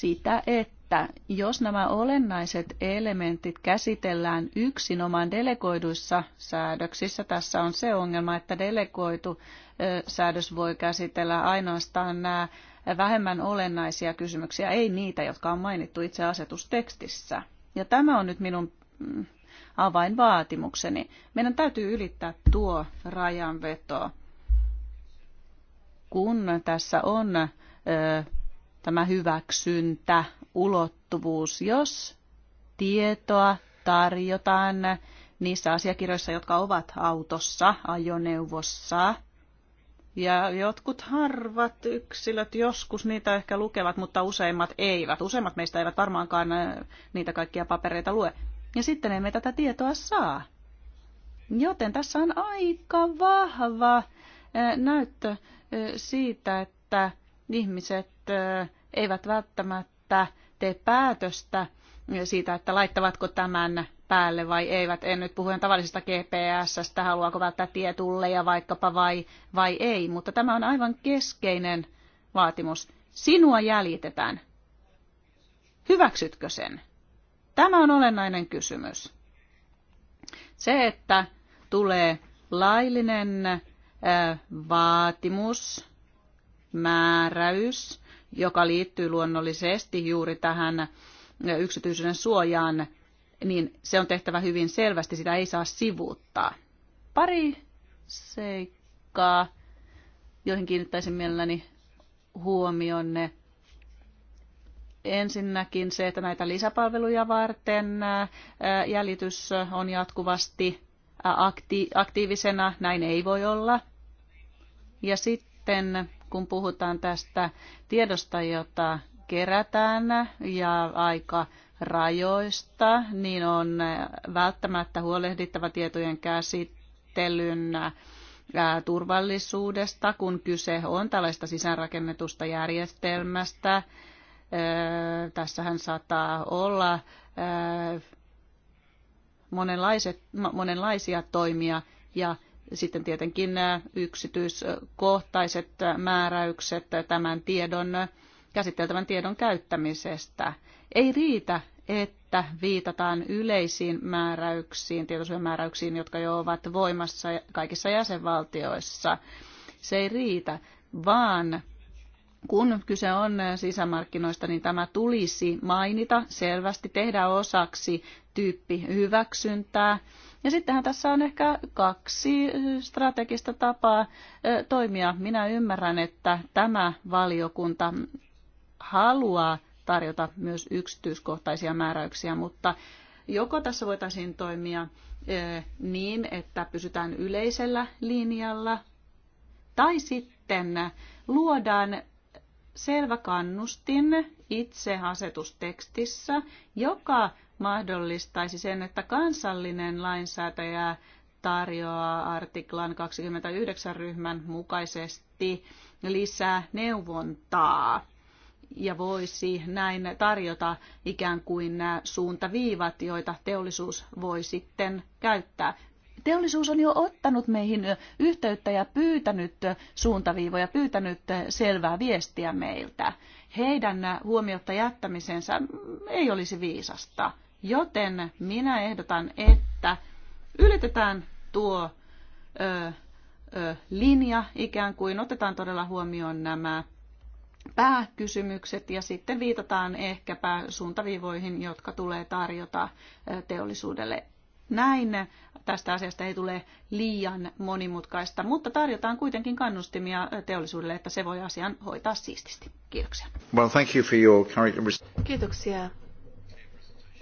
sitä, että jos nämä olennaiset elementit käsitellään yksinomaan delegoiduissa säädöksissä, tässä on se ongelma, että delegoitu säädös voi käsitellä ainoastaan nämä vähemmän olennaisia kysymyksiä, ei niitä, jotka on mainittu itse asetustekstissä. Ja tämä on nyt minun mm, avainvaatimukseni. Meidän täytyy ylittää tuo rajanveto, kun tässä on tämä hyväksyntä, ulottuvuus, jos tietoa tarjotaan niissä asiakirjoissa, jotka ovat autossa, ajoneuvossa. Ja jotkut harvat yksilöt joskus niitä ehkä lukevat, mutta useimmat eivät. Useimmat meistä eivät varmaankaan äh, niitä kaikkia papereita lue. Ja sitten emme tätä tietoa saa. Joten tässä on aika vahva äh, näyttö äh, siitä, että ihmiset eivät välttämättä tee päätöstä siitä, että laittavatko tämän päälle vai eivät. En nyt puhu tavallisesta GPSstä, haluaako välttää tietulleja vaikkapa vai, vai ei, mutta tämä on aivan keskeinen vaatimus. Sinua jäljitetään. Hyväksytkö sen? Tämä on olennainen kysymys. Se, että tulee laillinen vaatimus määräys, joka liittyy luonnollisesti juuri tähän yksityisyyden suojaan, niin se on tehtävä hyvin selvästi, sitä ei saa sivuuttaa. Pari seikkaa, joihin kiinnittäisin mielelläni huomionne. Ensinnäkin se, että näitä lisäpalveluja varten jäljitys on jatkuvasti aktiivisena, näin ei voi olla. Ja sitten kun puhutaan tästä tiedosta, jota kerätään ja aika rajoista, niin on välttämättä huolehdittava tietojen käsittelyn turvallisuudesta, kun kyse on tällaista sisäänrakennetusta järjestelmästä. Tässähän saattaa olla monenlaiset, monenlaisia toimia ja sitten tietenkin yksityiskohtaiset määräykset tämän tiedon, käsiteltävän tiedon käyttämisestä. Ei riitä, että viitataan yleisiin määräyksiin, tietosuojamääräyksiin, jotka jo ovat voimassa kaikissa jäsenvaltioissa. Se ei riitä, vaan kun kyse on sisämarkkinoista, niin tämä tulisi mainita selvästi, tehdä osaksi tyyppi hyväksyntää ja sittenhän tässä on ehkä kaksi strategista tapaa toimia. Minä ymmärrän, että tämä valiokunta haluaa tarjota myös yksityiskohtaisia määräyksiä, mutta joko tässä voitaisiin toimia niin, että pysytään yleisellä linjalla, tai sitten luodaan selvä kannustin itse asetustekstissä, joka mahdollistaisi sen, että kansallinen lainsäätäjä tarjoaa artiklan 29 ryhmän mukaisesti lisää neuvontaa ja voisi näin tarjota ikään kuin nämä suuntaviivat, joita teollisuus voi sitten käyttää. Teollisuus on jo ottanut meihin yhteyttä ja pyytänyt suuntaviivoja, pyytänyt selvää viestiä meiltä. Heidän huomiota jättämisensä ei olisi viisasta. Joten minä ehdotan, että ylitetään tuo ö, ö, linja ikään kuin, otetaan todella huomioon nämä pääkysymykset ja sitten viitataan ehkäpä suuntaviivoihin, jotka tulee tarjota teollisuudelle. Näin tästä asiasta ei tule liian monimutkaista, mutta tarjotaan kuitenkin kannustimia teollisuudelle, että se voi asian hoitaa siististi. Kiitoksia. Well, thank you for your Kiitoksia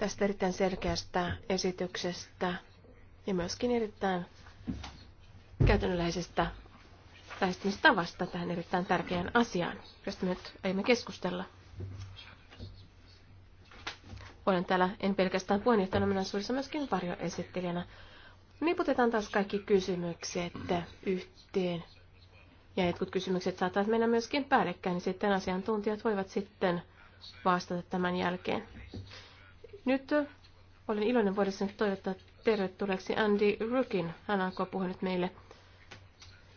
tästä erittäin selkeästä esityksestä ja myöskin erittäin käytännönläheisestä lähestymistavasta tähän erittäin tärkeään asiaan, josta nyt aiomme keskustella. Olen täällä en pelkästään puheenjohtajana suurissa myöskin varjoesittelijänä. Niputetaan taas kaikki kysymykset yhteen. Ja jotkut kysymykset saattavat mennä myöskin päällekkäin, niin sitten asiantuntijat voivat sitten vastata tämän jälkeen. Nyt olen iloinen voidessani toivottaa tervetulleeksi Andy Rukin. Hän alkoi puhua nyt meille.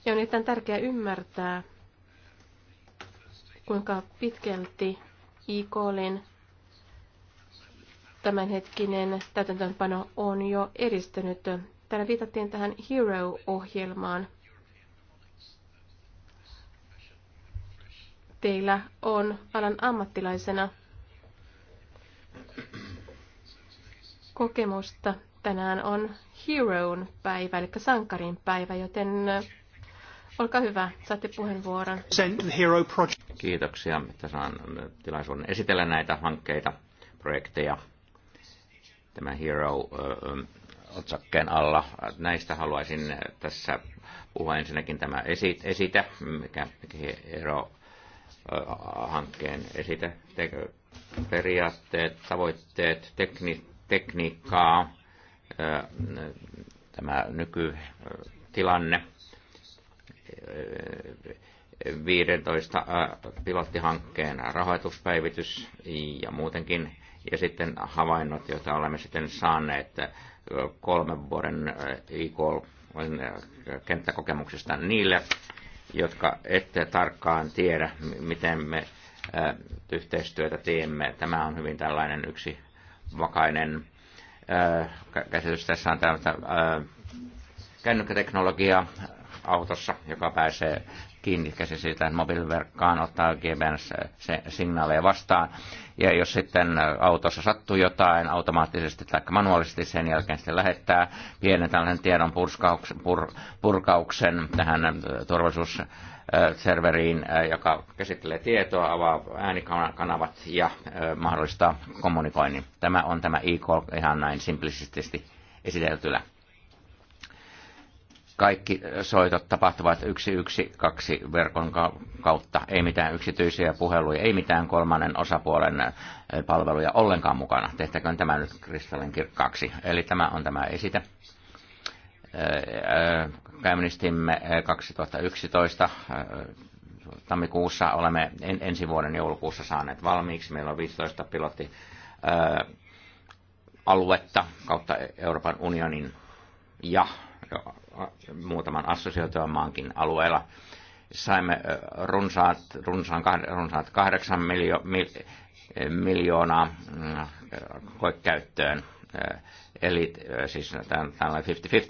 Ja on erittäin tärkeää ymmärtää, kuinka pitkälti IKLin tämänhetkinen täytäntöönpano on jo edistynyt. Täällä viitattiin tähän Hero-ohjelmaan. Teillä on alan ammattilaisena kokemusta. Tänään on Heroin päivä, eli sankarin päivä, joten äh, olkaa hyvä, saatte puheenvuoron. Kiitoksia, että saan äh, tilaisuuden esitellä näitä hankkeita, projekteja. Tämä Hero-otsakkeen äh, ähm, alla. Näistä haluaisin tässä puhua ensinnäkin tämä esite, mikä Hero hankkeen esite, periaatteet, tavoitteet, teknit tekniikkaa tämä nykytilanne. 15 pilottihankkeen rahoituspäivitys ja muutenkin, ja sitten havainnot, joita olemme sitten saaneet kolmen vuoden IK-kenttäkokemuksesta niille, jotka ette tarkkaan tiedä, miten me yhteistyötä teemme. Tämä on hyvin tällainen yksi vakainen käsitys. Tässä on tämmöistä kännykkäteknologiaa autossa, joka pääsee kiinni käsisi tähän mobiiliverkkaan, ottaa GPS-signaaleja vastaan. Ja jos sitten autossa sattuu jotain, automaattisesti tai manuaalisesti sen jälkeen sitten lähettää pienen tällaisen tiedon purkauksen, pur, purkauksen tähän äh, turvallisuus serveriin, äh, joka käsittelee tietoa, avaa äänikanavat ja äh, mahdollistaa kommunikoinnin. Tämä on tämä e ihan näin simplisesti esiteltynä kaikki soitot tapahtuvat yksi kaksi verkon kautta, ei mitään yksityisiä puheluja, ei mitään kolmannen osapuolen palveluja ollenkaan mukana. Tehtäköön tämä nyt kirkkaaksi. Eli tämä on tämä esite. Käynnistimme 2011 tammikuussa, olemme ensi vuoden joulukuussa saaneet valmiiksi. Meillä on 15 pilotti aluetta kautta Euroopan unionin ja muutaman assosioituvan maankin alueella. Saimme runsaat, runsaan, runsaat kahdeksan miljo, mil, miljoonaa mm, koekäyttöön. Eli siis tällä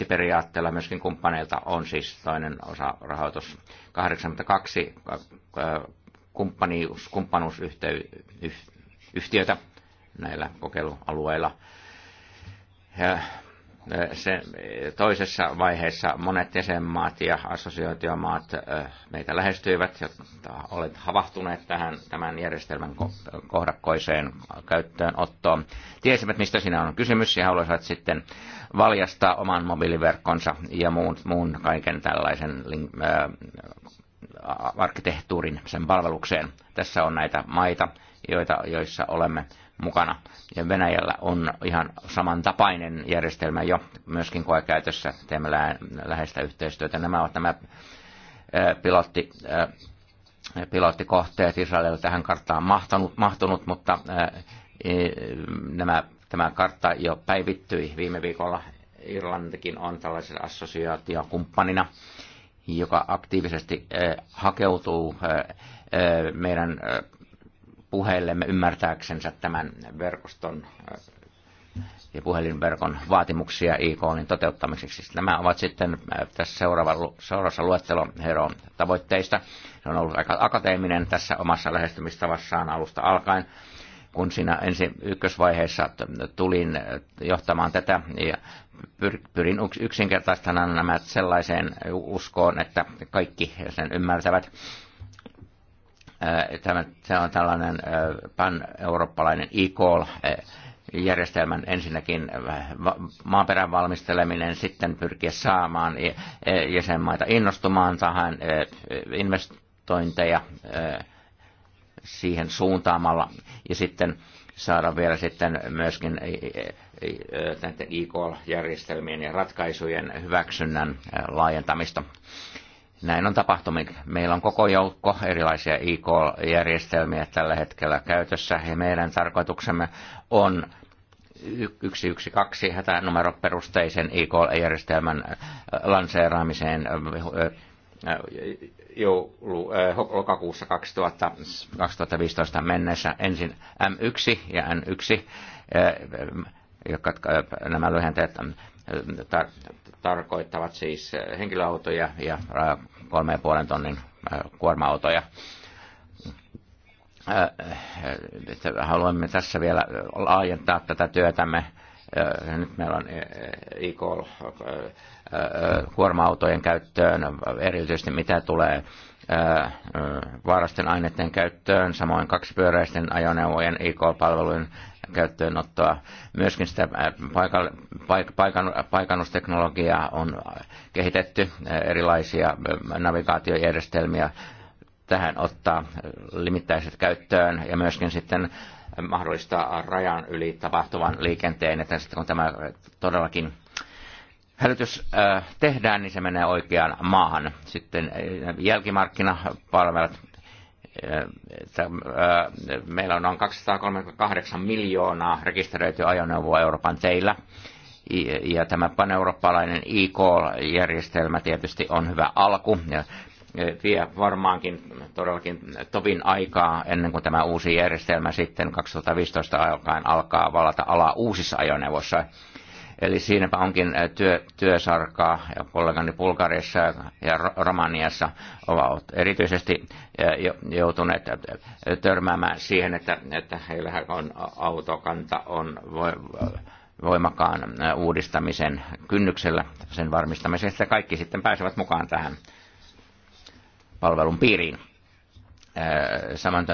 50-50 periaatteella myöskin kumppaneilta on siis toinen osa rahoitus. 82 kumppanius, kumppanuusyhtiötä näillä kokeilualueilla. Ja se toisessa vaiheessa monet jäsenmaat ja assosiointiomaat meitä lähestyivät, jotta olet havahtuneet tähän tämän järjestelmän kohdakkoiseen käyttöönottoon. Tiesivät, mistä sinä on kysymys ja haluaisivat sitten valjastaa oman mobiiliverkkonsa ja muun, muun kaiken tällaisen äh, arkkitehtuurin sen palvelukseen. Tässä on näitä maita, joita, joissa olemme mukana. Ja Venäjällä on ihan samantapainen järjestelmä jo myöskin koekäytössä. Teemme läheistä yhteistyötä. Nämä ovat nämä pilotti, pilottikohteet Israelilla tähän karttaan mahtunut, mahtunut mutta nämä, tämä kartta jo päivittyi viime viikolla. Irlantikin on tällaisen assosiaatiokumppanina, joka aktiivisesti hakeutuu meidän puheillemme ymmärtääksensä tämän verkoston äh, ja puhelinverkon vaatimuksia IKONin toteuttamiseksi. Siis nämä ovat sitten äh, tässä seuraavassa luettelon Heron tavoitteista. Se on ollut aika akateeminen tässä omassa lähestymistavassaan alusta alkaen, kun siinä ensi ykkösvaiheessa tulin äh, johtamaan tätä ja pyrin yksinkertaistamaan nämä sellaiseen uskoon, että kaikki sen ymmärtävät Äh, tämä, se on tällainen äh, pan-eurooppalainen ICOL-järjestelmän äh, ensinnäkin maaperän valmisteleminen, sitten pyrkiä saamaan jäsenmaita innostumaan tähän investointeja siihen suuntaamalla ja sitten saada vielä sitten myöskin näiden IKL-järjestelmien ja ratkaisujen hyväksynnän laajentamista näin on tapahtunut. Meillä on koko joukko erilaisia IK-järjestelmiä tällä hetkellä käytössä ja meidän tarkoituksemme on 112 perusteisen IK-järjestelmän äh, lanseeraamiseen äh, äh, joulu, lokakuussa 2000, 2015 mennessä ensin M1 ja N1, jotka nämä lyhenteet tarkoittavat siis äh, henkilöautoja ja äh, kolme ja puolen tonnin äh, kuorma-autoja. Haluamme tässä vielä laajentaa tätä työtämme. Nyt meillä on e kuorma-autojen käyttöön, erityisesti mitä tulee vaarasten aineiden käyttöön, samoin kaksipyöräisten ajoneuvojen IK-palvelujen käyttöönottoa. Myöskin sitä paikannusteknologiaa on kehitetty, erilaisia navigaatiojärjestelmiä tähän ottaa limittäiset käyttöön ja myöskin sitten mahdollistaa rajan yli tapahtuvan liikenteen, että sitten kun tämä todellakin hälytys äh, tehdään, niin se menee oikeaan maahan. Sitten äh, jälkimarkkinapalvelut. Äh, meillä on noin 238 miljoonaa rekisteröityä ajoneuvoa Euroopan teillä. Ja tämä paneurooppalainen e järjestelmä tietysti on hyvä alku. Ja vie varmaankin todellakin tovin aikaa ennen kuin tämä uusi järjestelmä sitten 2015 alkaen alkaa valata ala uusissa ajoneuvoissa. Eli siinäpä onkin työ, työsarkaa ja kollegani Bulgariassa ja Romaniassa ovat erityisesti joutuneet törmäämään siihen, että, että heillähän on autokanta on voimakkaan uudistamisen kynnyksellä sen varmistamiseksi, että kaikki sitten pääsevät mukaan tähän palvelun piiriin saman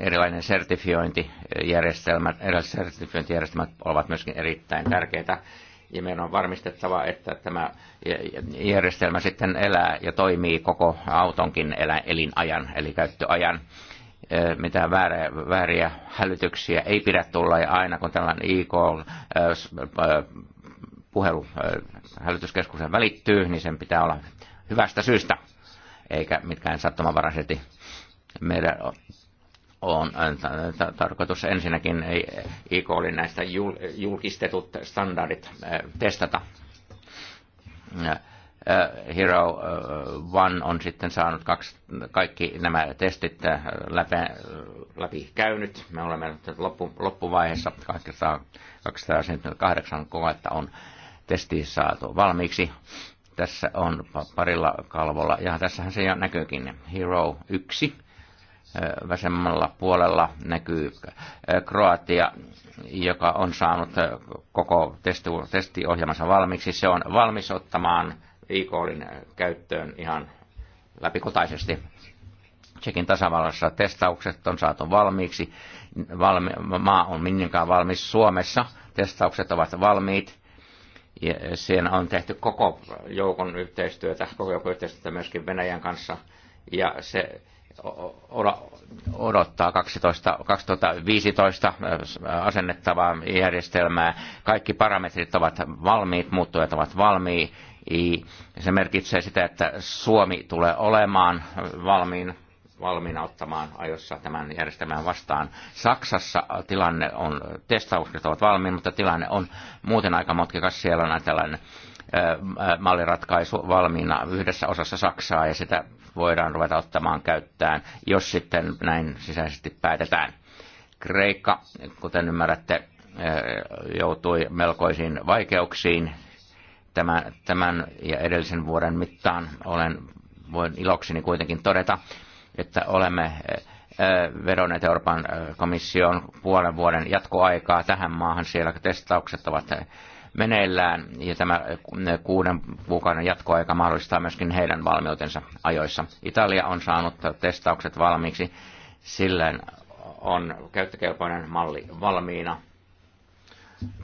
erilainen sertifiointijärjestelmä, erilaiset sertifiointijärjestelmät ovat myöskin erittäin tärkeitä. Ja meidän on varmistettava, että tämä järjestelmä sitten elää ja toimii koko autonkin elinajan, eli käyttöajan. Mitään vääriä, vääriä hälytyksiä ei pidä tulla, ja aina kun tällainen IK-puhelu hälytyskeskuksen välittyy, niin sen pitää olla hyvästä syystä eikä mitkään sattumanvaraisesti meidän on on äh, tarkoitus ensinnäkin IK oli näistä julkistetut standardit äh, testata. Äh, Hero One on sitten saanut kaksi, kaikki nämä testit läpi, läpi käynyt. Me olemme loppu, loppuvaiheessa 278 koetta on testi saatu valmiiksi. Tässä on parilla kalvolla, ja tässähän se jo näkyykin, Hero 1 vasemmalla puolella näkyy Kroatia, joka on saanut koko testiohjelmansa valmiiksi. Se on valmis ottamaan IKOLin käyttöön ihan läpikotaisesti. Tsekin tasavallassa testaukset on saatu valmiiksi. Valmi, maa on minnenkään valmis Suomessa. Testaukset ovat valmiit. Ja siinä on tehty koko joukon yhteistyötä, koko joukon yhteistyötä myöskin Venäjän kanssa. Ja se, odottaa 12, 2015 äh, asennettavaa järjestelmää. Kaikki parametrit ovat valmiit, muuttujat ovat valmiit. Se merkitsee sitä, että Suomi tulee olemaan valmiin, valmiina ottamaan ajoissa tämän järjestelmän vastaan. Saksassa tilanne on, testaukset ovat valmiina, mutta tilanne on muuten aika motkikas. Siellä on tällainen äh, äh, malliratkaisu valmiina yhdessä osassa Saksaa ja sitä voidaan ruveta ottamaan käyttöön, jos sitten näin sisäisesti päätetään. Kreikka, kuten ymmärrätte, joutui melkoisiin vaikeuksiin tämän, tämän ja edellisen vuoden mittaan. Olen, voin ilokseni kuitenkin todeta, että olemme vedonneet Euroopan komission puolen vuoden jatkoaikaa tähän maahan. Siellä testaukset ovat meneillään ja tämä kuuden kuukauden jatkoaika mahdollistaa myöskin heidän valmiutensa ajoissa. Italia on saanut testaukset valmiiksi, silleen on käyttökelpoinen malli valmiina.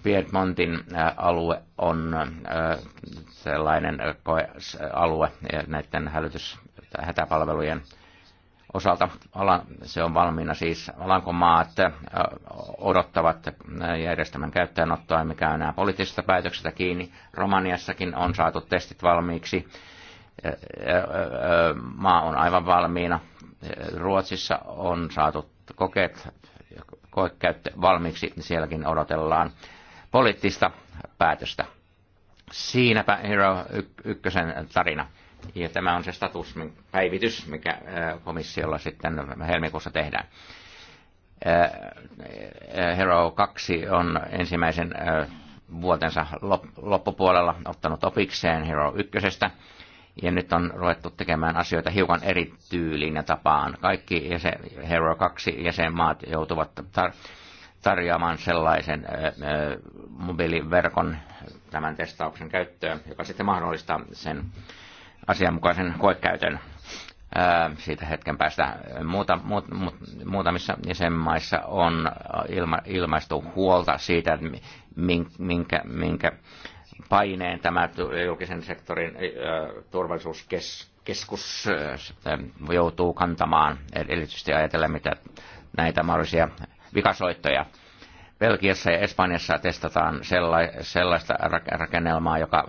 Piedmontin äh, alue on äh, sellainen alue näiden hälytys- hätäpalvelujen osalta alan, se on valmiina. Siis Alankomaat odottavat järjestelmän käyttöönottoa, mikä on enää poliittisista päätöksistä kiinni. Romaniassakin on saatu testit valmiiksi. Maa on aivan valmiina. Ruotsissa on saatu kokeet koekäyttö valmiiksi, sielläkin odotellaan poliittista päätöstä. Siinäpä Hero ykkösen tarina. Ja tämä on se statuspäivitys, mikä komissiolla sitten helmikuussa tehdään. Hero 2 on ensimmäisen vuotensa loppupuolella ottanut opikseen Hero 1. Ja nyt on ruvettu tekemään asioita hiukan eri tyyliin ja tapaan. Kaikki jäsen, Hero 2 jäsenmaat joutuvat tar- tarjoamaan sellaisen ö, ö, mobiiliverkon tämän testauksen käyttöön, joka sitten mahdollistaa sen asianmukaisen koekäytön siitä hetken päästä. Muuta, muut, muut, muutamissa jäsenmaissa on ilma, ilmaistu huolta siitä, minkä, minkä paineen tämä julkisen sektorin turvallisuuskeskus joutuu kantamaan, erityisesti ajatellen mitä näitä mahdollisia vikasoittoja Belgiassa ja Espanjassa testataan sellaista rakennelmaa, joka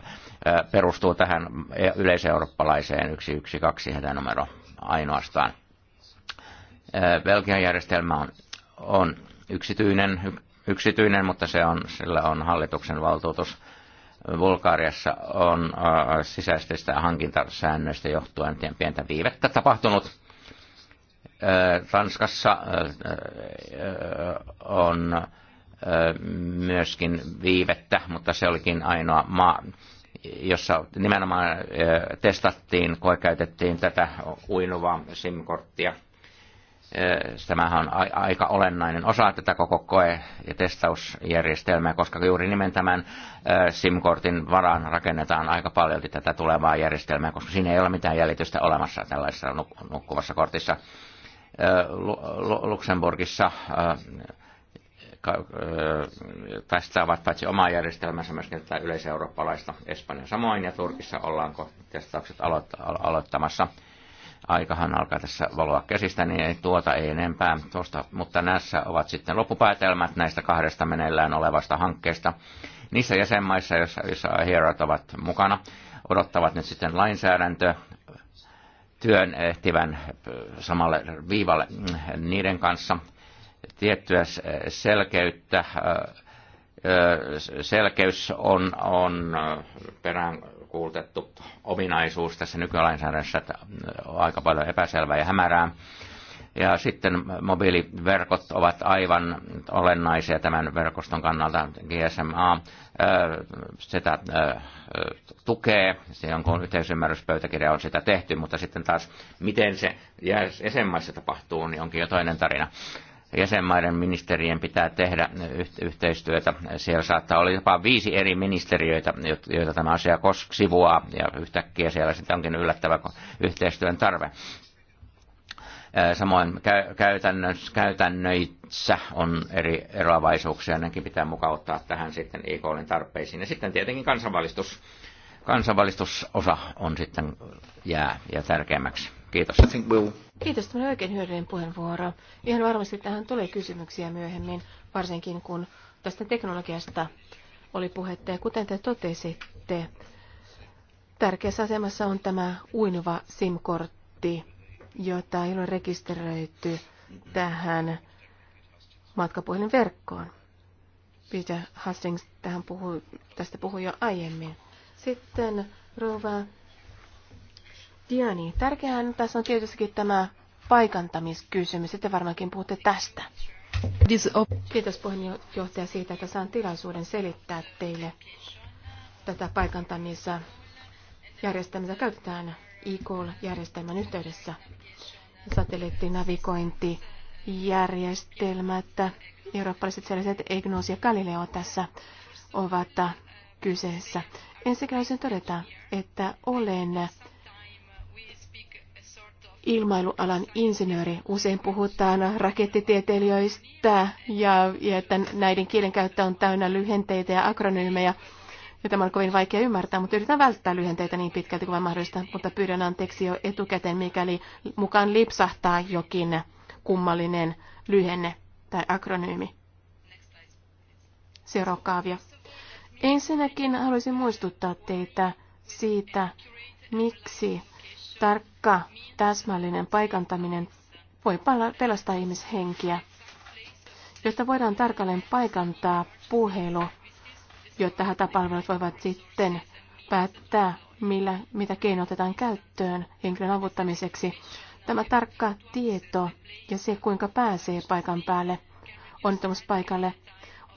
perustuu tähän yleiseurooppalaiseen 112 hätänumero ainoastaan. Belgian järjestelmä on, on yksityinen, yksityinen, mutta se on, sillä on hallituksen valtuutus. Bulgaariassa on äh, sisäisistä hankintasäännöistä johtuen pientä viivettä tapahtunut. Tanskassa on myöskin viivettä, mutta se olikin ainoa maa, jossa nimenomaan testattiin, käytettiin tätä uinuvaa SIM-korttia. Tämähän on aika olennainen osa tätä koko koe- ja testausjärjestelmää, koska juuri nimen tämän SIM-kortin varaan rakennetaan aika paljon tätä tulevaa järjestelmää, koska siinä ei ole mitään jäljitystä olemassa tällaisessa nukkuvassa kortissa. Luxemburgissa ovat paitsi omaa järjestelmänsä myöskin tätä yleiseurooppalaista Espanjan samoin, ja Turkissa ollaan kohta testaukset aloittamassa. Aikahan alkaa tässä valoa käsistä, niin ei tuota ei enempää. Tuosta, mutta näissä ovat sitten loppupäätelmät näistä kahdesta meneillään olevasta hankkeesta. Niissä jäsenmaissa, joissa, joissa hierot ovat mukana, odottavat nyt sitten lainsäädäntö, työn ehtivän samalle viivalle mm, niiden kanssa – tiettyä selkeyttä. Selkeys on, on perään kuultettu ominaisuus tässä nykylainsäädännössä, että on aika paljon epäselvää ja hämärää. Ja sitten mobiiliverkot ovat aivan olennaisia tämän verkoston kannalta. GSMA sitä tukee, se jonkun yhteisymmärryspöytäkirja on sitä tehty, mutta sitten taas miten se jäsenmaissa tapahtuu, niin onkin jo toinen tarina jäsenmaiden ministerien pitää tehdä yhteistyötä. Siellä saattaa olla jopa viisi eri ministeriöitä, joita tämä asia sivuaa, ja yhtäkkiä siellä sitten onkin yllättävä yhteistyön tarve. Samoin käytännöissä on eri eroavaisuuksia, nekin pitää mukauttaa tähän sitten IKLin tarpeisiin. Ja sitten tietenkin kansanvalistus. Kansanvalistusosa on sitten jää, ja tärkeämmäksi. Kiitos. I think we'll Kiitos, tämä oli oikein hyödyllinen puheenvuoro. Ihan varmasti tähän tulee kysymyksiä myöhemmin, varsinkin kun tästä teknologiasta oli puhetta. Ja kuten te totesitte, tärkeässä asemassa on tämä uinuva SIM-kortti, jota ei ole rekisteröity tähän matkapuhelinverkkoon. Peter Hastings tähän puhui, tästä puhui jo aiemmin. Sitten Rova niin, tärkeähän tässä on tietystikin tämä paikantamiskysymys. Sitten varmaankin puhutte tästä. Kiitos puheenjohtaja siitä, että saan tilaisuuden selittää teille tätä paikantamista järjestelmää käytetään ICOL-järjestelmän yhteydessä. Satelliittinavigointijärjestelmät, eurooppalaiset sellaiset EGNOS ja Galileo tässä ovat kyseessä. Ensikäisen todeta, että olen ilmailualan insinööri. Usein puhutaan rakettitieteilijöistä ja, ja että näiden kielenkäyttö on täynnä lyhenteitä ja akronyymejä. Ja tämä on kovin vaikea ymmärtää, mutta yritän välttää lyhenteitä niin pitkälti kuin mahdollista, mutta pyydän anteeksi jo etukäteen, mikäli mukaan lipsahtaa jokin kummallinen lyhenne tai akronyymi. Seuraava kaavio. Ensinnäkin haluaisin muistuttaa teitä siitä, miksi Tarkka, täsmällinen paikantaminen voi pelastaa ihmishenkiä. Jotta voidaan tarkalleen paikantaa puhelu, jotta hätäpalvelut voivat sitten päättää, millä, mitä keino otetaan käyttöön henkilön avuttamiseksi. Tämä tarkka tieto ja se, kuinka pääsee paikan päälle, onnettomuuspaikalle,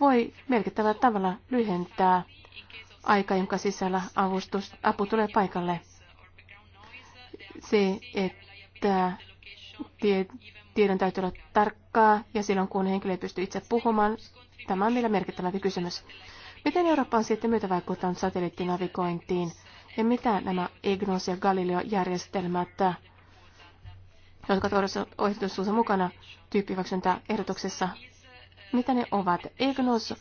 voi merkittävällä tavalla lyhentää aika, jonka sisällä avustus, apu tulee paikalle se, että tie, tiedon täytyy olla tarkkaa ja silloin kun henkilö ei pysty itse puhumaan, tämä on meillä merkittävä kysymys. Miten Eurooppa on sitten myötä vaikuttanut satelliittinavigointiin ja mitä nämä EGNOS ja Galileo-järjestelmät, jotka ohjeistuksessa mukana tyyppihyväksyntäehdotuksessa, mitä ne ovat? EGNOS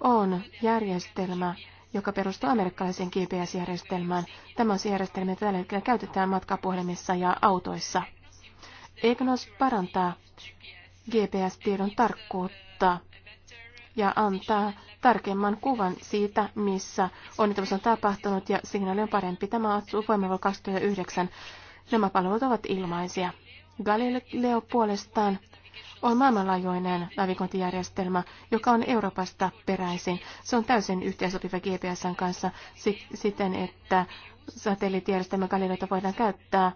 on järjestelmä, joka perustuu amerikkalaiseen GPS-järjestelmään. Tämä on se järjestelmä, jota tällä hetkellä käytetään matkapuhelimissa ja autoissa. EGNOS parantaa GPS-tiedon tarkkuutta ja antaa tarkemman kuvan siitä, missä onnettomuus on tapahtunut ja signaali on parempi. Tämä astuu voimaan 2009. Nämä palvelut ovat ilmaisia. Galileo puolestaan on maailmanlaajuinen navigointijärjestelmä, joka on Euroopasta peräisin. Se on täysin yhteensopiva GPSn kanssa siten, että satelliittijärjestelmän kalinoita voidaan käyttää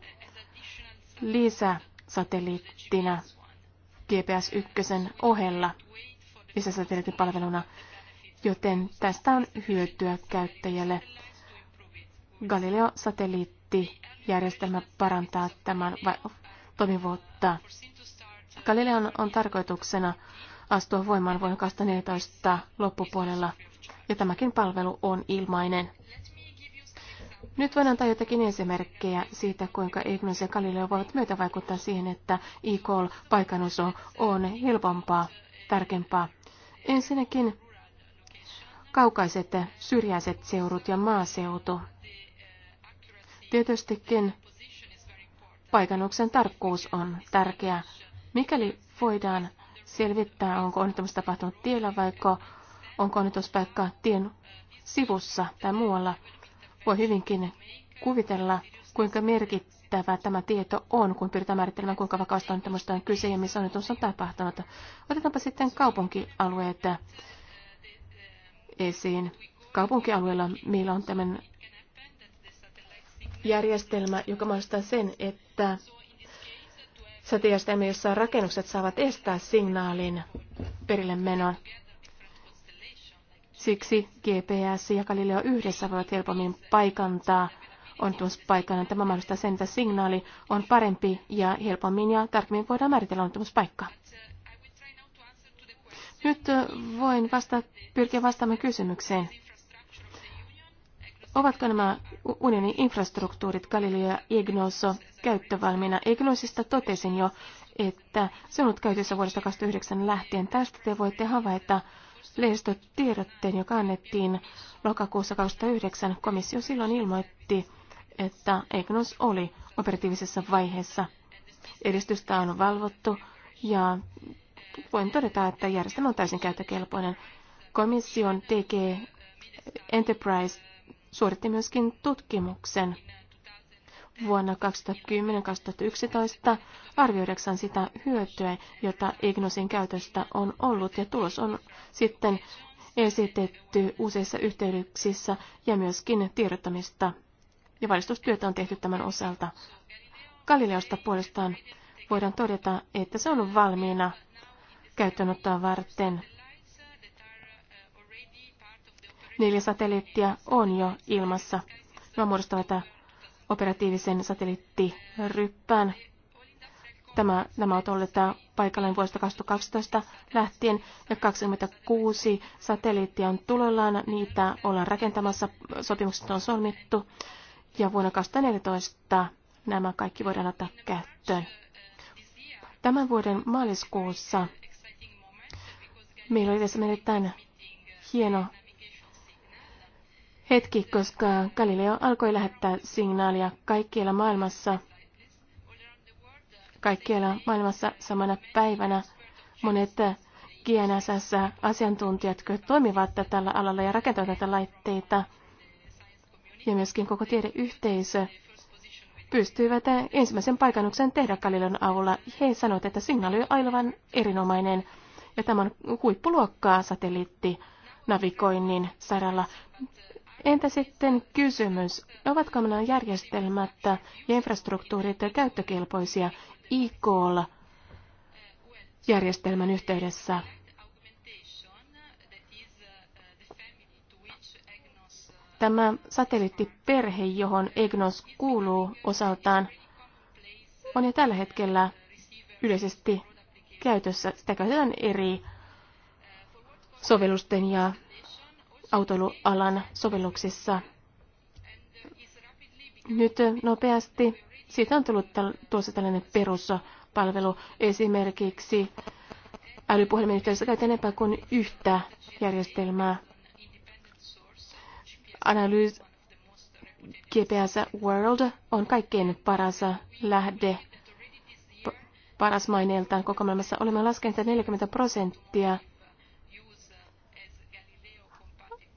lisäsatelliittina GPS 1 ohella palveluna, joten tästä on hyötyä käyttäjälle. Galileo-satelliittijärjestelmä parantaa tämän toimivuutta. Galilean on tarkoituksena astua voimaan vuonna 2014 loppupuolella, ja tämäkin palvelu on ilmainen. Nyt voin antaa jotakin esimerkkejä siitä, kuinka Ignos ja Galileo voivat myötä vaikuttaa siihen, että e paikanuso on helpompaa, tärkeämpää. Ensinnäkin kaukaiset syrjäiset seurut ja maaseutu. Tietystikin paikannuksen tarkkuus on tärkeä Mikäli voidaan selvittää, onko onnettomuus tapahtunut tiellä vai onko onnettomuuspaikka tien sivussa tai muualla, voi hyvinkin kuvitella, kuinka merkittävä tämä tieto on, kun pyritään määrittelemään, kuinka vakavasta onnettomuudesta on kyse ja missä onnettomuus on tapahtunut. Otetaanpa sitten kaupunkialueet esiin. Kaupunkialueella meillä on tämän järjestelmä, joka mahdollistaa sen, että Sätijärjestelmä, jossa rakennukset saavat estää signaalin perille menon. Siksi GPS ja Galileo yhdessä voivat helpommin paikantaa onnettomuuspaikkana. Tämä mahdollistaa sen, että signaali on parempi ja helpommin ja tarkemmin voidaan määritellä onnettomuuspaikkaa. Nyt voin vasta, pyrkiä vastaamaan kysymykseen. Ovatko nämä unionin infrastruktuurit Galileo ja Ignoso käyttövalmiina? Ignosista totesin jo, että se on ollut käytössä vuodesta 2009 lähtien. Tästä te voitte havaita lehdistötiedotteen, joka annettiin lokakuussa 2009. Komissio silloin ilmoitti, että Ignos oli operatiivisessa vaiheessa. Edistystä on valvottu ja voin todeta, että järjestelmä on täysin käyttökelpoinen. Komission tekee Enterprise suoritti myöskin tutkimuksen vuonna 2010-2011 arvioidaksaan sitä hyötyä, jota Ignosin käytöstä on ollut, ja tulos on sitten esitetty useissa yhteyksissä ja myöskin tiedottamista ja valistustyötä on tehty tämän osalta. Galileosta puolestaan voidaan todeta, että se on valmiina käyttöönottoa varten Neljä satelliittia on jo ilmassa. Ne muodostavat operatiivisen satelliittiryppään. Tämä, nämä ovat olleet paikalleen vuodesta 2012 lähtien ja 26 satelliittia on tulollaan. Niitä ollaan rakentamassa, sopimukset on solmittu ja vuonna 2014 nämä kaikki voidaan ottaa käyttöön. Tämän vuoden maaliskuussa meillä oli tässä erittäin hieno hetki, koska Galileo alkoi lähettää signaalia kaikkialla maailmassa. Kaikkialla maailmassa samana päivänä monet GNSS-asiantuntijat, jotka toimivat tällä alalla ja rakentavat näitä laitteita, ja myöskin koko tiedeyhteisö, pystyivät ensimmäisen paikannuksen tehdä Galileon avulla. He sanoivat, että signaali on aivan erinomainen ja tämän huippuluokkaa satelliittinavigoinnin navigoinnin saralla. Entä sitten kysymys, ovatko nämä järjestelmät ja infrastruktuurit käyttökelpoisia ikl e järjestelmän yhteydessä? Tämä satelliittiperhe, johon EGNOS kuuluu osaltaan, on jo tällä hetkellä yleisesti käytössä. Sitä käytetään eri sovellusten ja autoilualan sovelluksissa. Nyt nopeasti siitä on tullut tuossa tällainen peruspalvelu esimerkiksi älypuhelimen yhteydessä käytetään enempää kuin yhtä järjestelmää. Analyys GPS World on kaikkein paras lähde, paras maineeltaan koko maailmassa. Olemme laskeneet 40 prosenttia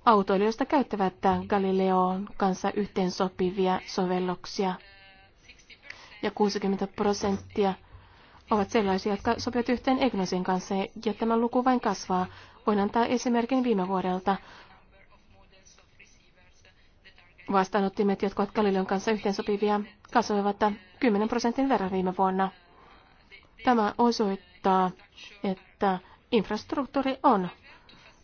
autoilijoista käyttävät Galileon kanssa yhteensopivia sovelluksia. Ja 60 prosenttia ovat sellaisia, jotka sopivat yhteen Egnosin kanssa, ja tämä luku vain kasvaa. Voin antaa esimerkin viime vuodelta. Vastaanottimet, jotka ovat Galileon kanssa yhteensopivia, kasvoivat 10 prosentin verran viime vuonna. Tämä osoittaa, että infrastruktuuri on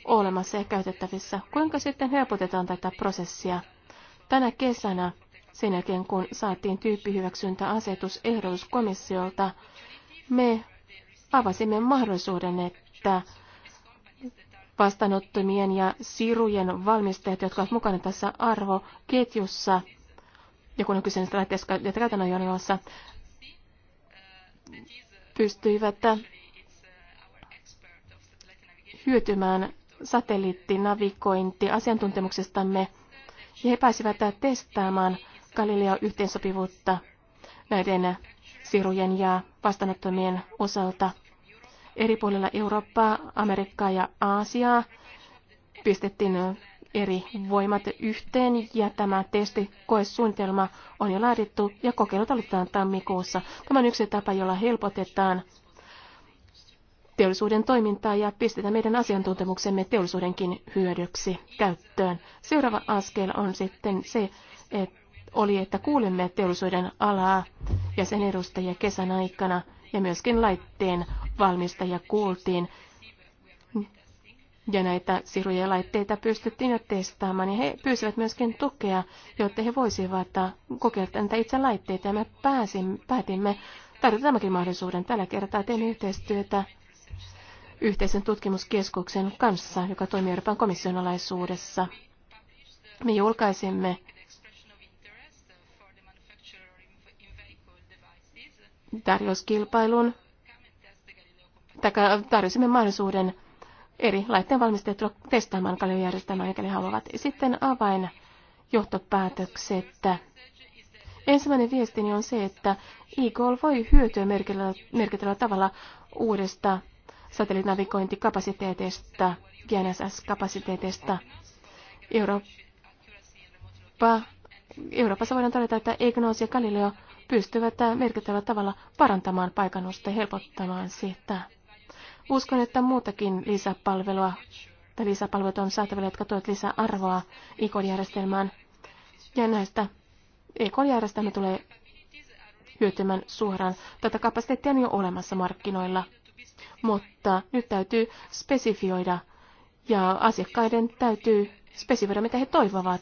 olemassa ja käytettävissä. Kuinka sitten helpotetaan tätä prosessia? Tänä kesänä, sen jälkeen kun saatiin tyyppihyväksyntäasetus ehdotuskomissiolta, me avasimme mahdollisuuden, että vastaanottomien ja sirujen valmistajat, jotka ovat mukana tässä arvoketjussa, ja kun on kyse niistä pystyivät hyötymään satelliittinavigointi asiantuntemuksestamme, ja he pääsivät testaamaan Galileo-yhteensopivuutta näiden sirujen ja vastaanottomien osalta. Eri puolilla Eurooppaa, Amerikkaa ja Aasiaa pistettiin eri voimat yhteen ja tämä testikoesuunnitelma on jo laadittu ja kokeilut aloitetaan tammikuussa. Tämä on yksi tapa, jolla helpotetaan teollisuuden toimintaa ja pistetään meidän asiantuntemuksemme teollisuudenkin hyödyksi käyttöön. Seuraava askel on sitten se, että oli, että kuulemme teollisuuden alaa ja sen edustajia kesän aikana ja myöskin laitteen valmistajia kuultiin. Ja näitä siruja ja laitteita pystyttiin jo testaamaan ja he pyysivät myöskin tukea, jotta he voisivat kokeilla näitä itse laitteita ja me pääsimme, päätimme tarjota tämäkin mahdollisuuden. Tällä kertaa Teemme yhteistyötä yhteisen tutkimuskeskuksen kanssa, joka toimii Euroopan komission alaisuudessa. Me julkaisimme tarjouskilpailun, tarjosimme mahdollisuuden eri laitteen valmistajat testaamaan kaljojärjestelmää, mikäli haluavat. Sitten avain johtopäätökset. Ensimmäinen viestini on se, että e voi hyötyä merkittävällä tavalla uudesta satelliittinavigointikapasiteeteista, GNSS-kapasiteeteista. Eurooppa, Euroopassa voidaan todeta, että Egnos ja Galileo pystyvät merkittävällä tavalla parantamaan paikannusta ja helpottamaan sitä. Uskon, että muutakin lisäpalvelua tai lisäpalvelut on saatavilla, jotka tuovat lisää arvoa IKOL-järjestelmään. E ja näistä ikol e järjestelmä tulee hyötymään suoraan. Tätä kapasiteettia on jo olemassa markkinoilla mutta nyt täytyy spesifioida ja asiakkaiden täytyy spesifioida, mitä he toivovat.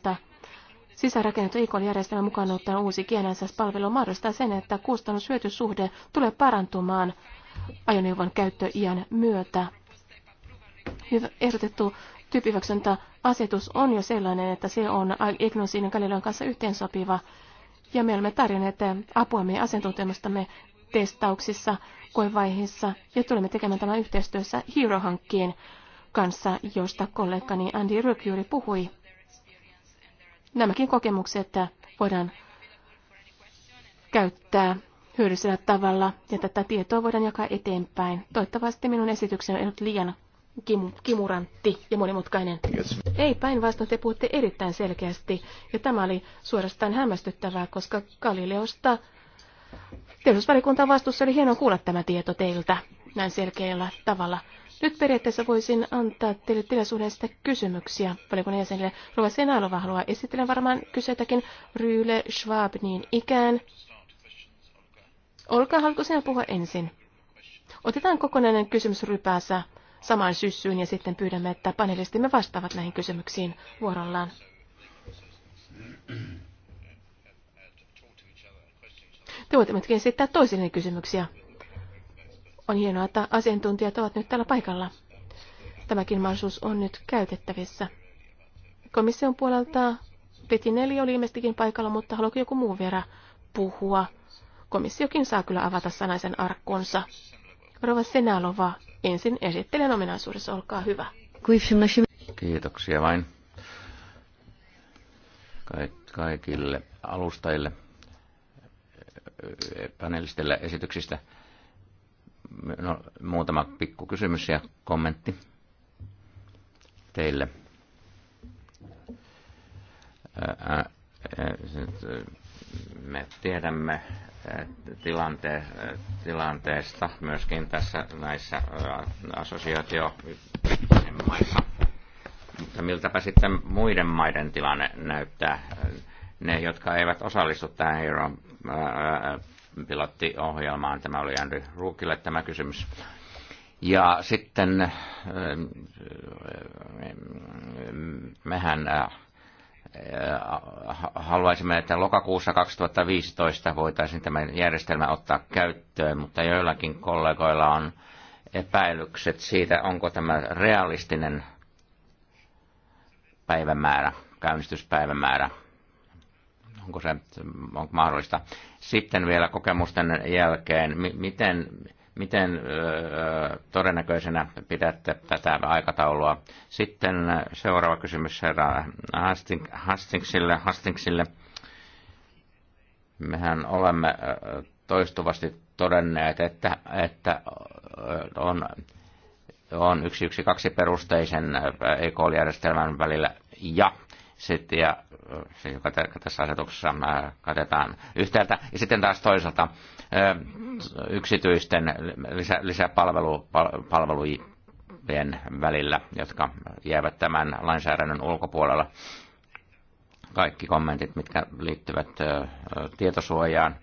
sisärakennettu IKL-järjestelmä mukaan ottaen uusi GNSS-palvelu mahdollistaa sen, että kustannushyötysuhde tulee parantumaan ajoneuvon käyttöiän myötä. Hyvä ehdotettu asetus on jo sellainen, että se on Ignosin ja Galileon kanssa yhteensopiva, ja me olemme tarjonneet apua meidän asiantuntemustamme testauksissa koevaiheessa ja tulemme tekemään tämän yhteistyössä Hero-hankkeen kanssa, josta kollegani Andy Rook juuri puhui. Nämäkin kokemukset voidaan käyttää hyödyllisellä tavalla ja tätä tietoa voidaan jakaa eteenpäin. Toivottavasti minun esitykseni on ollut liian kim, kimurantti ja monimutkainen. Yes. Ei päinvastoin, te puhutte erittäin selkeästi ja tämä oli suorastaan hämmästyttävää, koska Galileosta Teollisuusvaliokunta on vastuussa, oli hienoa kuulla tämä tieto teiltä näin selkeällä tavalla. Nyt periaatteessa voisin antaa teille tilaisuudesta kysymyksiä valiokunnan jäsenille. Rova Senalova haluaa esitellä varmaan kysytäkin Ryyle Schwab niin ikään. Olkaa, haluatko sinä puhua ensin? Otetaan kokonainen kysymys rypäänsä samaan syssyyn ja sitten pyydämme, että panelistimme vastaavat näihin kysymyksiin vuorollaan. Te voitte myöskin esittää toisille kysymyksiä. On hienoa, että asiantuntijat ovat nyt täällä paikalla. Tämäkin mahdollisuus on nyt käytettävissä. Komission puolelta Petineli oli ilmeisestikin paikalla, mutta haluaako joku muu vielä puhua? Komissiokin saa kyllä avata sanaisen arkkonsa. Rova Senalova, ensin esittelen ominaisuudessa, olkaa hyvä. Kiitoksia vain kaikille alustajille panelistilla esityksistä. No, muutama pikku kysymys ja kommentti teille. Me tiedämme tilante, tilanteesta myöskin tässä näissä maissa. Mutta miltäpä sitten muiden maiden tilanne näyttää? Ne, jotka eivät osallistu tähän Euroopan pilottiohjelmaan. Tämä oli Andri Ruukille tämä kysymys. Ja sitten mehän haluaisimme, että lokakuussa 2015 voitaisiin tämä järjestelmä ottaa käyttöön, mutta joillakin kollegoilla on epäilykset siitä, onko tämä realistinen päivämäärä, käynnistyspäivämäärä onko se onko mahdollista. Sitten vielä kokemusten jälkeen, miten, miten todennäköisenä pidätte tätä aikataulua? Sitten seuraava kysymys herra Hastingsille. Hastingsille. Mehän olemme toistuvasti todenneet, että, että on, on yksi yksi kaksi perusteisen EK-järjestelmän välillä ja, sit, ja se joka tässä asetuksessa katetaan yhtäältä, ja sitten taas toisaalta yksityisten lisä, lisäpalvelujen välillä, jotka jäävät tämän lainsäädännön ulkopuolella. Kaikki kommentit, mitkä liittyvät tietosuojaan,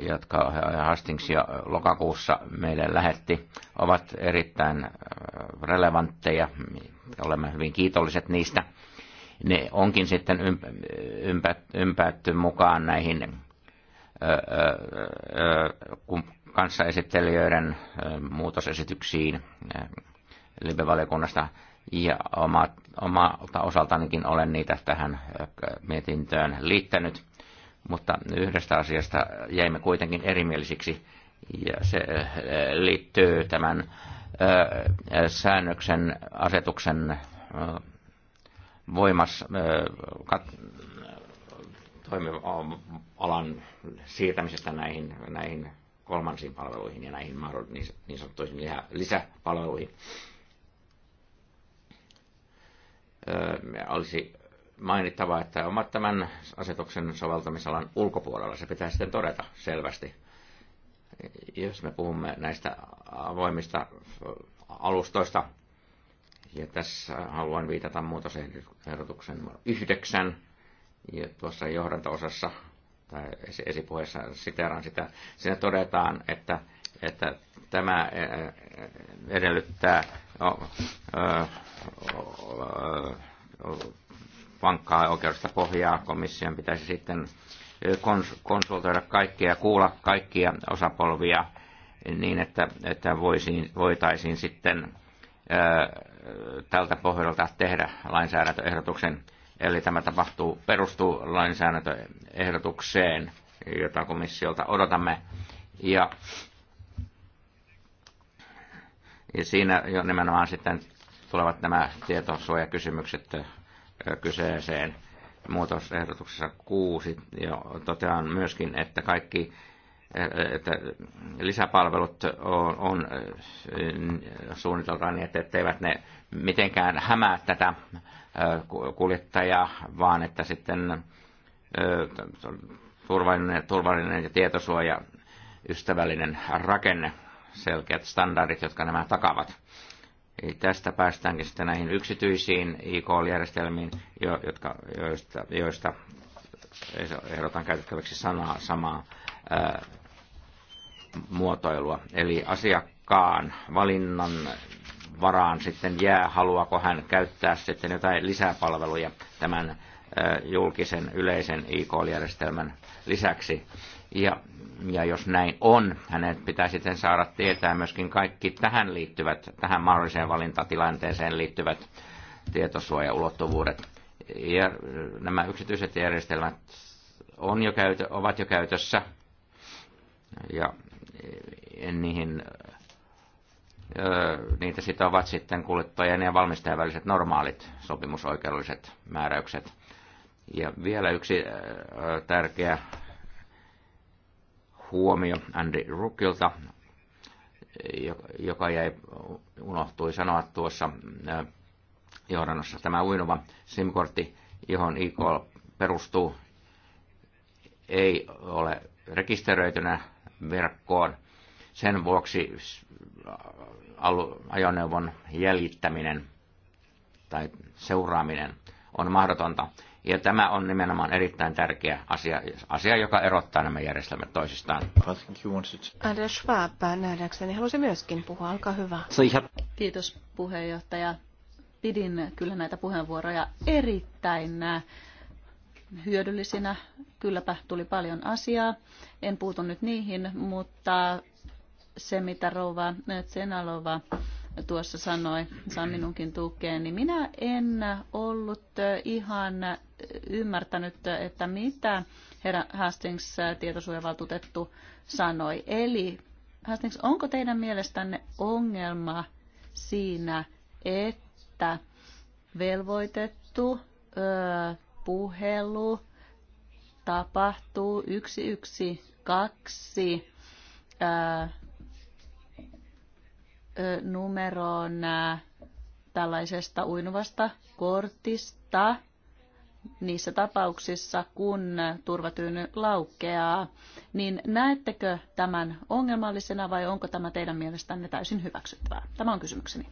jotka Hastings jo lokakuussa meille lähetti, ovat erittäin äh, relevantteja. Olemme hyvin kiitolliset niistä. Ne onkin sitten ympä, ympätty mukaan näihin äh, äh, kanssaesittelijöiden muutosesityksiin Libe-valiokunnasta ja omalta osaltanikin olen niitä tähän mietintöön liittänyt mutta yhdestä asiasta jäimme kuitenkin erimielisiksi, ja se eh, liittyy tämän eh, säännöksen, asetuksen eh, voimas, toimialan siirtämisestä näihin, näihin kolmansiin palveluihin ja näihin niin, niin sanottuihin lisäpalveluihin. Olisi mainittava, että omat tämän asetuksen soveltamisalan ulkopuolella. Se pitää sitten todeta selvästi. Jos me puhumme näistä avoimista alustoista, ja tässä haluan viitata muutosehdotuksen numero yhdeksän, ja tuossa johdanto-osassa tai esipuheessa siteeraan sitä. Siinä todetaan, että, että tämä edellyttää no, ö, ö, ö, vankkaa oikeudesta pohjaa. Komission pitäisi sitten konsultoida kaikkia, kuulla kaikkia osapolvia niin, että, että voisiin, voitaisiin sitten ää, tältä pohjalta tehdä lainsäädäntöehdotuksen. Eli tämä tapahtuu, perustuu lainsäädäntöehdotukseen, jota komissiolta odotamme. Ja, ja siinä jo nimenomaan sitten tulevat nämä tietosuojakysymykset kyseeseen muutosehdotuksessa kuusi. Ja totean myöskin, että kaikki että lisäpalvelut on, on suunniteltu niin, että eivät ne mitenkään hämää tätä kuljettajaa, vaan että sitten turvallinen, turvallinen ja tietosuoja ystävällinen rakenne, selkeät standardit, jotka nämä takavat Tästä päästäänkin sitten näihin yksityisiin ikl järjestelmiin jotka, joista, joista ehdotan käytettäväksi sanaa samaa ää, muotoilua. Eli asiakkaan valinnan varaan sitten jää, haluaako hän käyttää sitten jotain lisäpalveluja tämän julkisen yleisen ikl järjestelmän lisäksi. Ja ja jos näin on, hänet pitää sitten saada tietää myöskin kaikki tähän liittyvät, tähän mahdolliseen valintatilanteeseen liittyvät tietosuojaulottuvuudet. Ja äh, nämä yksityiset järjestelmät on jo käytö, ovat jo käytössä ja äh, niihin äh, niitä sitovat sitten kuluttajien ja valmistajan väliset normaalit sopimusoikeudelliset määräykset. Ja vielä yksi tärkeä huomio Andy Rukilta, joka jäi, unohtui sanoa tuossa johdannossa. Tämä uinova SIM-kortti, johon IK perustuu, ei ole rekisteröitynä verkkoon. Sen vuoksi ajoneuvon jäljittäminen tai seuraaminen on mahdotonta. Ja tämä on nimenomaan erittäin tärkeä asia, asia joka erottaa nämä järjestelmät toisistaan. Anders Schwab, nähdäkseni halusi myöskin puhua. Alkaa hyvä. Kiitos puheenjohtaja. Pidin kyllä näitä puheenvuoroja erittäin äh, hyödyllisinä. Kylläpä tuli paljon asiaa. En puutu nyt niihin, mutta se mitä Rova Tsenalova tuossa sanoi, saa minunkin tukeen, niin minä en ollut ihan ymmärtänyt, että mitä herra Hastings tietosuojavaltuutettu sanoi. Eli Hastings, onko teidän mielestänne ongelma siinä, että velvoitettu ö, puhelu tapahtuu yksi-yksi, ö, numeroon tällaisesta uinuvasta kortista niissä tapauksissa, kun turvatyyny laukeaa, niin näettekö tämän ongelmallisena vai onko tämä teidän mielestänne täysin hyväksyttävää? Tämä on kysymykseni.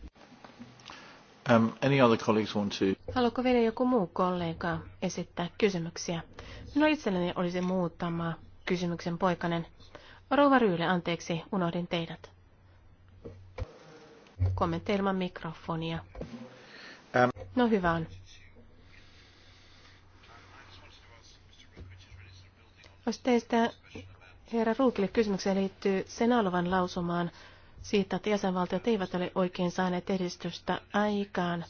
Um, any other colleagues want to... Haluatko vielä joku muu kollega esittää kysymyksiä? No itselleni olisi muutama kysymyksen poikainen. Rouva Ryyle, anteeksi, unohdin teidät. Kommentti ilman mikrofonia. Ähm. No hyvä on. Olisi teistä herra Ruukille kysymykseen liittyy Senalovan lausumaan siitä, että jäsenvaltiot eivät ole oikein saaneet edistystä aikaan.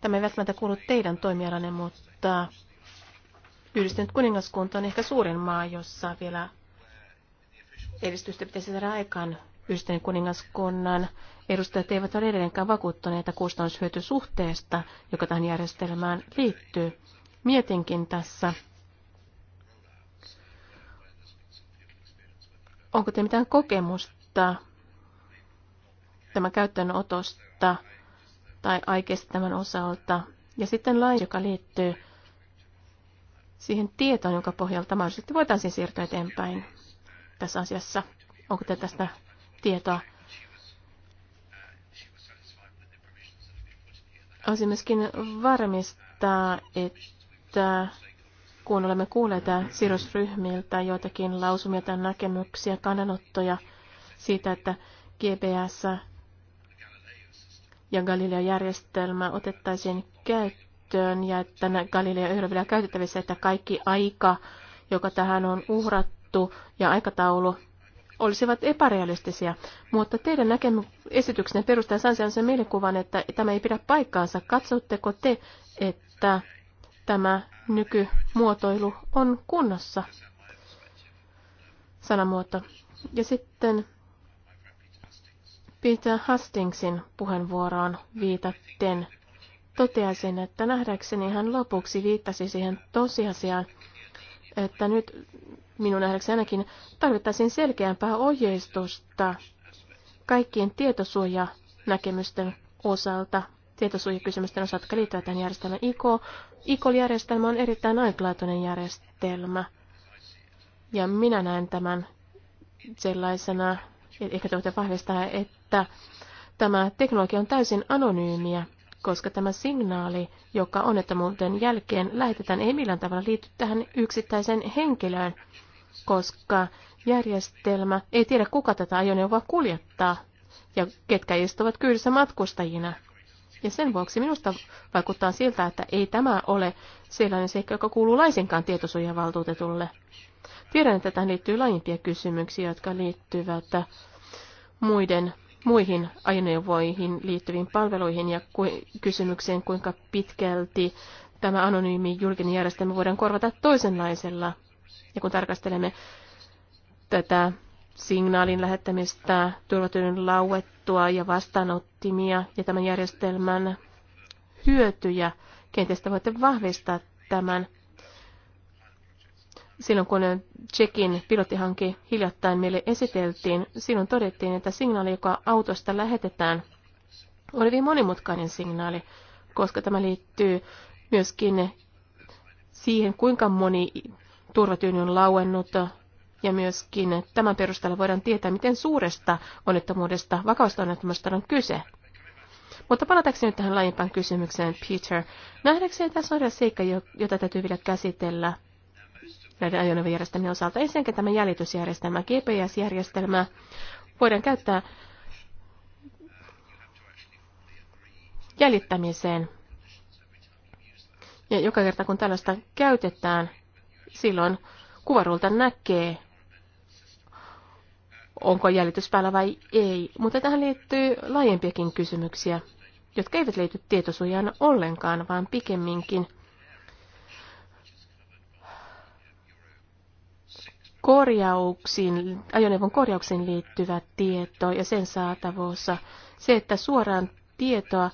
Tämä ei välttämättä kuulu teidän toimialanne, mutta yhdistynyt kuningaskunta on ehkä suurin maa, jossa vielä edistystä pitäisi saada aikaan Yhdistyneen kuningaskunnan edustajat eivät ole edelleenkään vakuuttuneita kustannushyötysuhteesta, joka tähän järjestelmään liittyy. Mietinkin tässä, onko te mitään kokemusta tämän käyttöönotosta tai aikeista tämän osalta. Ja sitten lain, joka liittyy siihen tietoon, jonka pohjalta mahdollisesti voitaisiin siirtyä eteenpäin tässä asiassa. Onko te tästä tietoa. Haluaisin myöskin varmistaa, että kun olemme kuulleet sidosryhmiltä joitakin lausumia tai näkemyksiä, kannanottoja siitä, että GPS ja Galileo-järjestelmä otettaisiin käyttöön ja että Galileo ei ole vielä käytettävissä, että kaikki aika, joka tähän on uhrattu ja aikataulu olisivat epärealistisia, mutta teidän näkemys esityksenne perustaa sain sen mielikuvan, että tämä ei pidä paikkaansa. Katsotteko te, että tämä nykymuotoilu on kunnossa? Sanamuoto. Ja sitten Peter Hastingsin puheenvuoroon viitaten toteaisin, että nähdäkseni hän lopuksi viittasi siihen tosiasiaan, että nyt minun nähdäkseni ainakin tarvittaisiin selkeämpää ohjeistusta kaikkien tietosuojanäkemysten osalta, tietosuojakysymysten osalta, jotka liittyvät tähän järjestelmään. ICO, ICOL-järjestelmä on erittäin ainutlaatuinen järjestelmä. Ja minä näen tämän sellaisena, ehkä te voitte vahvistaa, että tämä teknologia on täysin anonyymiä koska tämä signaali, joka onnettomuuden jälkeen lähetetään, ei millään tavalla liity tähän yksittäiseen henkilöön, koska järjestelmä ei tiedä, kuka tätä ajoneuvoa kuljettaa ja ketkä istuvat kyydissä matkustajina. Ja sen vuoksi minusta vaikuttaa siltä, että ei tämä ole sellainen seikka, joka kuuluu laisinkaan tietosuojavaltuutetulle. Tiedän, että tähän liittyy laajimpia kysymyksiä, jotka liittyvät muiden muihin ajoneuvoihin liittyviin palveluihin ja kysymykseen, kuinka pitkälti tämä anonyymi julkinen järjestelmä voidaan korvata toisenlaisella. Ja kun tarkastelemme tätä signaalin lähettämistä, turvatyön lauettua ja vastaanottimia ja tämän järjestelmän hyötyjä, kenties te voitte vahvistaa tämän silloin kun Tsekin pilottihanke hiljattain meille esiteltiin, silloin todettiin, että signaali, joka autosta lähetetään, oli hyvin monimutkainen signaali, koska tämä liittyy myöskin siihen, kuinka moni turvatyyny on lauennut, ja myöskin tämän perusteella voidaan tietää, miten suuresta onnettomuudesta, vakausta onnettomuudesta on kyse. Mutta palatakseni nyt tähän laajempaan kysymykseen, Peter. Nähdäkseni tässä on seikka, jota täytyy vielä käsitellä näiden ajoneuvojärjestelmien osalta. Ensinnäkin tämä jäljitysjärjestelmä, GPS-järjestelmä, voidaan käyttää jäljittämiseen. Ja joka kerta kun tällaista käytetään, silloin kuvarulta näkee, onko jäljitys päällä vai ei. Mutta tähän liittyy laajempiakin kysymyksiä, jotka eivät liity tietosuojaan ollenkaan, vaan pikemminkin – korjauksiin, ajoneuvon korjauksiin liittyvä tieto ja sen saatavuus. Se, että suoraan tietoa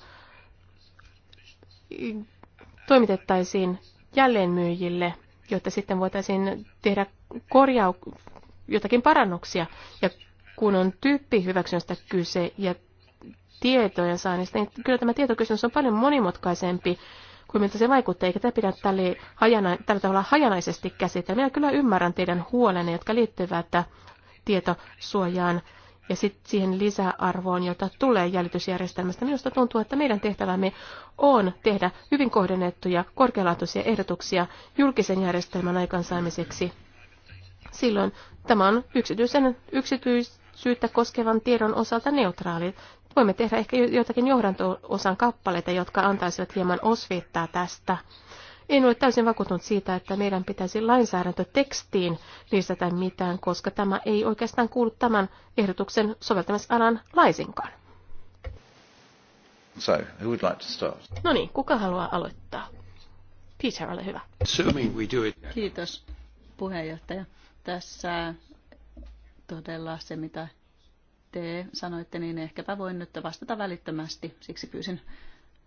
toimitettaisiin jälleenmyyjille, jotta sitten voitaisiin tehdä korjau- jotakin parannuksia. Ja kun on tyyppi hyväksynnästä kyse ja tietojen saannista, niin kyllä tämä tietokysymys on paljon monimutkaisempi kuin miltä se vaikuttaa, eikä tämä pidä tälle hajana, tällä tavalla hajanaisesti käsitellä. Minä kyllä ymmärrän teidän huolenne, jotka liittyvät tietosuojaan ja sitten siihen lisäarvoon, jota tulee jäljitysjärjestelmästä. Minusta tuntuu, että meidän tehtävämme on tehdä hyvin kohdennettuja, korkealaatuisia ehdotuksia julkisen järjestelmän aikansaamiseksi. Silloin tämä on yksityisen, yksityisyyttä koskevan tiedon osalta neutraali. Voimme tehdä ehkä jotakin johdanto-osan kappaleita, jotka antaisivat hieman osviittaa tästä. En ole täysin vakuuttunut siitä, että meidän pitäisi lainsäädäntötekstiin lisätä mitään, koska tämä ei oikeastaan kuulu tämän ehdotuksen soveltamisalan laisinkaan. So, who would like to start? No niin, kuka haluaa aloittaa? Peter, ole hyvä. we do it. Kiitos, puheenjohtaja. Tässä todella se, mitä te sanoitte, niin ehkäpä voin nyt vastata välittömästi. Siksi pyysin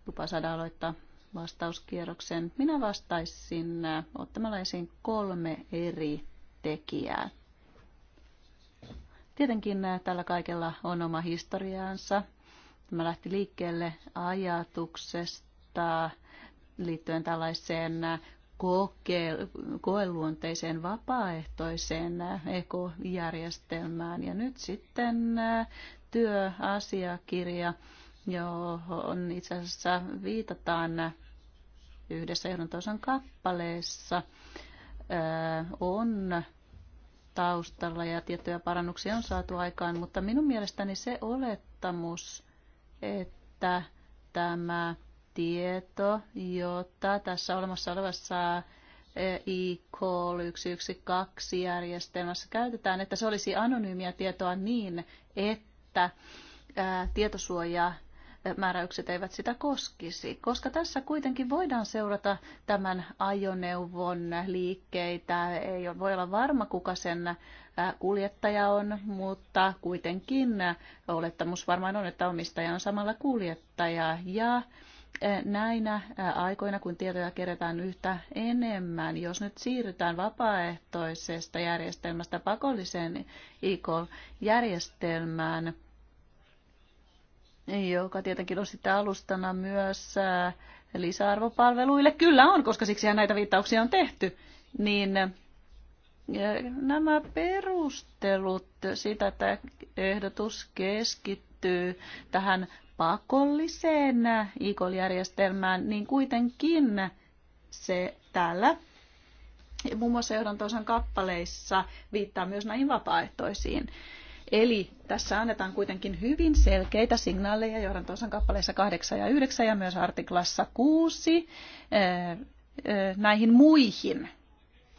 lupa saada aloittaa vastauskierroksen. Minä vastaisin äh, ottamalla esiin kolme eri tekijää. Tietenkin äh, tällä kaikella on oma historiaansa. Tämä lähti liikkeelle ajatuksesta liittyen tällaiseen äh, koeluonteiseen vapaaehtoiseen äh, ekojärjestelmään. Ja nyt sitten äh, työasiakirja, johon itse asiassa viitataan yhdessä ehdontosan kappaleessa, äh, on taustalla ja tiettyjä parannuksia on saatu aikaan, mutta minun mielestäni se olettamus, että tämä tieto, jotta tässä olemassa olevassa e-call 112 järjestelmässä käytetään, että se olisi anonyymiä tietoa niin, että e, tietosuojaa määräykset eivät sitä koskisi, koska tässä kuitenkin voidaan seurata tämän ajoneuvon liikkeitä. Ei voi olla varma, kuka sen e, kuljettaja on, mutta kuitenkin olettamus varmaan on, että omistaja on samalla kuljettaja. Ja näinä aikoina, kun tietoja kerätään yhtä enemmän, jos nyt siirrytään vapaaehtoisesta järjestelmästä pakolliseen ikol järjestelmään joka tietenkin on sitten alustana myös lisäarvopalveluille. Kyllä on, koska siksi näitä viittauksia on tehty. Niin nämä perustelut sitä, että ehdotus keskittyy liittyy tähän pakolliseen IKOL-järjestelmään, niin kuitenkin se täällä muun muassa johdantosan kappaleissa viittaa myös näihin vapaaehtoisiin. Eli tässä annetaan kuitenkin hyvin selkeitä signaaleja johdantosan kappaleissa 8 ja 9 ja myös artiklassa 6 eh, eh, näihin muihin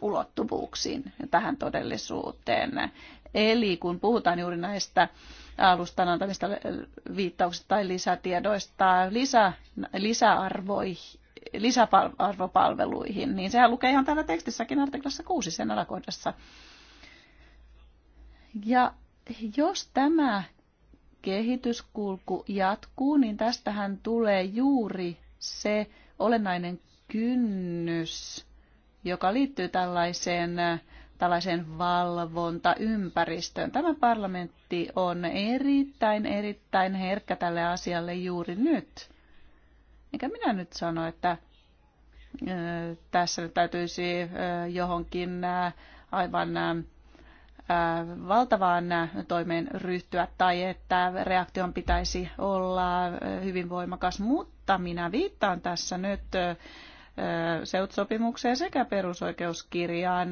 ulottuvuuksiin tähän todellisuuteen. Eli kun puhutaan juuri näistä alustan antamista viittauksista tai lisätiedoista lisä, lisäarvoihin, lisäarvopalveluihin, niin sehän lukee ihan täällä tekstissäkin artiklassa 6 sen alakohdassa. Ja jos tämä kehityskulku jatkuu, niin tästähän tulee juuri se olennainen kynnys, joka liittyy tällaiseen tällaiseen valvontaympäristöön. Tämä parlamentti on erittäin, erittäin herkkä tälle asialle juuri nyt. Enkä minä nyt sano, että tässä nyt täytyisi johonkin aivan valtavaan toimeen ryhtyä tai että reaktion pitäisi olla hyvin voimakas, mutta minä viittaan tässä nyt seutsopimukseen sekä perusoikeuskirjaan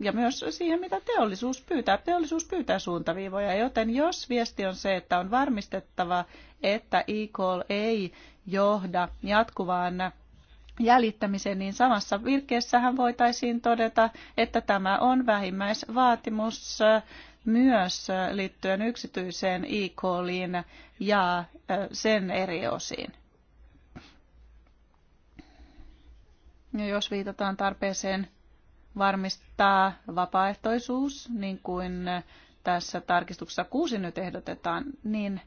ja myös siihen, mitä teollisuus pyytää. Teollisuus pyytää suuntaviivoja, joten jos viesti on se, että on varmistettava, että e-call ei johda jatkuvaan jäljittämiseen, niin samassa virkeessähän voitaisiin todeta, että tämä on vähimmäisvaatimus myös liittyen yksityiseen e ja sen eri osiin. Ja jos viitataan tarpeeseen varmistaa vapaaehtoisuus, niin kuin tässä tarkistuksessa kuusi nyt ehdotetaan, niin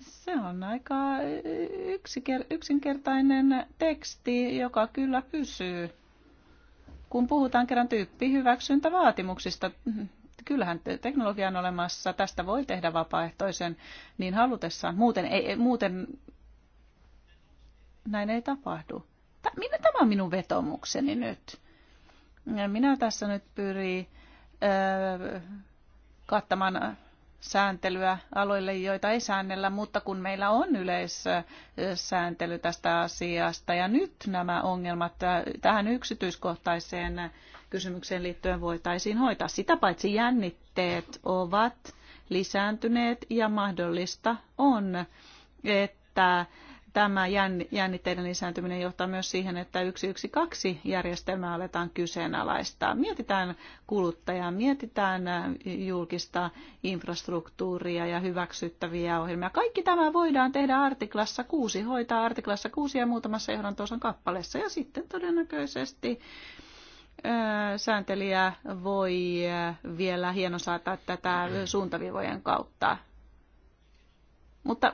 se on aika yksinkertainen teksti, joka kyllä pysyy. Kun puhutaan kerran tyyppihyväksyntävaatimuksista, kyllähän teknologia on olemassa, tästä voi tehdä vapaaehtoisen niin halutessaan. Muuten, ei, muuten näin ei tapahdu minä, tämä on minun vetomukseni nyt. Minä tässä nyt pyrin kattamaan sääntelyä aloille, joita ei säännellä, mutta kun meillä on yleissääntely tästä asiasta ja nyt nämä ongelmat tähän yksityiskohtaiseen kysymykseen liittyen voitaisiin hoitaa. Sitä paitsi jännitteet ovat lisääntyneet ja mahdollista on, että tämä jännitteiden lisääntyminen johtaa myös siihen, että 112-järjestelmää aletaan kyseenalaistaa. Mietitään kuluttajaa, mietitään äh, julkista infrastruktuuria ja hyväksyttäviä ohjelmia. Kaikki tämä voidaan tehdä artiklassa 6, hoitaa artiklassa 6 ja muutamassa johdantosan kappaleessa. Ja sitten todennäköisesti äh, sääntelijä voi äh, vielä hienosaata tätä suuntavivojen kautta. Mutta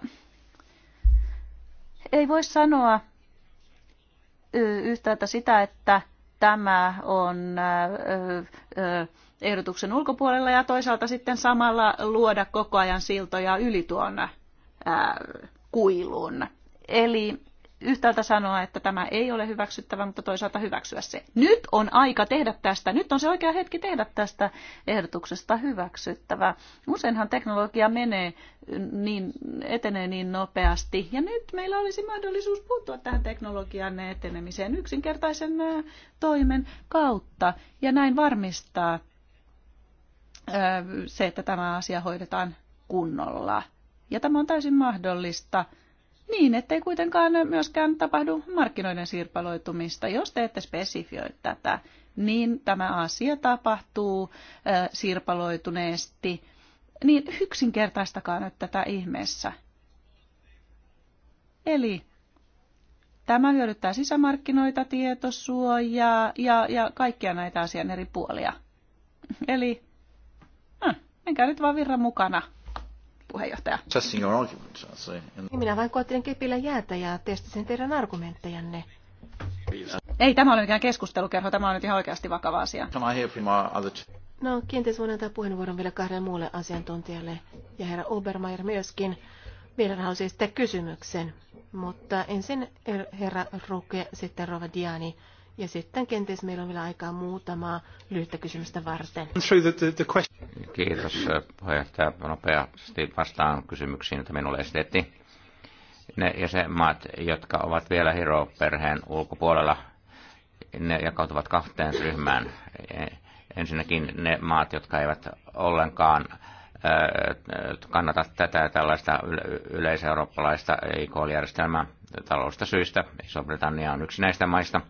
ei voi sanoa yhtäältä sitä, että tämä on ehdotuksen ulkopuolella ja toisaalta sitten samalla luoda koko ajan siltoja yli tuon kuilun. Eli yhtäältä sanoa, että tämä ei ole hyväksyttävä, mutta toisaalta hyväksyä se. Nyt on aika tehdä tästä, nyt on se oikea hetki tehdä tästä ehdotuksesta hyväksyttävä. Useinhan teknologia menee niin, etenee niin nopeasti, ja nyt meillä olisi mahdollisuus puuttua tähän teknologian etenemiseen yksinkertaisen toimen kautta, ja näin varmistaa se, että tämä asia hoidetaan kunnolla. Ja tämä on täysin mahdollista niin, ettei kuitenkaan myöskään tapahdu markkinoiden sirpaloitumista. Jos te ette spesifioi tätä, niin tämä asia tapahtuu sirpaloituneesti. Niin yksinkertaistakaa nyt tätä ihmeessä. Eli tämä hyödyttää sisämarkkinoita, tietosuojaa ja, ja kaikkia näitä asian eri puolia. Eli äh, menkää nyt vaan virran mukana puheenjohtaja. Niin minä vain koetin kepillä jäätä ja testasin teidän argumenttejanne. Ei tämä ole mikään keskustelukerho, tämä on nyt ihan oikeasti vakava asia. No, kenties voin antaa puheenvuoron vielä kahdelle muulle asiantuntijalle ja herra Obermeier myöskin. Vielä haluaisin esittää kysymyksen, mutta ensin herra Ruke, sitten Rova Diani ja sitten kenties meillä on vielä aikaa muutamaa lyhyttä kysymystä varten. Kiitos puheenjohtaja. Nopeasti vastaan kysymyksiin, joita minulle esitettiin. Ne jäsenmaat, jotka ovat vielä Hiro-perheen ulkopuolella, ne jakautuvat kahteen ryhmään. Ensinnäkin ne maat, jotka eivät ollenkaan äh, kannata tätä tällaista yleiseurooppalaista IKL-järjestelmää talousta syistä. Iso-Britannia on yksi näistä maista.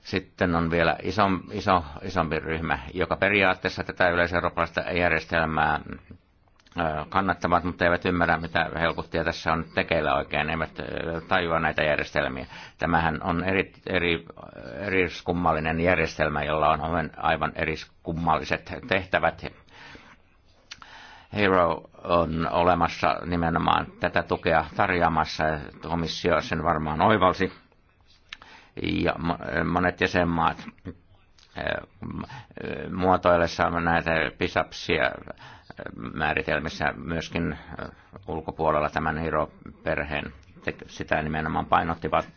Sitten on vielä iso, iso, isompi ryhmä, joka periaatteessa tätä yleiseurooppalaista järjestelmää kannattavat, mutta eivät ymmärrä, mitä helpottia tässä on tekeillä oikein, eivät tajua näitä järjestelmiä. Tämähän on eri, eri, eriskummallinen järjestelmä, jolla on aivan eriskummalliset tehtävät. Hero on olemassa nimenomaan tätä tukea tarjoamassa, komissio sen varmaan oivalsi ja monet jäsenmaat muotoillessaan näitä pisapsia määritelmissä myöskin ulkopuolella tämän Hiro-perheen sitä nimenomaan painottivat.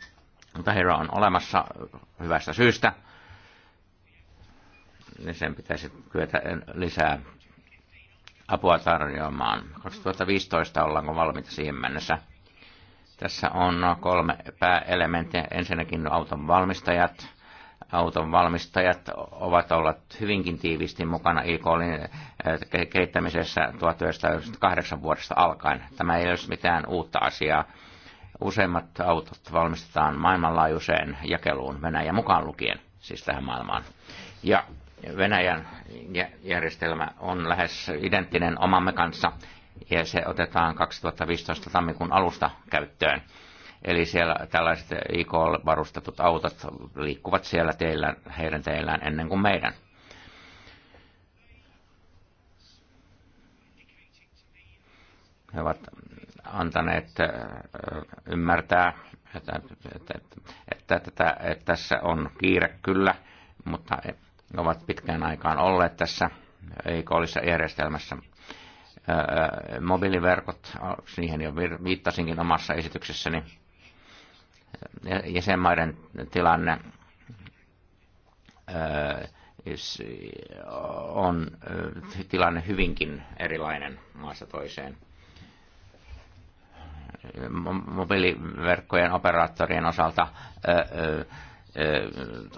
Mutta Hiro on olemassa hyvästä syystä, niin sen pitäisi kyetä lisää apua tarjoamaan. 2015 ollaanko valmiita siihen mennessä? Tässä on kolme pääelementtiä. Ensinnäkin auton valmistajat. Auton valmistajat ovat olleet hyvinkin tiiviisti mukana IKLin eh, kehittämisessä 1998 vuodesta alkaen. Tämä ei ole mitään uutta asiaa. Useimmat autot valmistetaan maailmanlaajuiseen jakeluun, Venäjä mukaan lukien, siis tähän maailmaan. Ja Venäjän järjestelmä on lähes identtinen omamme kanssa ja se otetaan 2015 tammikuun alusta käyttöön. Eli siellä tällaiset IK-varustetut autot liikkuvat siellä teillä, heidän teillään ennen kuin meidän. He ovat antaneet ymmärtää, että, että, että, että, että tässä on kiire kyllä, mutta ovat pitkään aikaan olleet tässä IK-järjestelmässä mobiiliverkot, siihen jo viittasinkin omassa esityksessäni, jäsenmaiden tilanne on tilanne hyvinkin erilainen maassa toiseen. Mobiiliverkkojen operaattorien osalta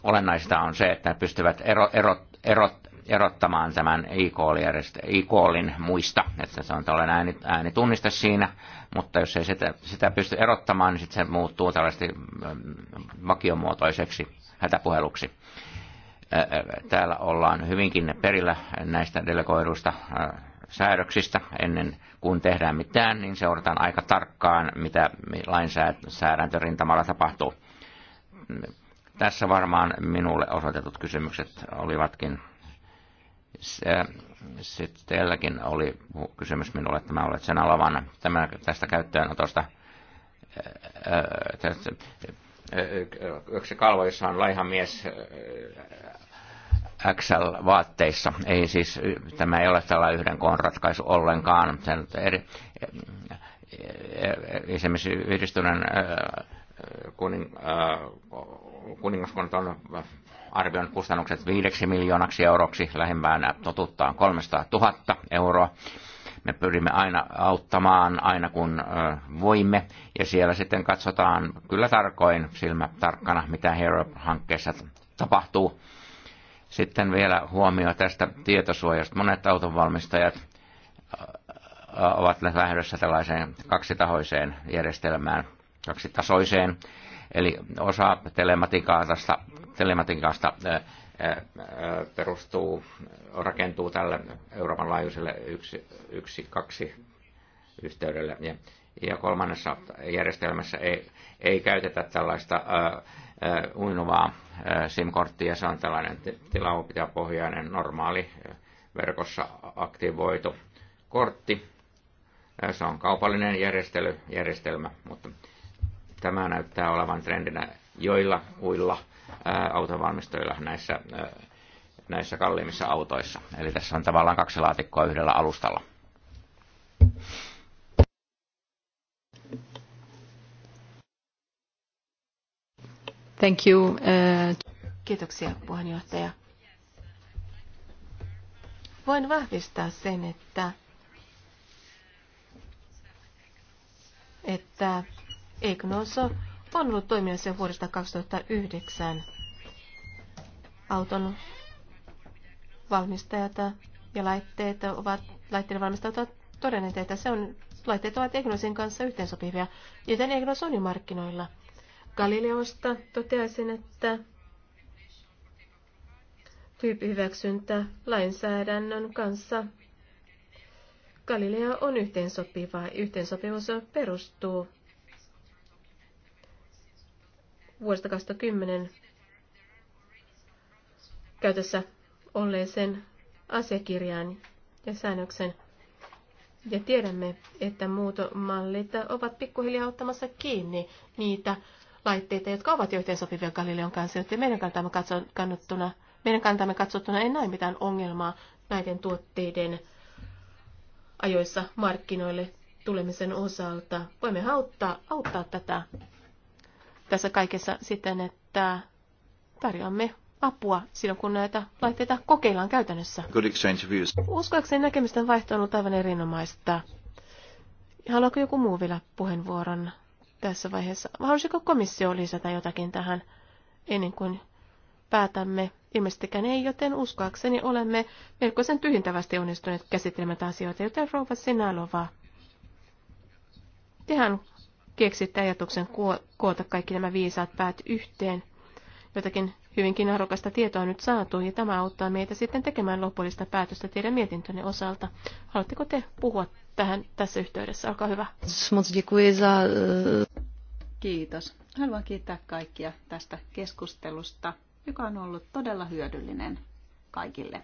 olennaista on se, että ne pystyvät erot, erot, erot, erottamaan tämän IK-olin muista, että se on tällainen ääni, äänitunniste siinä, mutta jos ei sitä, sitä pysty erottamaan, niin sitten se muuttuu tällaisesti mm, vakiomuotoiseksi hätäpuheluksi. Täällä ollaan hyvinkin perillä näistä delegoiduista säädöksistä ennen kuin tehdään mitään, niin seurataan aika tarkkaan, mitä lainsäädäntörintamalla tapahtuu. Tässä varmaan minulle osoitetut kysymykset olivatkin sitten teilläkin oli kysymys minulle, että mä olet sen alavan tämä tästä käyttöönotosta. yksi kalvo, jossa on laiha mies XL-vaatteissa. Ei siis, tämä ei ole tällainen yhden koon ratkaisu ollenkaan. Sen eri, esimerkiksi yhdistyneen kuning, on arvion kustannukset 5 miljoonaksi euroksi, lähimpään totuttaan 300 000 euroa. Me pyrimme aina auttamaan, aina kun voimme, ja siellä sitten katsotaan kyllä tarkoin, silmä tarkkana, mitä Hero-hankkeessa tapahtuu. Sitten vielä huomio tästä tietosuojasta. Monet autonvalmistajat ovat lähdössä tällaiseen kaksitahoiseen järjestelmään, kaksitasoiseen. Eli osa telematiikasta kanssa perustuu, rakentuu tälle Euroopan laajuiselle yksi, yksi kaksi yhteydelle. Ja, ja kolmannessa järjestelmässä ei, ei käytetä tällaista uinuvaa SIM-korttia. Se on tällainen tilaupitapohjainen, normaali, verkossa aktivoitu kortti. Se on kaupallinen järjestely, järjestelmä, mutta Tämä näyttää olevan trendinä joilla uilla autovalmistajilla näissä, näissä kalliimmissa autoissa. Eli tässä on tavallaan kaksi laatikkoa yhdellä alustalla. Thank you. Kiitoksia puheenjohtaja. Voin vahvistaa sen, että, että Egnos on ollut toiminnassa vuodesta 2009. Auton valmistajat ja laitteet ovat, laitteiden valmistajat ovat todenneet, että se on, laitteet ovat Egnosin kanssa yhteensopivia, joten Egnos on jo markkinoilla. Galileosta toteaisin, että tyyppihyväksyntä lainsäädännön kanssa Galileo on yhteensopiva. Yhteensopivuus perustuu vuodesta 2010 käytössä olleeseen asiakirjaan ja säännöksen. Ja tiedämme, että muutomallit ovat pikkuhiljaa ottamassa kiinni niitä laitteita, jotka ovat jo sopivia Galileon kanssa, joten meidän kantamme, katsottuna, meidän kantamme katsottuna ei näe mitään ongelmaa näiden tuotteiden ajoissa markkinoille tulemisen osalta. Voimme auttaa, auttaa tätä tässä kaikessa siten, että tarjoamme apua silloin, kun näitä laitteita kokeillaan käytännössä. Good exchange views. Uskoakseni näkemysten vaihto on ollut aivan erinomaista. Haluaako joku muu vielä puheenvuoron tässä vaiheessa? Haluaisiko komissio lisätä jotakin tähän ennen kuin päätämme? Ilmeisestikään ei, joten uskoakseni olemme melkoisen tyhjentävästi onnistuneet käsittelemään asioita, joten rouva Sinalova. Tehän Keksit ajatuksen koota kaikki nämä viisaat päät yhteen. Jotakin hyvinkin arvokasta tietoa on nyt saatu, ja tämä auttaa meitä sitten tekemään lopullista päätöstä teidän mietintönne osalta. Haluatteko te puhua tähän tässä yhteydessä? Olkaa hyvä. Kiitos. Haluan kiittää kaikkia tästä keskustelusta, joka on ollut todella hyödyllinen kaikille.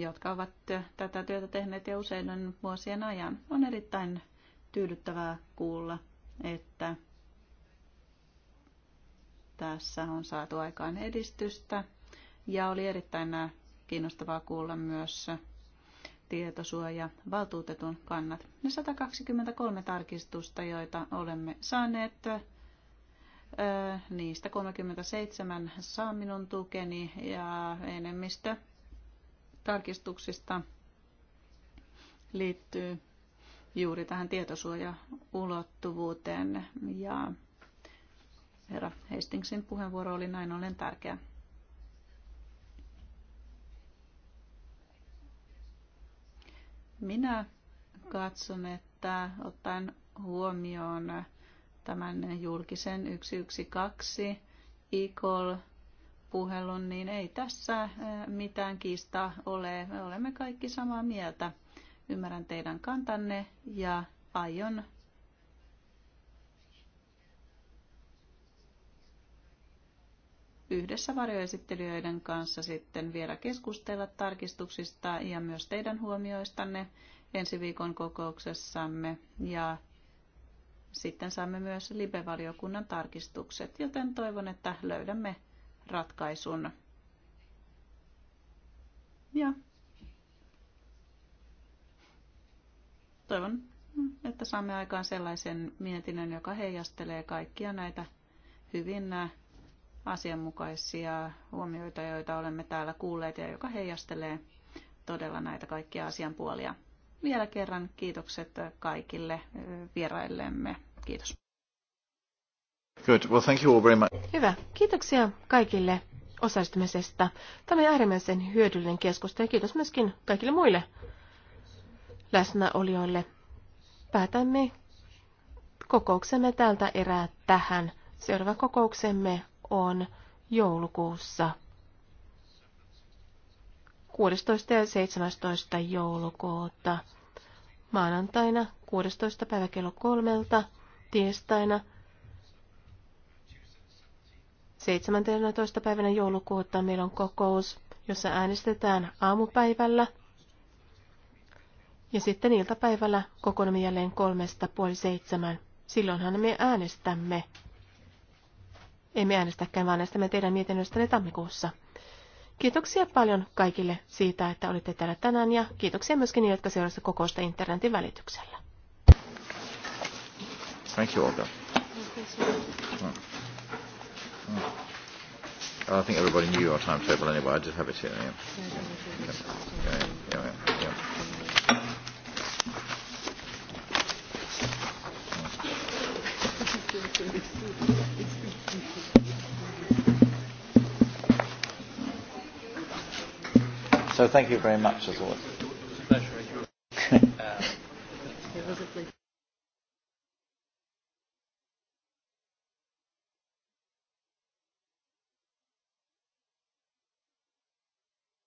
jotka ovat tätä työtä tehneet jo useiden vuosien ajan. On erittäin tyydyttävää kuulla, että tässä on saatu aikaan edistystä ja oli erittäin kiinnostavaa kuulla myös tietosuoja valtuutetun kannat. Ne 123 tarkistusta, joita olemme saaneet, niistä 37 saa minun tukeni ja enemmistö tarkistuksista liittyy juuri tähän tietosuojaulottuvuuteen ja herra Hastingsin puheenvuoro oli näin ollen tärkeä. Minä katson, että ottaen huomioon tämän julkisen 112 e puhelun, niin ei tässä mitään kiistaa ole. Me olemme kaikki samaa mieltä. Ymmärrän teidän kantanne ja aion yhdessä varjoesittelijöiden kanssa sitten vielä keskustella tarkistuksista ja myös teidän huomioistanne ensi viikon kokouksessamme. Ja sitten saamme myös live-valiokunnan tarkistukset, joten toivon, että löydämme ratkaisun. Ja toivon, että saamme aikaan sellaisen mietinnön, joka heijastelee kaikkia näitä hyvin äh, asianmukaisia huomioita, joita olemme täällä kuulleet ja joka heijastelee todella näitä kaikkia asianpuolia. Vielä kerran kiitokset kaikille äh, vieraillemme. Kiitos. Good. Well, thank you all very much. Hyvä. Kiitoksia kaikille osallistumisesta. Tämä oli äärimmäisen hyödyllinen keskustelu kiitos myöskin kaikille muille läsnäolijoille. Päätämme kokouksemme täältä erää tähän. Seuraava kokouksemme on joulukuussa 16. ja 17. joulukuuta. Maanantaina 16. päivä kello kolmelta, tiistaina 17. päivänä joulukuuta meillä on kokous, jossa äänestetään aamupäivällä. Ja sitten iltapäivällä kokoonnumme jälleen kolmesta puoli seitsemän. Silloinhan me äänestämme. Emme äänestäkään, vaan äänestämme teidän mietinnöstänne tammikuussa. Kiitoksia paljon kaikille siitä, että olitte täällä tänään ja kiitoksia myöskin niille, jotka seurasivat kokousta internetin välityksellä. Thank you, Olga. Oh. I think everybody knew our timetable anyway. I did have it here. Yeah. Yeah. Yeah. Yeah. Yeah. Yeah. yeah. So thank you very much as always. Well. It's a pleasure.